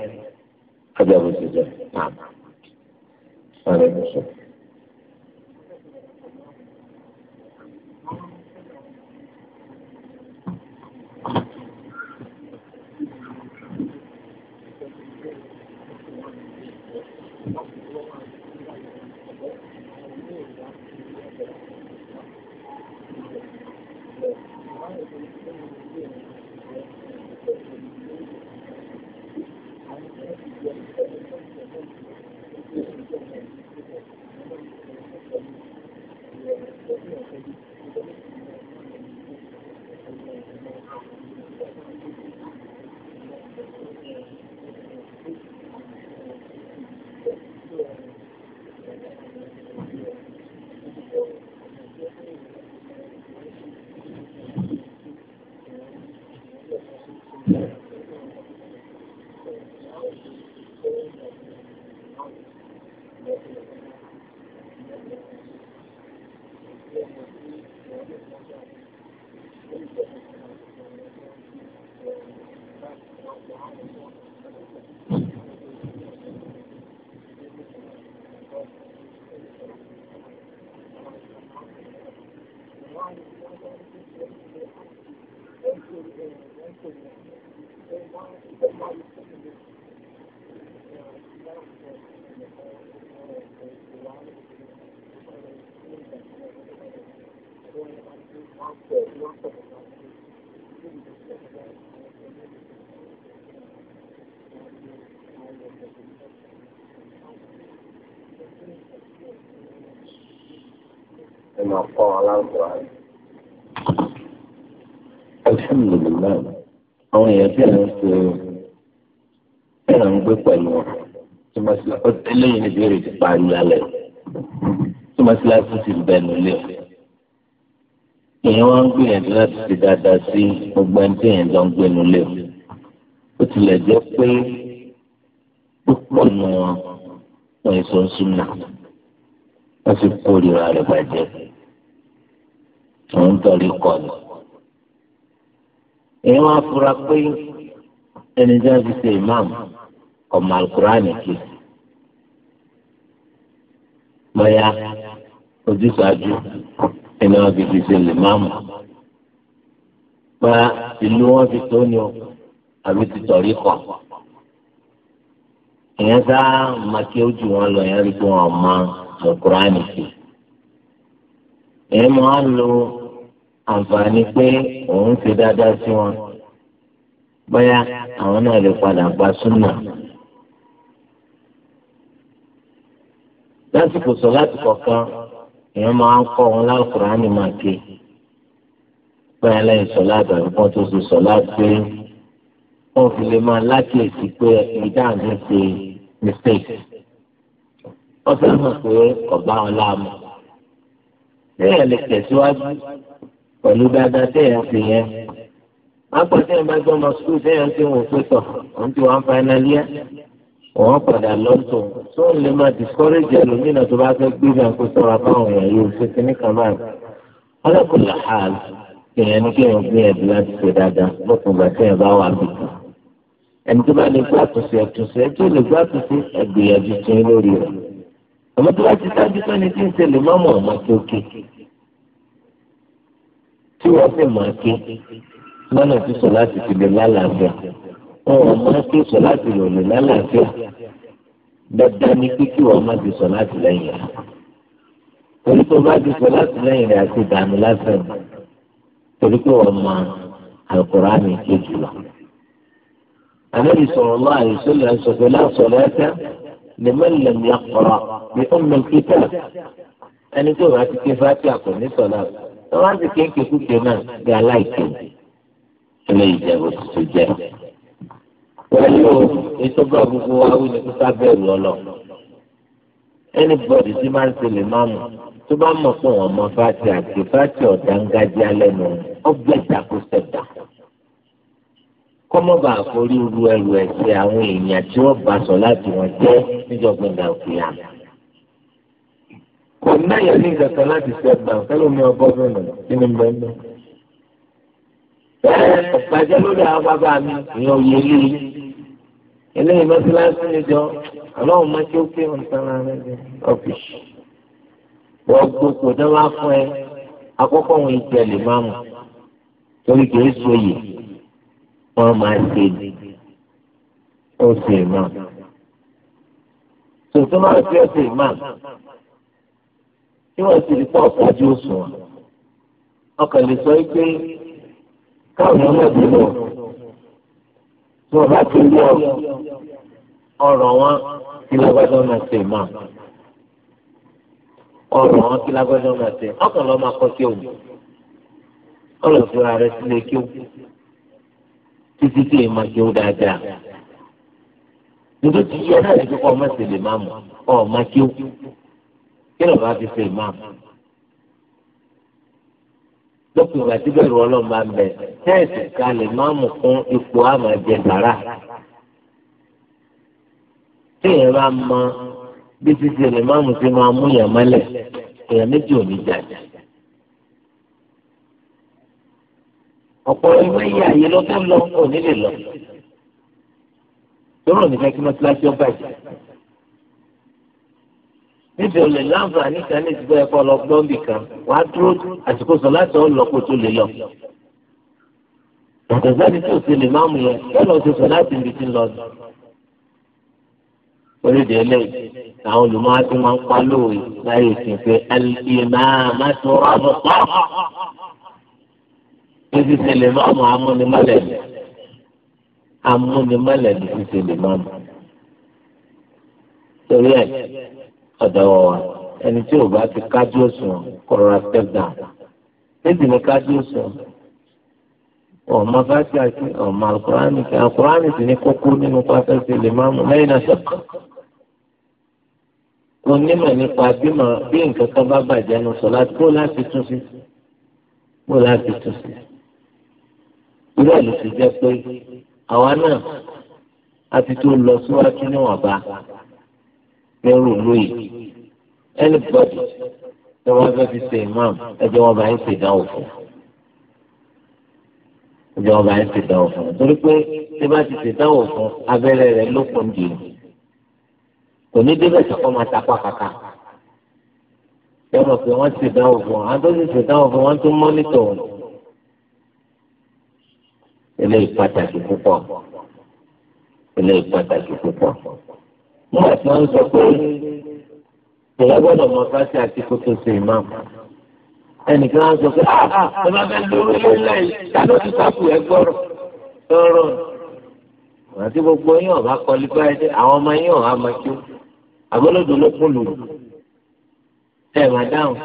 ọjọ́ bó ti jẹ́ àmọ́. aláǹfààní. alhamdulilayi àwọn èèyàn tí a ń ṣe tí a ń gbé pẹ̀lú tí eléyìí ni bèrè ti parí lálẹ́ tí mọ́síláṣí ti bẹ̀ nílé èèyàn wá ń gbìyànjú láti ṣe dáadáa sí gbogbo ẹni tí èèyàn jọ ń gbé nílé ó tilẹ̀ jẹ́ pé púpọ̀ nù wọn wọn èso ń súnmọ́ wọ́n sì kórìíra rẹ̀ bàjẹ́ òun tọ̀lé kọ́ ni. èyí wá fura pé ẹni tí fi ṣe imam ọmọ alukurani kì í. lọ́yà ojúṣàájú ẹni wọ́n fi fi ṣe limamu. gba ìlú wọn fi tó ni o àbí ti tọ̀lé kọ́. èèyàn sá màkì ojú wọn lọ yẹn rí pé wọn ọmọ alukurani kì í. èèyàn máa lo àǹfààní pé òun fi dáadáa sí wọn bóyá àwọn náà lè padà gba súnà. lásìkò sọ láti kọ̀ọ̀kan èèyàn máa ń kọ́ wọn lálùkùránì máa ké bóyá lẹ́yìn sọ láti àdúgbò tó ti sọ láti pé wọ́n fi lè máa lákèésí pé ìdáhùn ṣe mistake. wọ́n fẹ́ràn pé ọ̀bá wọn láàmú. lẹ́yìn lè tẹ̀síwájú pẹ̀lú dáadáa téèyàn ṣe yẹn. Pápá téèyàn bá gbọ́mọ sukùl téèyàn ti wò pé tọ̀ òun ti wà ń fainali yá. Wọ́n padà lọ́tọ̀ tó ń lè máa discourage ẹlòmínà tó bá fẹ́ gbé bá kó sọ̀rọ̀ fáwọn èèyàn yóò ṣe kíní kan báyìí. Ọlọ́kùnrin àhàl èèyàn ní kéèyàn gbé ẹ̀dùn láti ṣe dáadáa lọ́kùnrin bá téèyàn bá Ẹni tó bá lè gbé àtúnṣe àtúnṣe ẹni tó lè gbé àtúnṣe ẹgbìyànjú tún lórí rẹ̀. Àmọ́ tó bá ti sáájú sọ́ni tí ń ṣe lè má mọ̀ ọ̀mọ́ tó kéèké tí wọ́n sì máa ké lọ́nà tí sọ láti fi lè lálàáfíà wọn ò máa ké sọ láti lò lè lálàáfíà dandan ni pé kí wọ́n má ti sọ láti lẹ́yìn rẹ̀ torí pé wọ́n má ti sọ láti lẹ́yìn rẹ̀ àti ìdààmú lásán torí pé wọ́n máa alukóraani ké jùlọ. النبي صلى الله عليه وسلم يقول لا صلاة لمن لم يقرأ بأم الكتاب. أن يكون هذه كفاتة يقول صلاة wọ́n á sì kéèké kúkẹ́ náà bí aláìké ilé ìjẹ̀bù tuntun jẹ́. pẹ̀lú ètò bá gbogbo wa wí ni kó sábẹ́rù ọlọ. anybody tí máa ń ṣe lè máa mọ̀ tó bá mọ̀ pé wọ́n mọ fáti àti fáti ọ̀dàǹgájí alẹ́nu ọgbẹ́ ìdàkóṣẹ́ dà. kọ́mọ́bà àforí ru ẹrù ẹ̀sẹ̀ àwọn èèyàn tí wọ́n bá sọ láti wọ́n jẹ́ níjọ́gbìn dàkúyàmù kò náyà ní ìgbàkan láti ṣe ẹgbà fẹlẹmi ọgbọ fẹmọ nínú mẹmẹ. bẹ́ẹ̀ ọ̀pàjẹ́ lórí àwọn bàbá mi ìyẹn òye lé eléyìí mọ́sálásí ni jọ ọlọ́run máa ṣe ó pé wọn sára rẹ ọ́fíìsì. wọ́n gbogbo dán wá fún ẹ akọ́kọ́ wọn ìjẹ lè má mọ̀ torí kìí sòyè wọ́n máa ṣe ó sì máa. tòótọ́ máa fi ọ̀sẹ̀ máa tí wọ́n sì rí pọ̀ ṣáájú òṣùwọ̀n. ọkàn lè sọ pé káwọn ọmọdé lọ tí wọ́n bá ti rí ọ̀rọ̀ wọn kí lágbájá máa ṣe mọ́ ọ̀rọ̀ wọn kí lágbájá máa ṣe ọkàn lọ́ọ́ máa kọ́ sí òun ọlọ́fin ààrẹ sílé kí ó títí tí èèmà kí ó dáadáa nítorí yẹ náà lè fi kọ́ ọmọ ìṣẹ̀lẹ̀ máa mọ̀ ọ̀ máa kí ó kí ló bá fi ṣe ìmáàmù lópin ìgbà tí bẹ́ẹ̀ rú ọlọ́run bá ń bẹ tẹ́ẹ̀sì ká lè má mú fún ipò àmàjẹ bàrà téèyàn bá mọ bí títí lè má mú sí máa mú yàn mọ́lẹ̀ èèyàn méjì ò ní jàjà. ọ̀pọ̀ ìwé yìí àyè lọ́tọ́ lọ òní lè lọ. tó rọ̀ nípa kí mọ́tíláṣí ọ bàjẹ́ níbi olè láǹfààní kan ní ìsìnkú ẹ̀kọ́ ọlọ́gbọ́n bì kan wà á dúró àsìkò sọ láti ọlọ́pọ̀ tó lè lọ. Yàtọ̀ sẹ́ni tí ò sí lè máa mú yẹn yóò lọ sọ̀sọ̀ láti ibi tí ń lọ. Oríṣi eléyìí àwọn olùmọ̀ọ́ tí wọ́n ń pa lóore láyé ìsìn pé ẹlẹ́màmá tó rọ́ọ̀bù pọ̀. Ibi tí lè máa mú amúnimọ́lẹ̀ ni amúnimọ́lẹ̀ ni ti lè máa mú. Torí ẹ̀ ọ̀dọ̀wọ̀ wa ẹni tí ò bá ti kájú òsùn kọ̀rọ̀ra step down níbi ní kájú òsùn ọ̀ma bá ti àti ọ̀ma alukurani kí alukurani sì ní kókó nínú pátá sí lè máa mú lẹ́yìn náà sọ̀kọ̀. onímọ̀ nípa bímọ bí nǹkan kan bá bàjẹ́ nu sọ láti kó láti tún sí kó láti tún sí. irú ẹ̀ jẹ́ pé àwa náà a ti tó lọ síwájú níwọ̀nba lẹ́rù lóyè anybody tí wọ́n fẹ́ fi ṣe imam ẹjọ́ wọn bá ń ṣe ìdánwò fún ẹjọ́ wọn bá ń ṣe ìdánwò fún torí pé tí bá ti ṣe ìdánwò fún abẹ́rẹ́ rẹ̀ lókun dì í kò ní débẹ̀ tí wọ́n máa tapá kàkà yọ mọ̀ pé wọ́n ṣe ìdánwò fún wọn àti wọ́n ṣe ìdánwò fún wọn tún mọ́nítọ̀ wọn eléyìí pàtàkì púpọ̀ eléyìí pàtàkì púpọ̀ nígbà tí wọ́n sọ pé ìyá gbọ́dọ̀ mọ fásitì àti kótó sí ìmáàmù ẹnìkan á sọ pé ah, ah, ẹ bá fẹ́ lórí ilé ìdáná ti sàkù ẹ gbọ́rọ̀ lọ́rọ̀ àti gbogbo yín ọba kọlí báyìí àwọn ọmọ yín ọba máa kí àbọ̀lódò ló kún lòlù ẹ máa dáhùn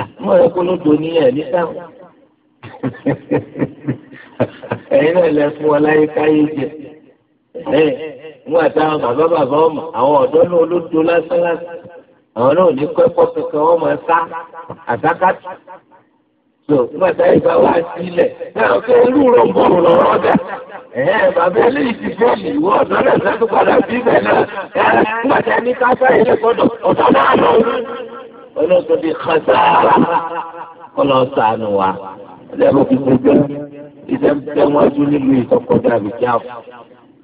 àmọ́ ẹ kó lódò ní ẹ ní dáhùn ẹ̀yin náà lẹ fún ọ láyé káyé jẹ wọn àti àwọn bàbá bàbá ọmọ àwọn ọ̀dọ́ náà olódo lásán lásán àwọn náà ò ní kọ́ ẹ̀kọ́ kankan wọ́n máa sá àsákàtì so nígbàtà ìgbà wa sílẹ̀ náà kó olú rọ̀ ń bọ̀ lọ́rọ̀ ọ̀dà ẹ̀hẹ́n bàbá eléyìí ti fẹ́ ìwọ ọ̀dọ́ náà sẹ́tù padà sí ibẹ̀ náà nígbàtà ẹni káfá ilé kọ́dọ̀ ọ̀dọ́ náà lọ. olóòtú ti kàn sáárà kọ́ lọ sànù wa ẹ̀dẹ́gbẹ́ ti gbogbo ìdẹ́gbẹ́ nílùú ìtọ́kọ̀dá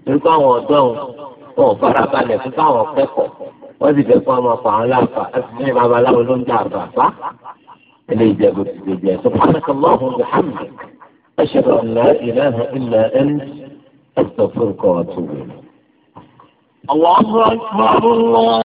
torí káwọn ọ̀dọ́ wọn wọn ò fara balẹ̀ fún káwọn kẹ́kọ̀ọ́ wọ́n sì fẹ́ fún ọmọ ọkọ̀ àwọn láǹfà láti ní babaláwo ló ń dá àbàbá ilé ìjẹ̀bù ti gbèjì ẹ̀ subhanaka Allahumma wa bihamdik ashhadu an la ilaha illa anta astaghfiruka wa atubu ilayk. Allahu akbar Allah.